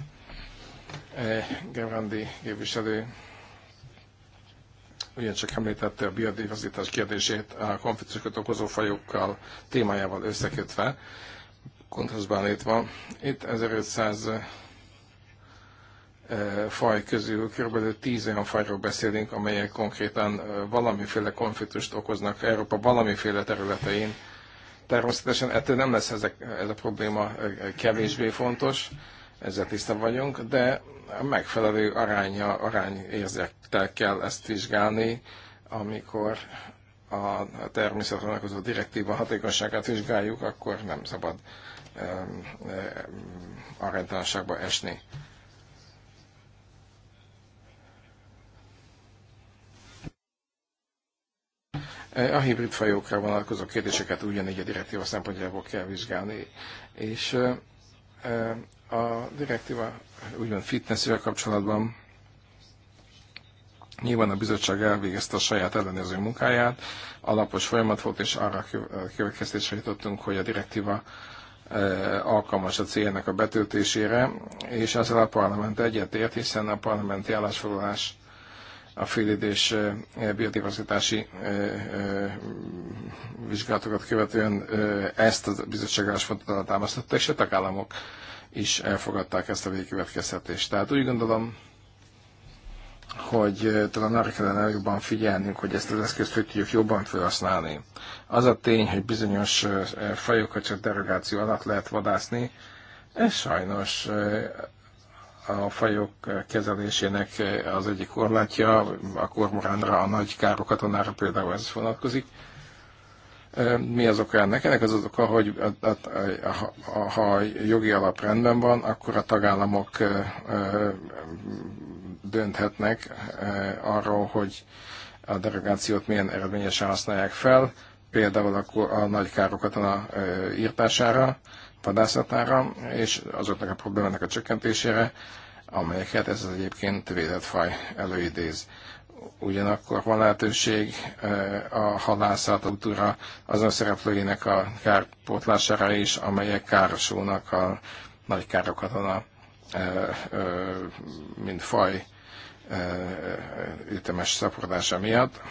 Gerandi képviselő csak említette a biodiverzitás kérdését a konfliktusokat okozó fajokkal témájával összekötve, kontrasztban van. Itt 1500 eh, faj közül kb. 10 olyan fajról beszélünk, amelyek konkrétan eh, valamiféle konfliktust okoznak Európa valamiféle területein. Természetesen ettől nem lesz ezek, ez a probléma eh, kevésbé fontos, ezzel tiszta vagyunk, de a megfelelő aránya, arányérzettel kell ezt vizsgálni, amikor a természetre vonatkozó direktíva hatékonyságát vizsgáljuk, akkor nem szabad aránytalanságba esni. A hibrid fajokra vonatkozó kérdéseket ugyanígy a direktíva szempontjából kell vizsgálni, és a direktíva úgymond fitnessével kapcsolatban nyilván a bizottság elvégezte a saját ellenőrző munkáját, alapos folyamat volt, és arra következtésre jutottunk, hogy a direktíva e, alkalmas a célnak a betöltésére, és ezzel a parlament egyetért, hiszen a parlamenti állásfoglalás a félidés e, biodiverzitási e, vizsgálatokat követően ezt a bizottság fontosan támasztotta, és a tagállamok is elfogadták ezt a végkövetkeztetést. Tehát úgy gondolom, hogy eh, talán arra kellene jobban figyelnünk, hogy ezt az eszközt hogy tudjuk jobban felhasználni. Az a tény, hogy bizonyos eh, fajokat csak derogáció alatt lehet vadászni, ez sajnos eh, a fajok kezelésének az egyik korlátja, a kormoránra, a nagy károkatonára például ez vonatkozik. Mi az oka ennek? Ennek az az oka, hogy ha a jogi alap rendben van, akkor a tagállamok dönthetnek arról, hogy a derogációt milyen eredményesen használják fel, például a, a nagy a írtására, vadászatára, és azoknak a problémának a csökkentésére, amelyeket ez az egyébként védett faj előidéz ugyanakkor van lehetőség eh, a halászat, a kultúra azon szereplőinek a kárpótlására is, amelyek károsulnak a nagy a, eh, eh, mint faj ütemes szaporodása miatt.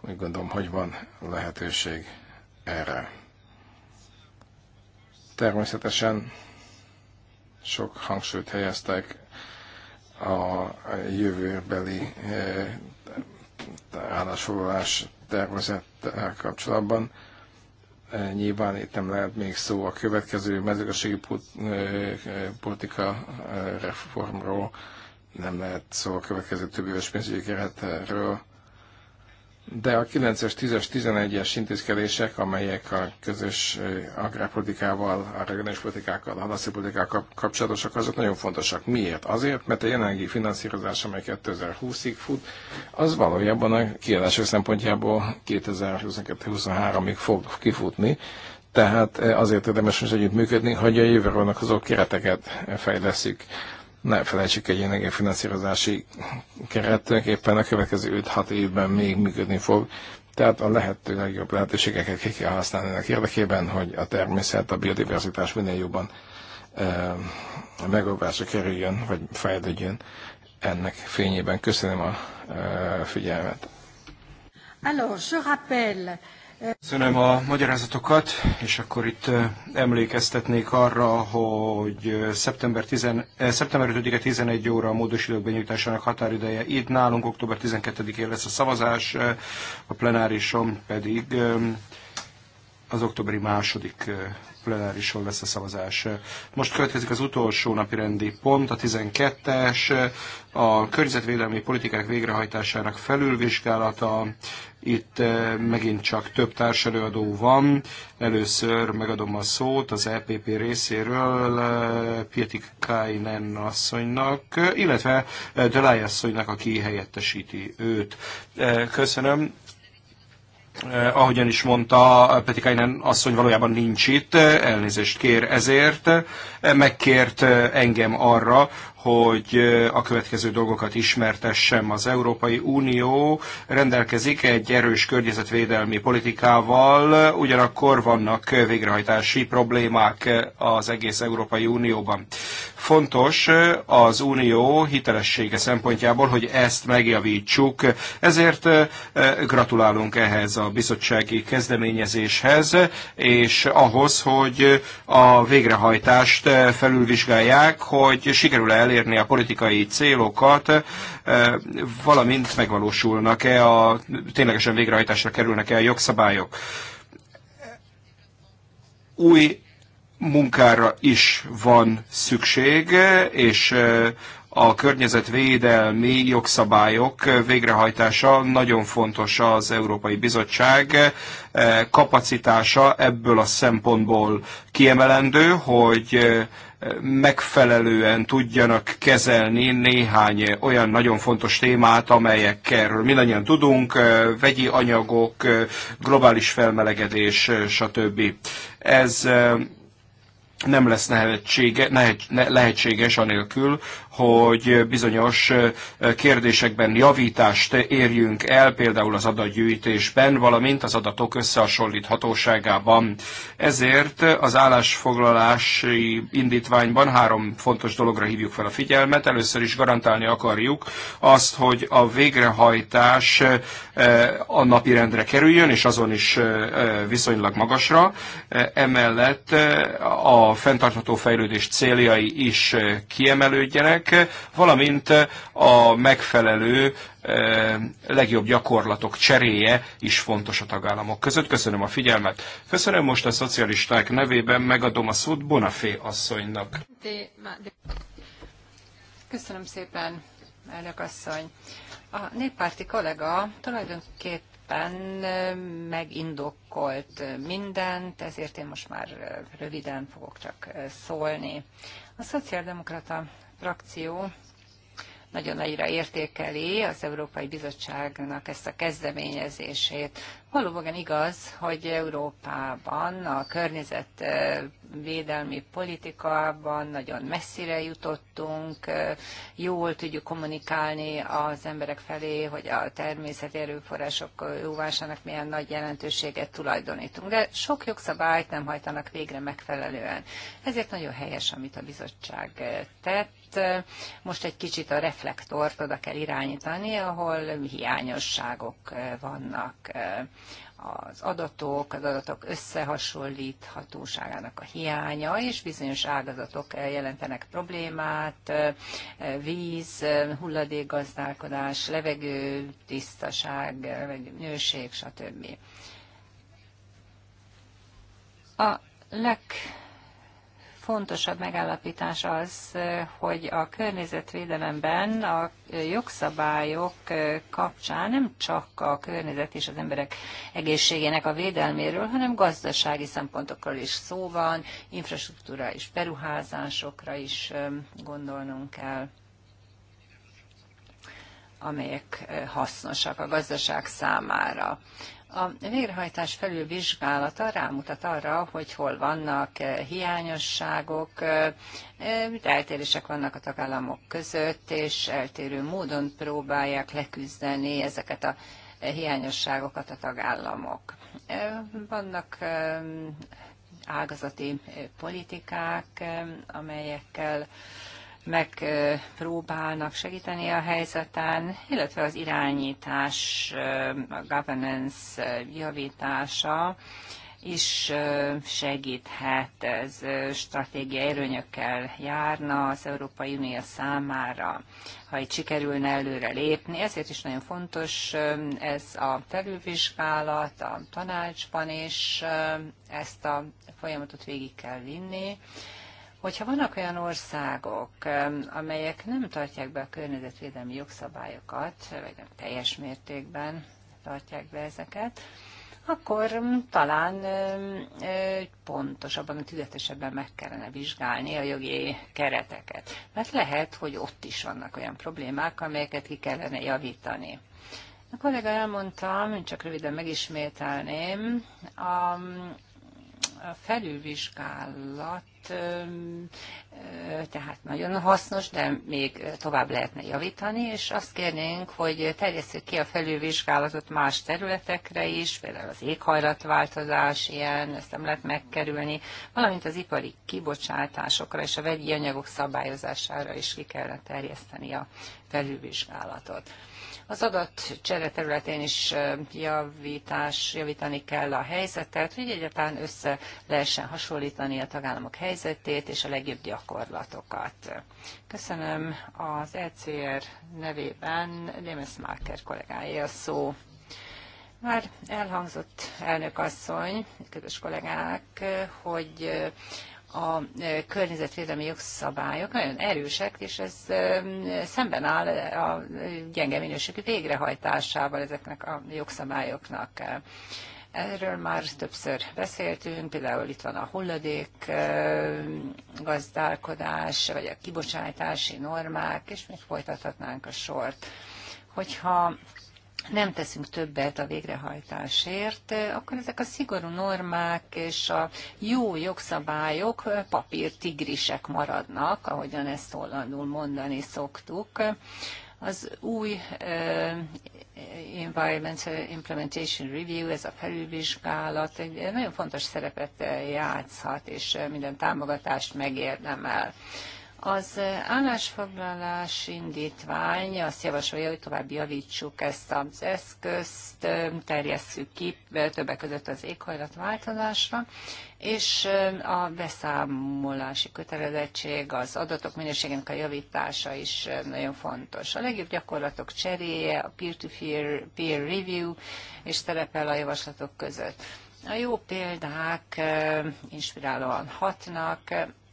Úgy gondolom, hogy van lehetőség erre. Természetesen sok hangsúlyt helyeztek a jövőbeli eh, állásfoglalás tervezettel kapcsolatban. Eh, nyilván itt nem lehet még szó a következő mezőgazdasági eh, politika reformról, nem lehet szó a következő többi éves pénzügyi keretről, de a 9-es, 10-es, 11-es intézkedések, amelyek a közös eh, agrárpolitikával, a regionális politikákkal, a halászati politikákkal kapcsolatosak, azok nagyon fontosak. Miért? Azért, mert a jelenlegi finanszírozás, amely 2020-ig fut, az valójában a kiadások szempontjából 2022-23-ig fog kifutni, tehát eh, azért érdemes most együttműködni, hogy a jövőről azok kereteket fejleszünk ne felejtsük egy ilyen finanszírozási keret éppen a következő 5-6 évben még működni fog, tehát a lehető legjobb lehetőségeket ki kell használni ennek érdekében, hogy a természet, a biodiverzitás minél jobban e, megóvásra kerüljön, vagy fejlődjön. Ennek fényében köszönöm a e, figyelmet. Alors, je rappelle Köszönöm a magyarázatokat, és akkor itt emlékeztetnék arra, hogy szeptember, 10, szeptember 5-e 11 óra a módosítók benyújtásának határideje itt nálunk, október 12-én lesz a szavazás, a plenárison pedig az októberi második plenárison lesz a szavazás. Most következik az utolsó napi rendi pont, a 12-es, a környezetvédelmi politikák végrehajtásának felülvizsgálata. Itt megint csak több társelőadó van. Először megadom a szót az EPP részéről Pietik Kainen asszonynak, illetve Delay asszonynak, aki helyettesíti őt. Köszönöm Eh, ahogyan is mondta, Petikainen asszony valójában nincs itt, eh, elnézést kér ezért, eh, megkért eh, engem arra, hogy a következő dolgokat ismertessem. Az Európai Unió rendelkezik egy erős környezetvédelmi politikával, ugyanakkor vannak végrehajtási problémák az egész Európai Unióban. Fontos az Unió hitelessége szempontjából, hogy ezt megjavítsuk. Ezért gratulálunk ehhez a bizottsági kezdeményezéshez, és ahhoz, hogy a végrehajtást felülvizsgálják, hogy sikerül-e elérni a politikai célokat, e, valamint megvalósulnak-e, a, ténylegesen végrehajtásra kerülnek-e a jogszabályok. Új munkára is van szükség, és e, a környezetvédelmi jogszabályok végrehajtása nagyon fontos az Európai Bizottság e, kapacitása ebből a szempontból kiemelendő, hogy megfelelően tudjanak kezelni néhány olyan nagyon fontos témát, amelyekről mindannyian tudunk, vegyi anyagok, globális felmelegedés, stb. Ez nem lesz lehetsége, lehetséges anélkül, hogy bizonyos kérdésekben javítást érjünk el, például az adatgyűjtésben, valamint az adatok összehasonlíthatóságában. Ezért az állásfoglalási indítványban három fontos dologra hívjuk fel a figyelmet. Először is garantálni akarjuk azt, hogy a végrehajtás a napirendre kerüljön, és azon is viszonylag magasra. Emellett a fenntartható fejlődés céljai is kiemelődjenek, termékek, valamint a megfelelő eh, legjobb gyakorlatok cseréje is fontos a tagállamok között. Köszönöm a figyelmet. Köszönöm most a szocialisták nevében, megadom a szót Bonafé asszonynak. Köszönöm szépen, elnök asszony. A néppárti kollega tulajdonképpen tulajdonképpen eh, megindokolt mindent, ezért én most már eh, röviden fogok csak szólni. A szociáldemokrata frakció nagyon nagyra értékeli az Európai Bizottságnak ezt a kezdeményezését. Valóban igaz, hogy Európában a környezetvédelmi politikában nagyon messzire jutottunk, jól tudjuk kommunikálni az emberek felé, hogy a természeti erőforrások jóvásának milyen nagy jelentőséget tulajdonítunk, de sok jogszabályt nem hajtanak végre megfelelően. Ezért nagyon helyes, amit a bizottság tett, most egy kicsit a reflektort oda kell irányítani, ahol hiányosságok vannak az adatok, az adatok összehasonlíthatóságának a hiánya, és bizonyos ágazatok jelentenek problémát, víz, hulladékgazdálkodás, levegő, tisztaság, levegő, nőség, stb. A leg legfontosabb megállapítás az, hogy a környezetvédelemben a jogszabályok kapcsán nem csak a környezet és az emberek egészségének a védelméről, hanem gazdasági szempontokról is szó van, infrastruktúra és beruházásokra is gondolnunk kell amelyek hasznosak a gazdaság számára. A végrehajtás felülvizsgálata rámutat arra, hogy hol vannak eh, hiányosságok, eh, eltérések vannak a tagállamok között, és eltérő módon próbálják leküzdeni ezeket a eh, hiányosságokat a tagállamok. Vannak ágazati politikák, amelyekkel megpróbálnak segíteni a helyzeten, illetve az irányítás, a governance javítása is segíthet, ez stratégiai erőnyökkel járna az Európai Unió számára, ha itt sikerülne előre lépni. Ezért is nagyon fontos ez a felülvizsgálat, a tanácsban is ezt a folyamatot végig kell vinni. Hogyha vannak olyan országok, amelyek nem tartják be a környezetvédelmi jogszabályokat, vagy nem teljes mértékben tartják be ezeket, akkor talán pontosabban, tüzetesebben meg kellene vizsgálni a jogi kereteket. Mert lehet, hogy ott is vannak olyan problémák, amelyeket ki kellene javítani. A kollega elmondta, csak röviden megismételném, a, a felülvizsgálat tehát nagyon hasznos, de még tovább lehetne javítani, és azt kérnénk, hogy terjesszük ki a felülvizsgálatot más területekre is, például az éghajlatváltozás ilyen, ezt nem lehet megkerülni, valamint az ipari kibocsátásokra és a vegyi anyagok szabályozására is ki kellene terjeszteni a felülvizsgálatot. Az adatcsere területén is javítás, javítani kell a helyzetet, hogy egyáltalán össze lehessen hasonlítani a tagállamok helyzetét és a legjobb gyakorlatokat. Köszönöm az ECR nevében Demes Máker kollégája a szó. Már elhangzott elnök asszony, közös kollégák, hogy a e, környezetvédelmi jogszabályok nagyon erősek, és ez e, szemben áll a gyenge minőségű végrehajtásával ezeknek a jogszabályoknak. Erről már többször beszéltünk, például itt van a hulladék e, gazdálkodás, vagy a kibocsátási normák, és még folytathatnánk a sort. Hogyha nem teszünk többet a végrehajtásért, akkor ezek a szigorú normák és a jó jogszabályok papírtigrisek maradnak, ahogyan ezt hollandul mondani szoktuk. Az új Environment Implementation Review, ez a felülvizsgálat egy nagyon fontos szerepet játszhat, és minden támogatást megérdemel. Az eh, állásfoglalás indítvány azt javasolja, hogy tovább javítsuk ezt az eszközt, eh, terjesszük ki eh, többek között az éghajlatváltozásra, és a beszámolási kötelezettség, az adatok minőségének a javítása is nagyon fontos. A legjobb gyakorlatok cseréje, a peer-to-peer -peer, peer review és szerepel a javaslatok között. A jó példák inspirálóan hatnak,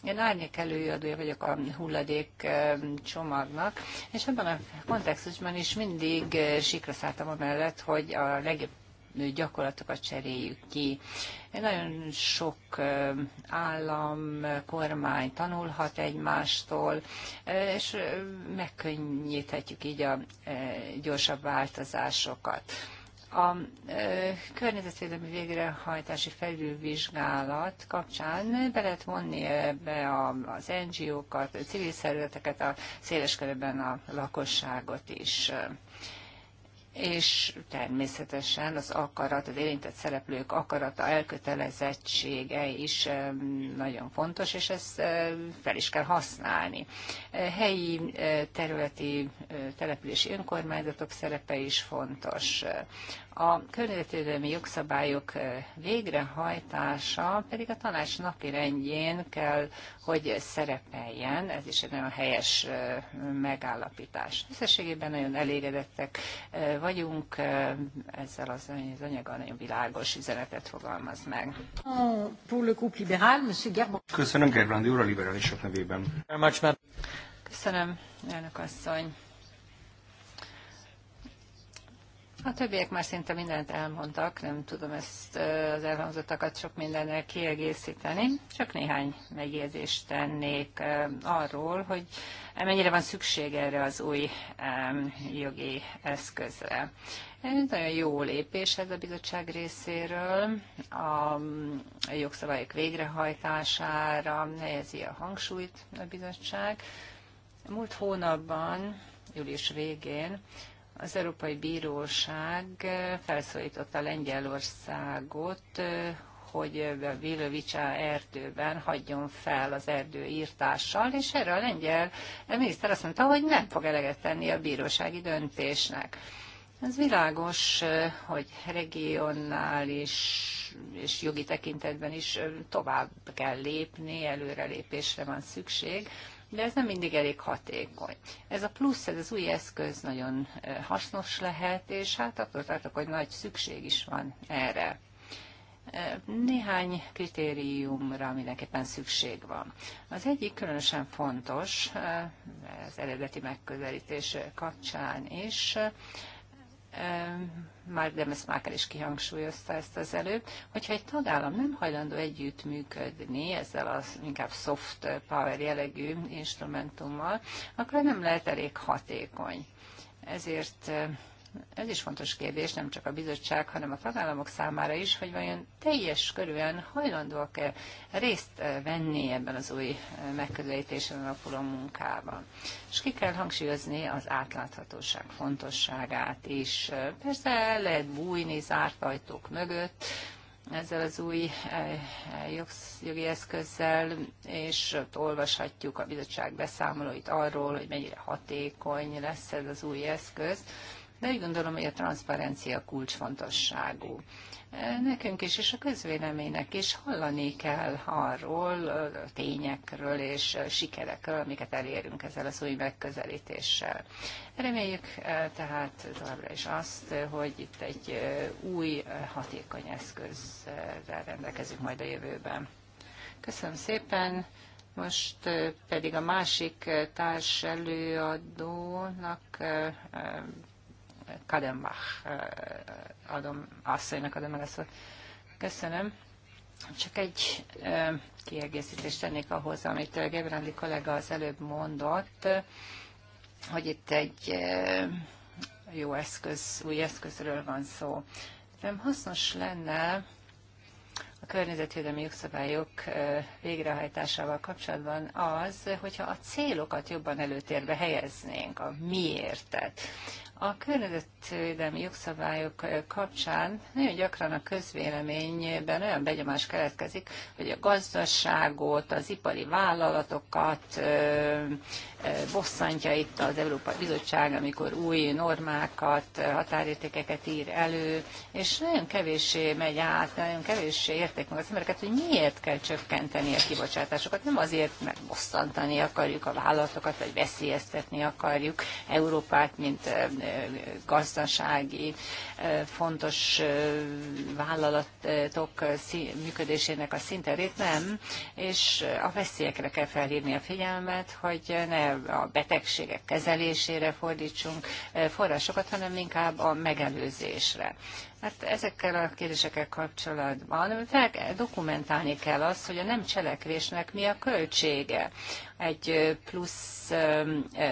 én árnyék előadója vagyok a hulladék csomagnak, és ebben a kontextusban is mindig sikra szálltam amellett, hogy a legjobb gyakorlatokat cseréljük ki. Nagyon sok állam, kormány tanulhat egymástól, és megkönnyíthetjük így a gyorsabb változásokat. A környezetvédelmi végrehajtási felülvizsgálat kapcsán be lehet vonni ebbe az NGO-kat, civil szervezeteket, a széles körben a lakosságot is és természetesen az akarat, az érintett szereplők akarata, elkötelezettsége is nagyon fontos, és ezt fel is kell használni. Helyi területi települési önkormányzatok szerepe is fontos. A környezetvédelmi jogszabályok végrehajtása pedig a tanács napi rendjén kell, hogy szerepeljen. Ez is egy nagyon helyes megállapítás. Összességében nagyon elégedettek vagyunk, ezzel az anyaga nagyon világos üzenetet fogalmaz meg. Köszönöm Gerbrandi úr a liberálisok nevében. Köszönöm, elnök asszony. A többiek már szinte mindent elmondtak, nem tudom ezt az elhangzottakat sok mindennel kiegészíteni, csak néhány megjegyzést tennék arról, hogy mennyire van szükség erre az új jogi eszközre. Egy nagyon jó lépés ez a bizottság részéről. A jogszabályok végrehajtására helyezi a hangsúlyt a bizottság. Múlt hónapban, július végén az Európai Bíróság felszólította Lengyelországot, hogy a Vilovicsa erdőben hagyjon fel az erdő írtással, és erre a lengyel a miniszter azt mondta, hogy nem fog eleget tenni a bírósági döntésnek. Ez világos, hogy regionális és jogi tekintetben is tovább kell lépni, előrelépésre van szükség de ez nem mindig elég hatékony. Ez a plusz, ez az új eszköz nagyon hasznos lehet, és hát attól tartok, hogy nagy szükség is van erre. Néhány kritériumra mindenképpen szükség van. Az egyik különösen fontos, az eredeti megközelítés kapcsán is, már már is kihangsúlyozta ezt az előbb, hogyha egy tagállam nem hajlandó együttműködni ezzel az inkább soft power jellegű instrumentummal, akkor nem lehet elég hatékony. Ezért ez is fontos kérdés, nem csak a bizottság, hanem a tagállamok számára is, hogy vajon teljes körülön hajlandóak-e részt eh, venni ebben az új eh, megközelítésen alapuló munkában. És ki kell hangsúlyozni az átláthatóság fontosságát is. Persze lehet bújni zárt ajtók mögött, ezzel az új eh, jogi eszközzel, és olvashatjuk a bizottság beszámolóit arról, hogy mennyire hatékony lesz ez az új eszköz de úgy gondolom, hogy a transzparencia kulcsfontosságú. Nekünk is, és a közvéleménynek is hallani kell arról, a tényekről és a sikerekről, amiket elérünk ezzel az új megközelítéssel. Reméljük tehát továbbra is azt, hogy itt egy új, hatékony eszközzel rendelkezünk majd a jövőben. Köszönöm szépen! Most pedig a másik társ előadónak Kadenbach adom, asszonynak adom el a szót. Köszönöm. Csak egy kiegészítést tennék ahhoz, amit Gebrandi kollega az előbb mondott, hogy itt egy jó eszköz, új eszközről van szó. Nem hasznos lenne a környezetvédelmi jogszabályok végrehajtásával kapcsolatban az, hogyha a célokat jobban előtérbe helyeznénk, a miértet. A környezetvédelmi jogszabályok kapcsán nagyon gyakran a közvéleményben olyan begyomás keletkezik, hogy a gazdaságot, az ipari vállalatokat bosszantja itt az Európai Bizottság, amikor új normákat, határértékeket ír elő, és nagyon kevéssé megy át, nagyon kevéssé érték meg az embereket, hogy miért kell csökkenteni a kibocsátásokat. Nem azért, mert bosszantani akarjuk a vállalatokat, vagy veszélyeztetni akarjuk Európát, mint gazdasági fontos vállalatok működésének a szinterét, nem, és a veszélyekre kell felhívni a figyelmet, hogy ne a betegségek kezelésére fordítsunk forrásokat, hanem inkább a megelőzésre mert hát ezekkel a kérdésekkel kapcsolatban fel kell, dokumentálni kell azt, hogy a nem cselekvésnek mi a költsége. Egy plusz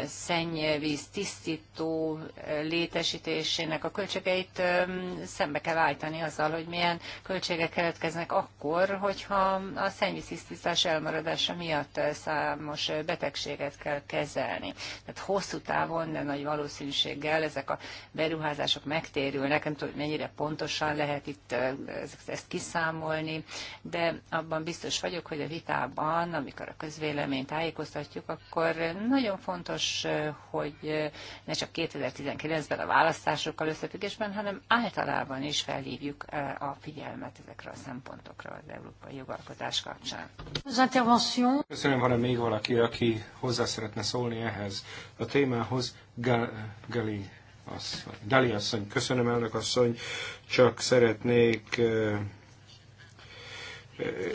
szennyvíz tisztító létesítésének a költségeit szembe kell állítani azzal, hogy milyen költségek keletkeznek akkor, hogyha a szennyvíz tisztítás elmaradása miatt számos betegséget kell kezelni. Tehát hosszú távon, de nagy valószínűséggel ezek a beruházások megtérülnek, nem tudom, mennyire pontosan lehet itt ezt kiszámolni, de abban biztos vagyok, hogy a vitában, amikor a közvéleményt tájékoztatjuk, akkor nagyon fontos, hogy ne csak 2019-ben a választásokkal összefüggésben, hanem általában is felhívjuk a figyelmet ezekre a szempontokra az európai jogalkotás kapcsán. Köszönöm, van-e még valaki, aki hozzá szeretne szólni ehhez a témához? Gal- Gali asszony. Dali asszony, köszönöm elnök asszony, csak szeretnék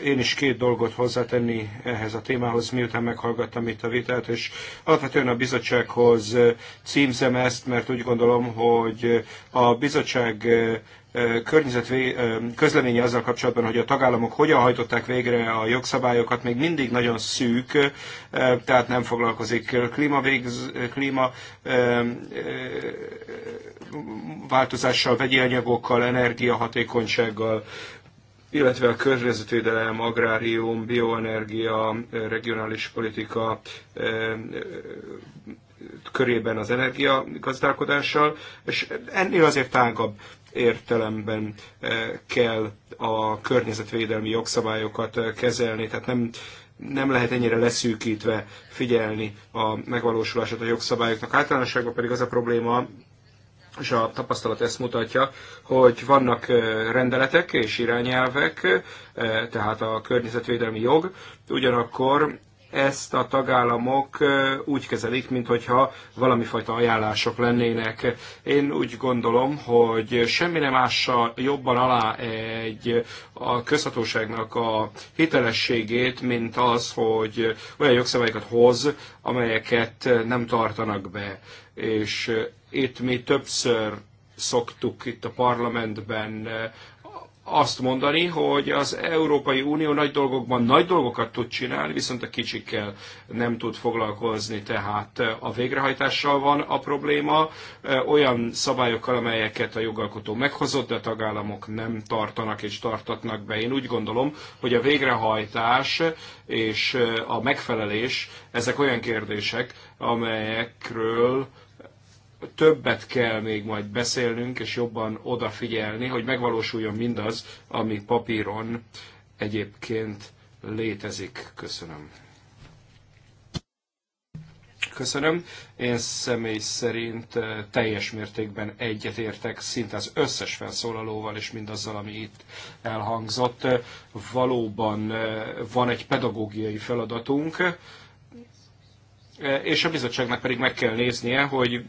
én is két dolgot hozzátenni ehhez a témához, miután meghallgattam itt a vitát, és alapvetően a bizottsághoz címzem ezt, mert úgy gondolom, hogy a bizottság környezetvé közleménye azzal kapcsolatban, hogy a tagállamok hogyan hajtották végre a jogszabályokat, még mindig nagyon szűk, tehát nem foglalkozik klímavégz, klíma változással, vegyi anyagokkal, energiahatékonysággal, illetve a környezetvédelem, agrárium, bioenergia, regionális politika körében az energiagazdálkodással, és ennél azért tágabb értelemben eh, kell a környezetvédelmi jogszabályokat eh, kezelni, tehát nem, nem lehet ennyire leszűkítve figyelni a megvalósulását a jogszabályoknak. Általánosságban pedig az a probléma, és a tapasztalat ezt mutatja, hogy vannak eh, rendeletek és irányelvek, tehát a környezetvédelmi jog, ugyanakkor ezt a tagállamok úgy kezelik, mintha valami fajta ajánlások lennének. Én úgy gondolom, hogy semmi nem ássa jobban alá egy a közhatóságnak a hitelességét, mint az, hogy olyan jogszabályokat hoz, amelyeket nem tartanak be. És itt mi többször szoktuk itt a parlamentben azt mondani, hogy az Európai Unió nagy dolgokban nagy dolgokat tud csinálni, viszont a kicsikkel nem tud foglalkozni, tehát a végrehajtással van a probléma, olyan szabályokkal, amelyeket a jogalkotó meghozott, de a tagállamok nem tartanak és tartatnak be. Én úgy gondolom, hogy a végrehajtás és a megfelelés, ezek olyan kérdések, amelyekről többet kell még majd beszélnünk, és jobban odafigyelni, hogy megvalósuljon mindaz, ami papíron egyébként létezik. Köszönöm. Köszönöm. Én személy szerint eh, teljes mértékben egyetértek szinte az összes felszólalóval és mindazzal, ami itt elhangzott. Valóban eh, van egy pedagógiai feladatunk, eh, és a bizottságnak pedig meg kell néznie, hogy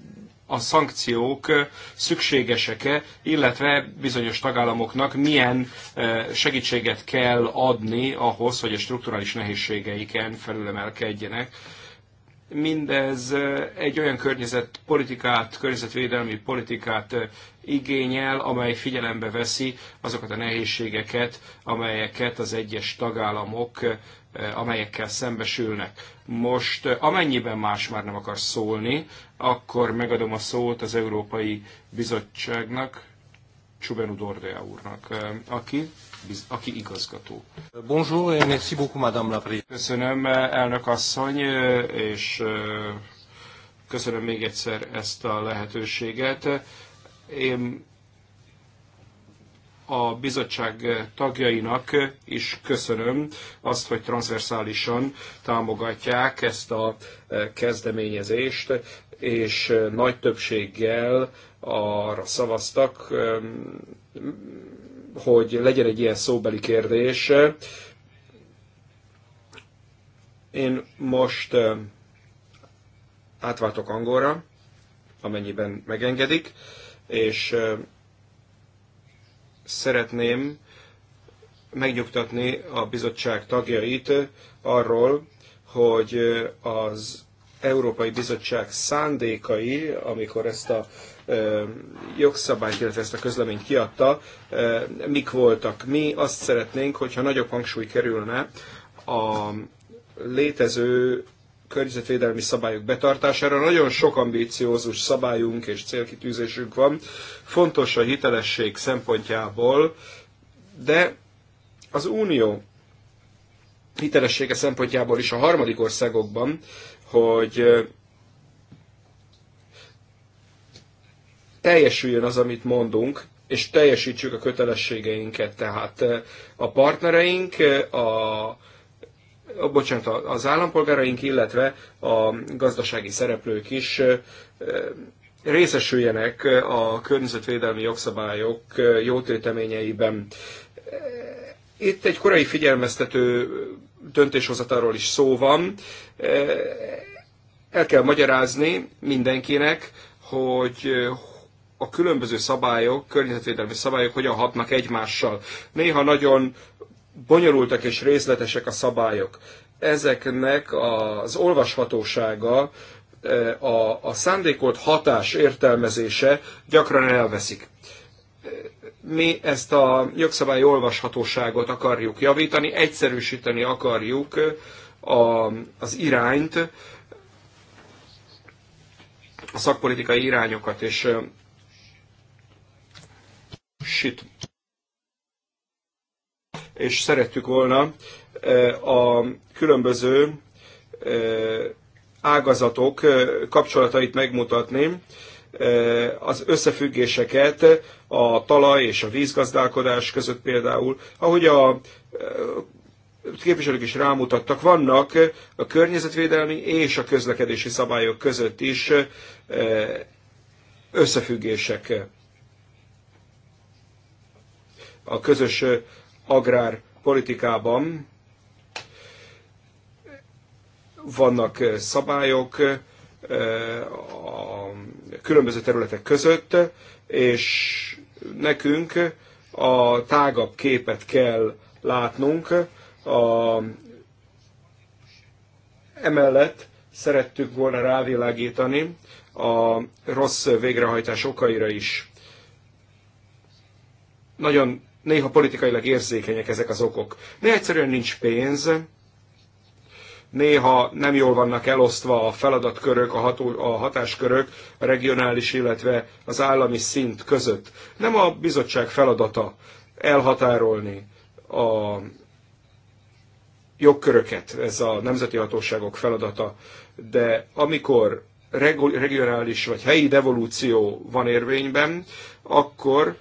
a szankciók szükségesek-e, illetve bizonyos tagállamoknak milyen segítséget kell adni ahhoz, hogy a strukturális nehézségeiken felülemelkedjenek, Mindez egy olyan környezetpolitikát, környezetvédelmi politikát igényel, amely figyelembe veszi azokat a nehézségeket, amelyeket az egyes tagállamok amelyekkel szembesülnek. Most amennyiben más már nem akar szólni, akkor megadom a szót az Európai Bizottságnak, Csubenu Dordea úrnak, aki aki igazgató. Bonjour, et merci beaucoup, madame la Köszönöm, elnök asszony, és köszönöm még egyszer ezt a lehetőséget. Én a bizottság tagjainak is köszönöm azt, hogy transversálisan támogatják ezt a kezdeményezést, és nagy többséggel arra szavaztak, hogy legyen egy ilyen szóbeli kérdés. Én most átváltok angolra, amennyiben megengedik, és szeretném megnyugtatni a bizottság tagjait arról, hogy az Európai Bizottság szándékai, amikor ezt a jogszabályt, illetve ezt a közleményt kiadta, mik voltak. Mi azt szeretnénk, hogyha nagyobb hangsúly kerülne a létező környezetvédelmi szabályok betartására. Nagyon sok ambíciózus szabályunk és célkitűzésünk van. Fontos a hitelesség szempontjából, de az unió hitelessége szempontjából is a harmadik országokban, hogy teljesüljön az, amit mondunk, és teljesítsük a kötelességeinket. Tehát eh, a partnereink, eh, a, oh, a bocsánat, az állampolgáraink, illetve a gazdasági szereplők is eh, részesüljenek a környezetvédelmi jogszabályok jótéteményeiben. Itt egy korai figyelmeztető döntéshozatáról is szó van. El kell magyarázni mindenkinek, hogy a különböző szabályok, környezetvédelmi szabályok hogyan hatnak egymással. Néha nagyon bonyolultak és részletesek a szabályok. Ezeknek az olvashatósága, eh, a, a szándékolt hatás értelmezése gyakran elveszik. Mi ezt a jogszabály olvashatóságot akarjuk javítani, egyszerűsíteni akarjuk eh, a, az irányt, a szakpolitikai irányokat, és eh, Shit. És szerettük volna eh, a különböző eh, ágazatok eh, kapcsolatait megmutatni, az összefüggéseket a talaj és a vízgazdálkodás között például, ahogy a képviselők is rámutattak, vannak a környezetvédelmi és a közlekedési szabályok között is összefüggések a közös agrárpolitikában vannak szabályok a különböző területek között, és nekünk a tágabb képet kell látnunk. A, emellett szerettük volna rávilágítani a rossz végrehajtás okaira is. Nagyon néha politikailag érzékenyek ezek az okok. Néha egyszerűen nincs pénz, néha nem jól vannak elosztva a feladatkörök, a, ható, a hatáskörök a regionális, illetve az állami szint között. Nem a bizottság feladata elhatárolni a jogköröket, ez a nemzeti hatóságok feladata, de amikor regionális vagy helyi devolúció van érvényben, akkor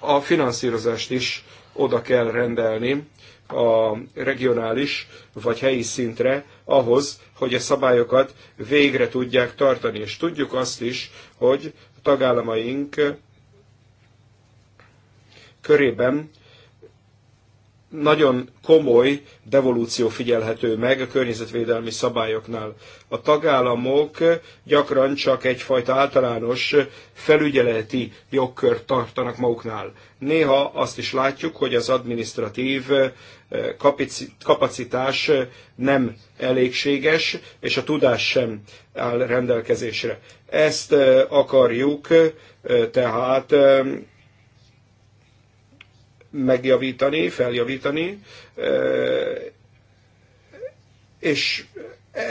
a finanszírozást is oda kell rendelni a regionális vagy helyi szintre ahhoz, hogy a szabályokat végre tudják tartani. És tudjuk azt is, hogy a tagállamaink körében nagyon komoly devolúció figyelhető meg a környezetvédelmi szabályoknál. A tagállamok gyakran csak egyfajta általános felügyeleti jogkört tartanak maguknál. Néha azt is látjuk, hogy az administratív eh, kapacitás nem elégséges, és a tudás sem áll rendelkezésre. Ezt eh, akarjuk eh, tehát megjavítani, feljavítani, eh, és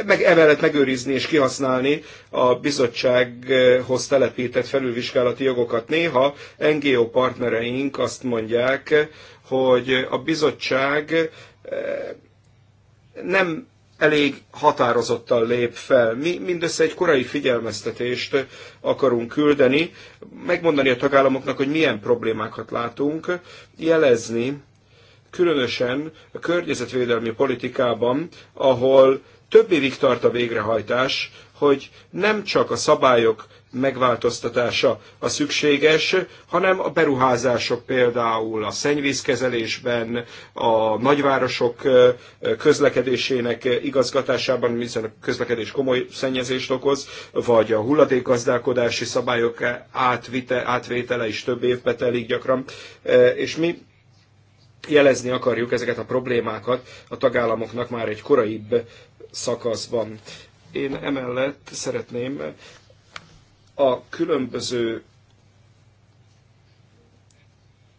meg emellett megőrizni és kihasználni a bizottsághoz telepített felülvizsgálati jogokat. Néha NGO partnereink azt mondják, hogy a bizottság eh, nem elég határozottan lép fel. Mi mindössze egy korai figyelmeztetést akarunk küldeni, megmondani a tagállamoknak, hogy milyen problémákat látunk, jelezni különösen a környezetvédelmi politikában, ahol több évig tart a végrehajtás, hogy nem csak a szabályok megváltoztatása a szükséges, hanem a beruházások például a szennyvízkezelésben, a nagyvárosok közlekedésének igazgatásában, hiszen a közlekedés komoly szennyezést okoz, vagy a hulladékgazdálkodási szabályok átvite, átvétele is több évbe telik gyakran. És mi jelezni akarjuk ezeket a problémákat a tagállamoknak már egy koraibb szakaszban. Én emellett szeretném a különböző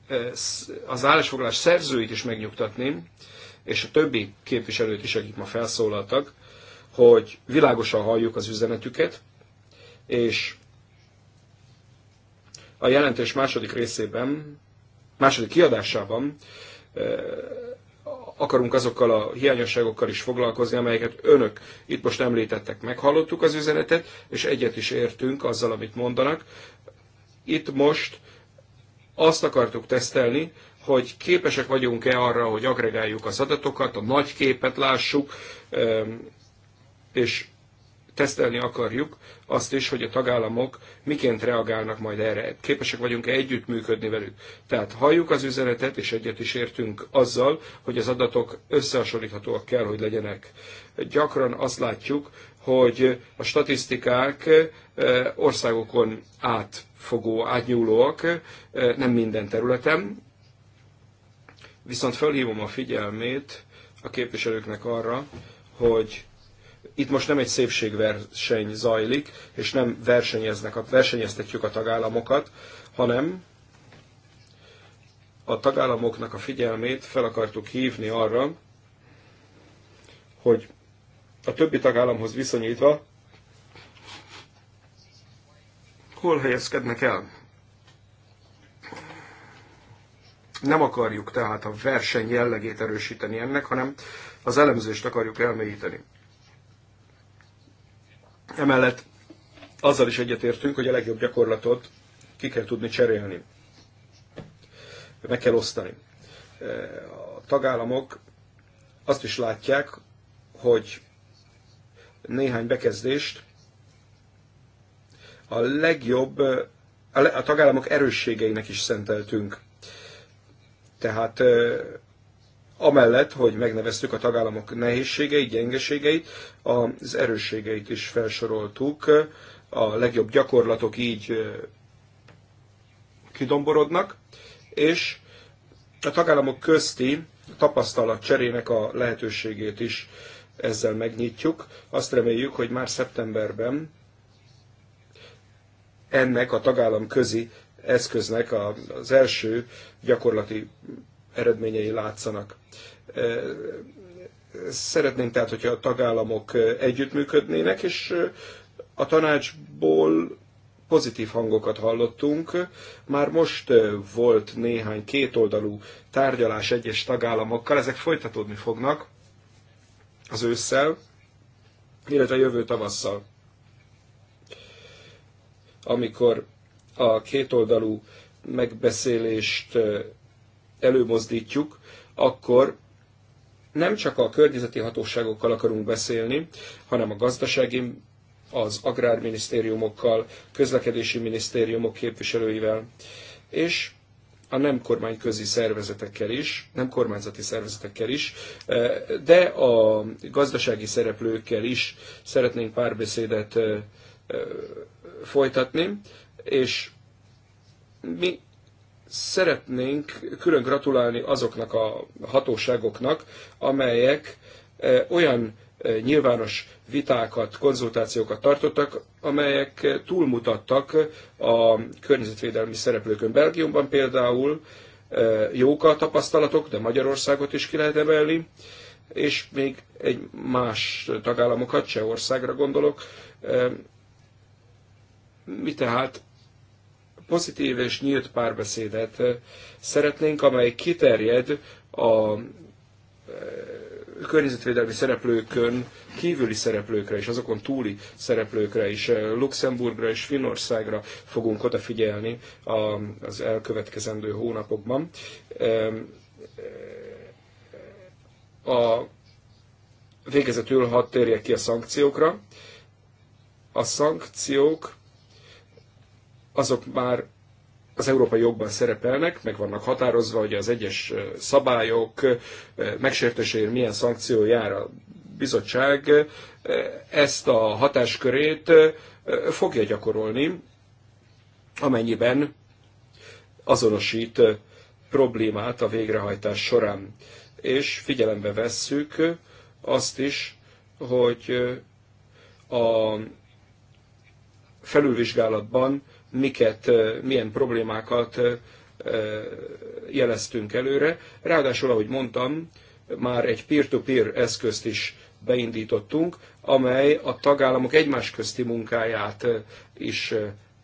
eh, az állásfoglalás szerzőit is megnyugtatni, és a többi képviselőt is, akik ma felszólaltak, hogy világosan halljuk az üzenetüket, és a jelentés második részében, második kiadásában eh, akarunk azokkal a hiányosságokkal is foglalkozni, amelyeket önök itt most említettek. Meghallottuk az üzenetet, és egyet is értünk azzal, amit mondanak. Itt most azt akartuk tesztelni, hogy képesek vagyunk-e arra, hogy agregáljuk az adatokat, a nagy képet lássuk, ehm, és tesztelni akarjuk azt is, hogy a tagállamok miként reagálnak majd erre. Képesek vagyunk -e együttműködni velük. Tehát halljuk az üzenetet, és egyet is értünk azzal, hogy az adatok összehasonlíthatóak kell, hogy legyenek. Gyakran azt látjuk, hogy a statisztikák eh, országokon átfogó, átnyúlóak, eh, nem minden területen, viszont felhívom a figyelmét a képviselőknek arra, hogy itt most nem egy szépségverseny zajlik, és nem versenyeznek, versenyeztetjük a tagállamokat, hanem a tagállamoknak a figyelmét fel akartuk hívni arra, hogy a többi tagállamhoz viszonyítva hol helyezkednek el. Nem akarjuk tehát a verseny jellegét erősíteni ennek, hanem az elemzést akarjuk elmélyíteni. Emellett azzal is egyetértünk, hogy a legjobb gyakorlatot ki kell tudni cserélni. Meg kell osztani. E, a tagállamok azt is látják, hogy néhány bekezdést a legjobb, a tagállamok erősségeinek is szenteltünk. Tehát e, amellett, hogy megneveztük a tagállamok nehézségeit, gyengeségeit, az erősségeit is felsoroltuk. A legjobb gyakorlatok így kidomborodnak, és a tagállamok közti tapasztalat cserének a lehetőségét is ezzel megnyitjuk. Azt reméljük, hogy már szeptemberben ennek a tagállam közi eszköznek az első gyakorlati eredményei látszanak. Szeretnénk tehát, hogyha a tagállamok együttműködnének, és a tanácsból pozitív hangokat hallottunk. Már most volt néhány kétoldalú tárgyalás egyes tagállamokkal, ezek folytatódni fognak az ősszel, illetve jövő tavasszal, amikor a kétoldalú megbeszélést előmozdítjuk, akkor nem csak a környezeti hatóságokkal akarunk beszélni, hanem a gazdasági, az agrárminisztériumokkal, közlekedési minisztériumok képviselőivel, és a nem kormányközi szervezetekkel is, nem kormányzati szervezetekkel is, de a gazdasági szereplőkkel is szeretnénk párbeszédet folytatni, és mi Szeretnénk külön gratulálni azoknak a hatóságoknak, amelyek e, olyan e, nyilvános vitákat, konzultációkat tartottak, amelyek túlmutattak a környezetvédelmi szereplőkön. Belgiumban például e, jók a tapasztalatok, de Magyarországot is ki lehet emelni, és még egy más tagállamokat, Csehországra gondolok. Mi tehát pozitív és nyílt párbeszédet szeretnénk, amely kiterjed a környezetvédelmi szereplőkön kívüli szereplőkre és azokon túli szereplőkre is, Luxemburgra és Finnországra fogunk odafigyelni az elkövetkezendő hónapokban. A végezetül hadd térjek ki a szankciókra. A szankciók azok már az európai jogban szerepelnek, meg vannak határozva, hogy az egyes szabályok megsértéséért milyen szankció jár a bizottság, ezt a hatáskörét fogja gyakorolni, amennyiben azonosít problémát a végrehajtás során. És figyelembe vesszük azt is, hogy a felülvizsgálatban miket, milyen problémákat jeleztünk előre. Ráadásul, ahogy mondtam, már egy peer-to-peer -peer eszközt is beindítottunk, amely a tagállamok egymás közti munkáját is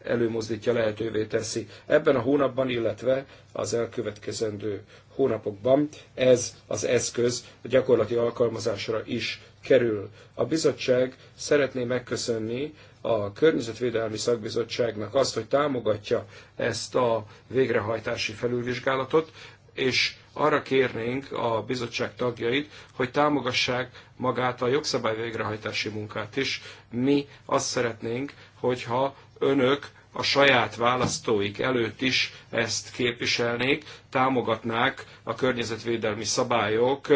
előmozdítja, lehetővé teszi. Ebben a hónapban, illetve az elkövetkezendő hónapokban ez az eszköz a gyakorlati alkalmazásra is kerül. A bizottság szeretné megköszönni a Környezetvédelmi Szakbizottságnak azt, hogy támogatja ezt a végrehajtási felülvizsgálatot, és arra kérnénk a bizottság tagjait, hogy támogassák magát a jogszabály végrehajtási munkát is. Mi azt szeretnénk, hogyha önök a saját választóik előtt is ezt képviselnék, támogatnák a környezetvédelmi szabályok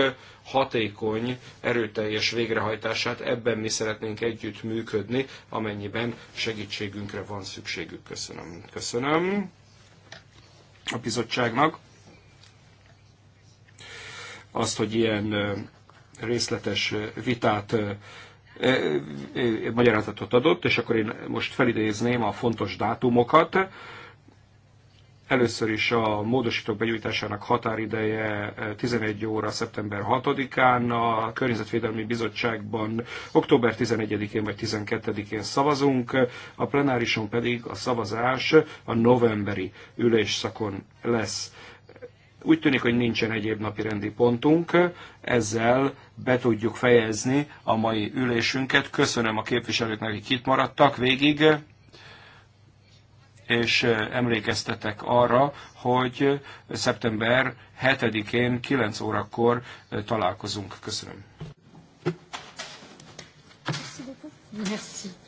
hatékony, erőteljes végrehajtását. Ebben mi szeretnénk együtt működni, amennyiben segítségünkre van szükségük. Köszönöm. Köszönöm a bizottságnak azt, hogy ilyen részletes vitát magyarázatot adott, és akkor én most felidézném a fontos dátumokat. Először is a módosítók begyújtásának határideje 11 eh, óra szeptember 6-án, a Környezetvédelmi Bizottságban október 11-én vagy 12-én szavazunk, a plenárison pedig a szavazás a novemberi ülésszakon lesz. Úgy tűnik, hogy nincsen egyéb napi rendi pontunk, ezzel be tudjuk fejezni a mai ülésünket. Köszönöm a képviselőknek, akik itt maradtak végig és emlékeztetek arra, hogy szeptember 7-én 9 órakor találkozunk. Köszönöm. Merci.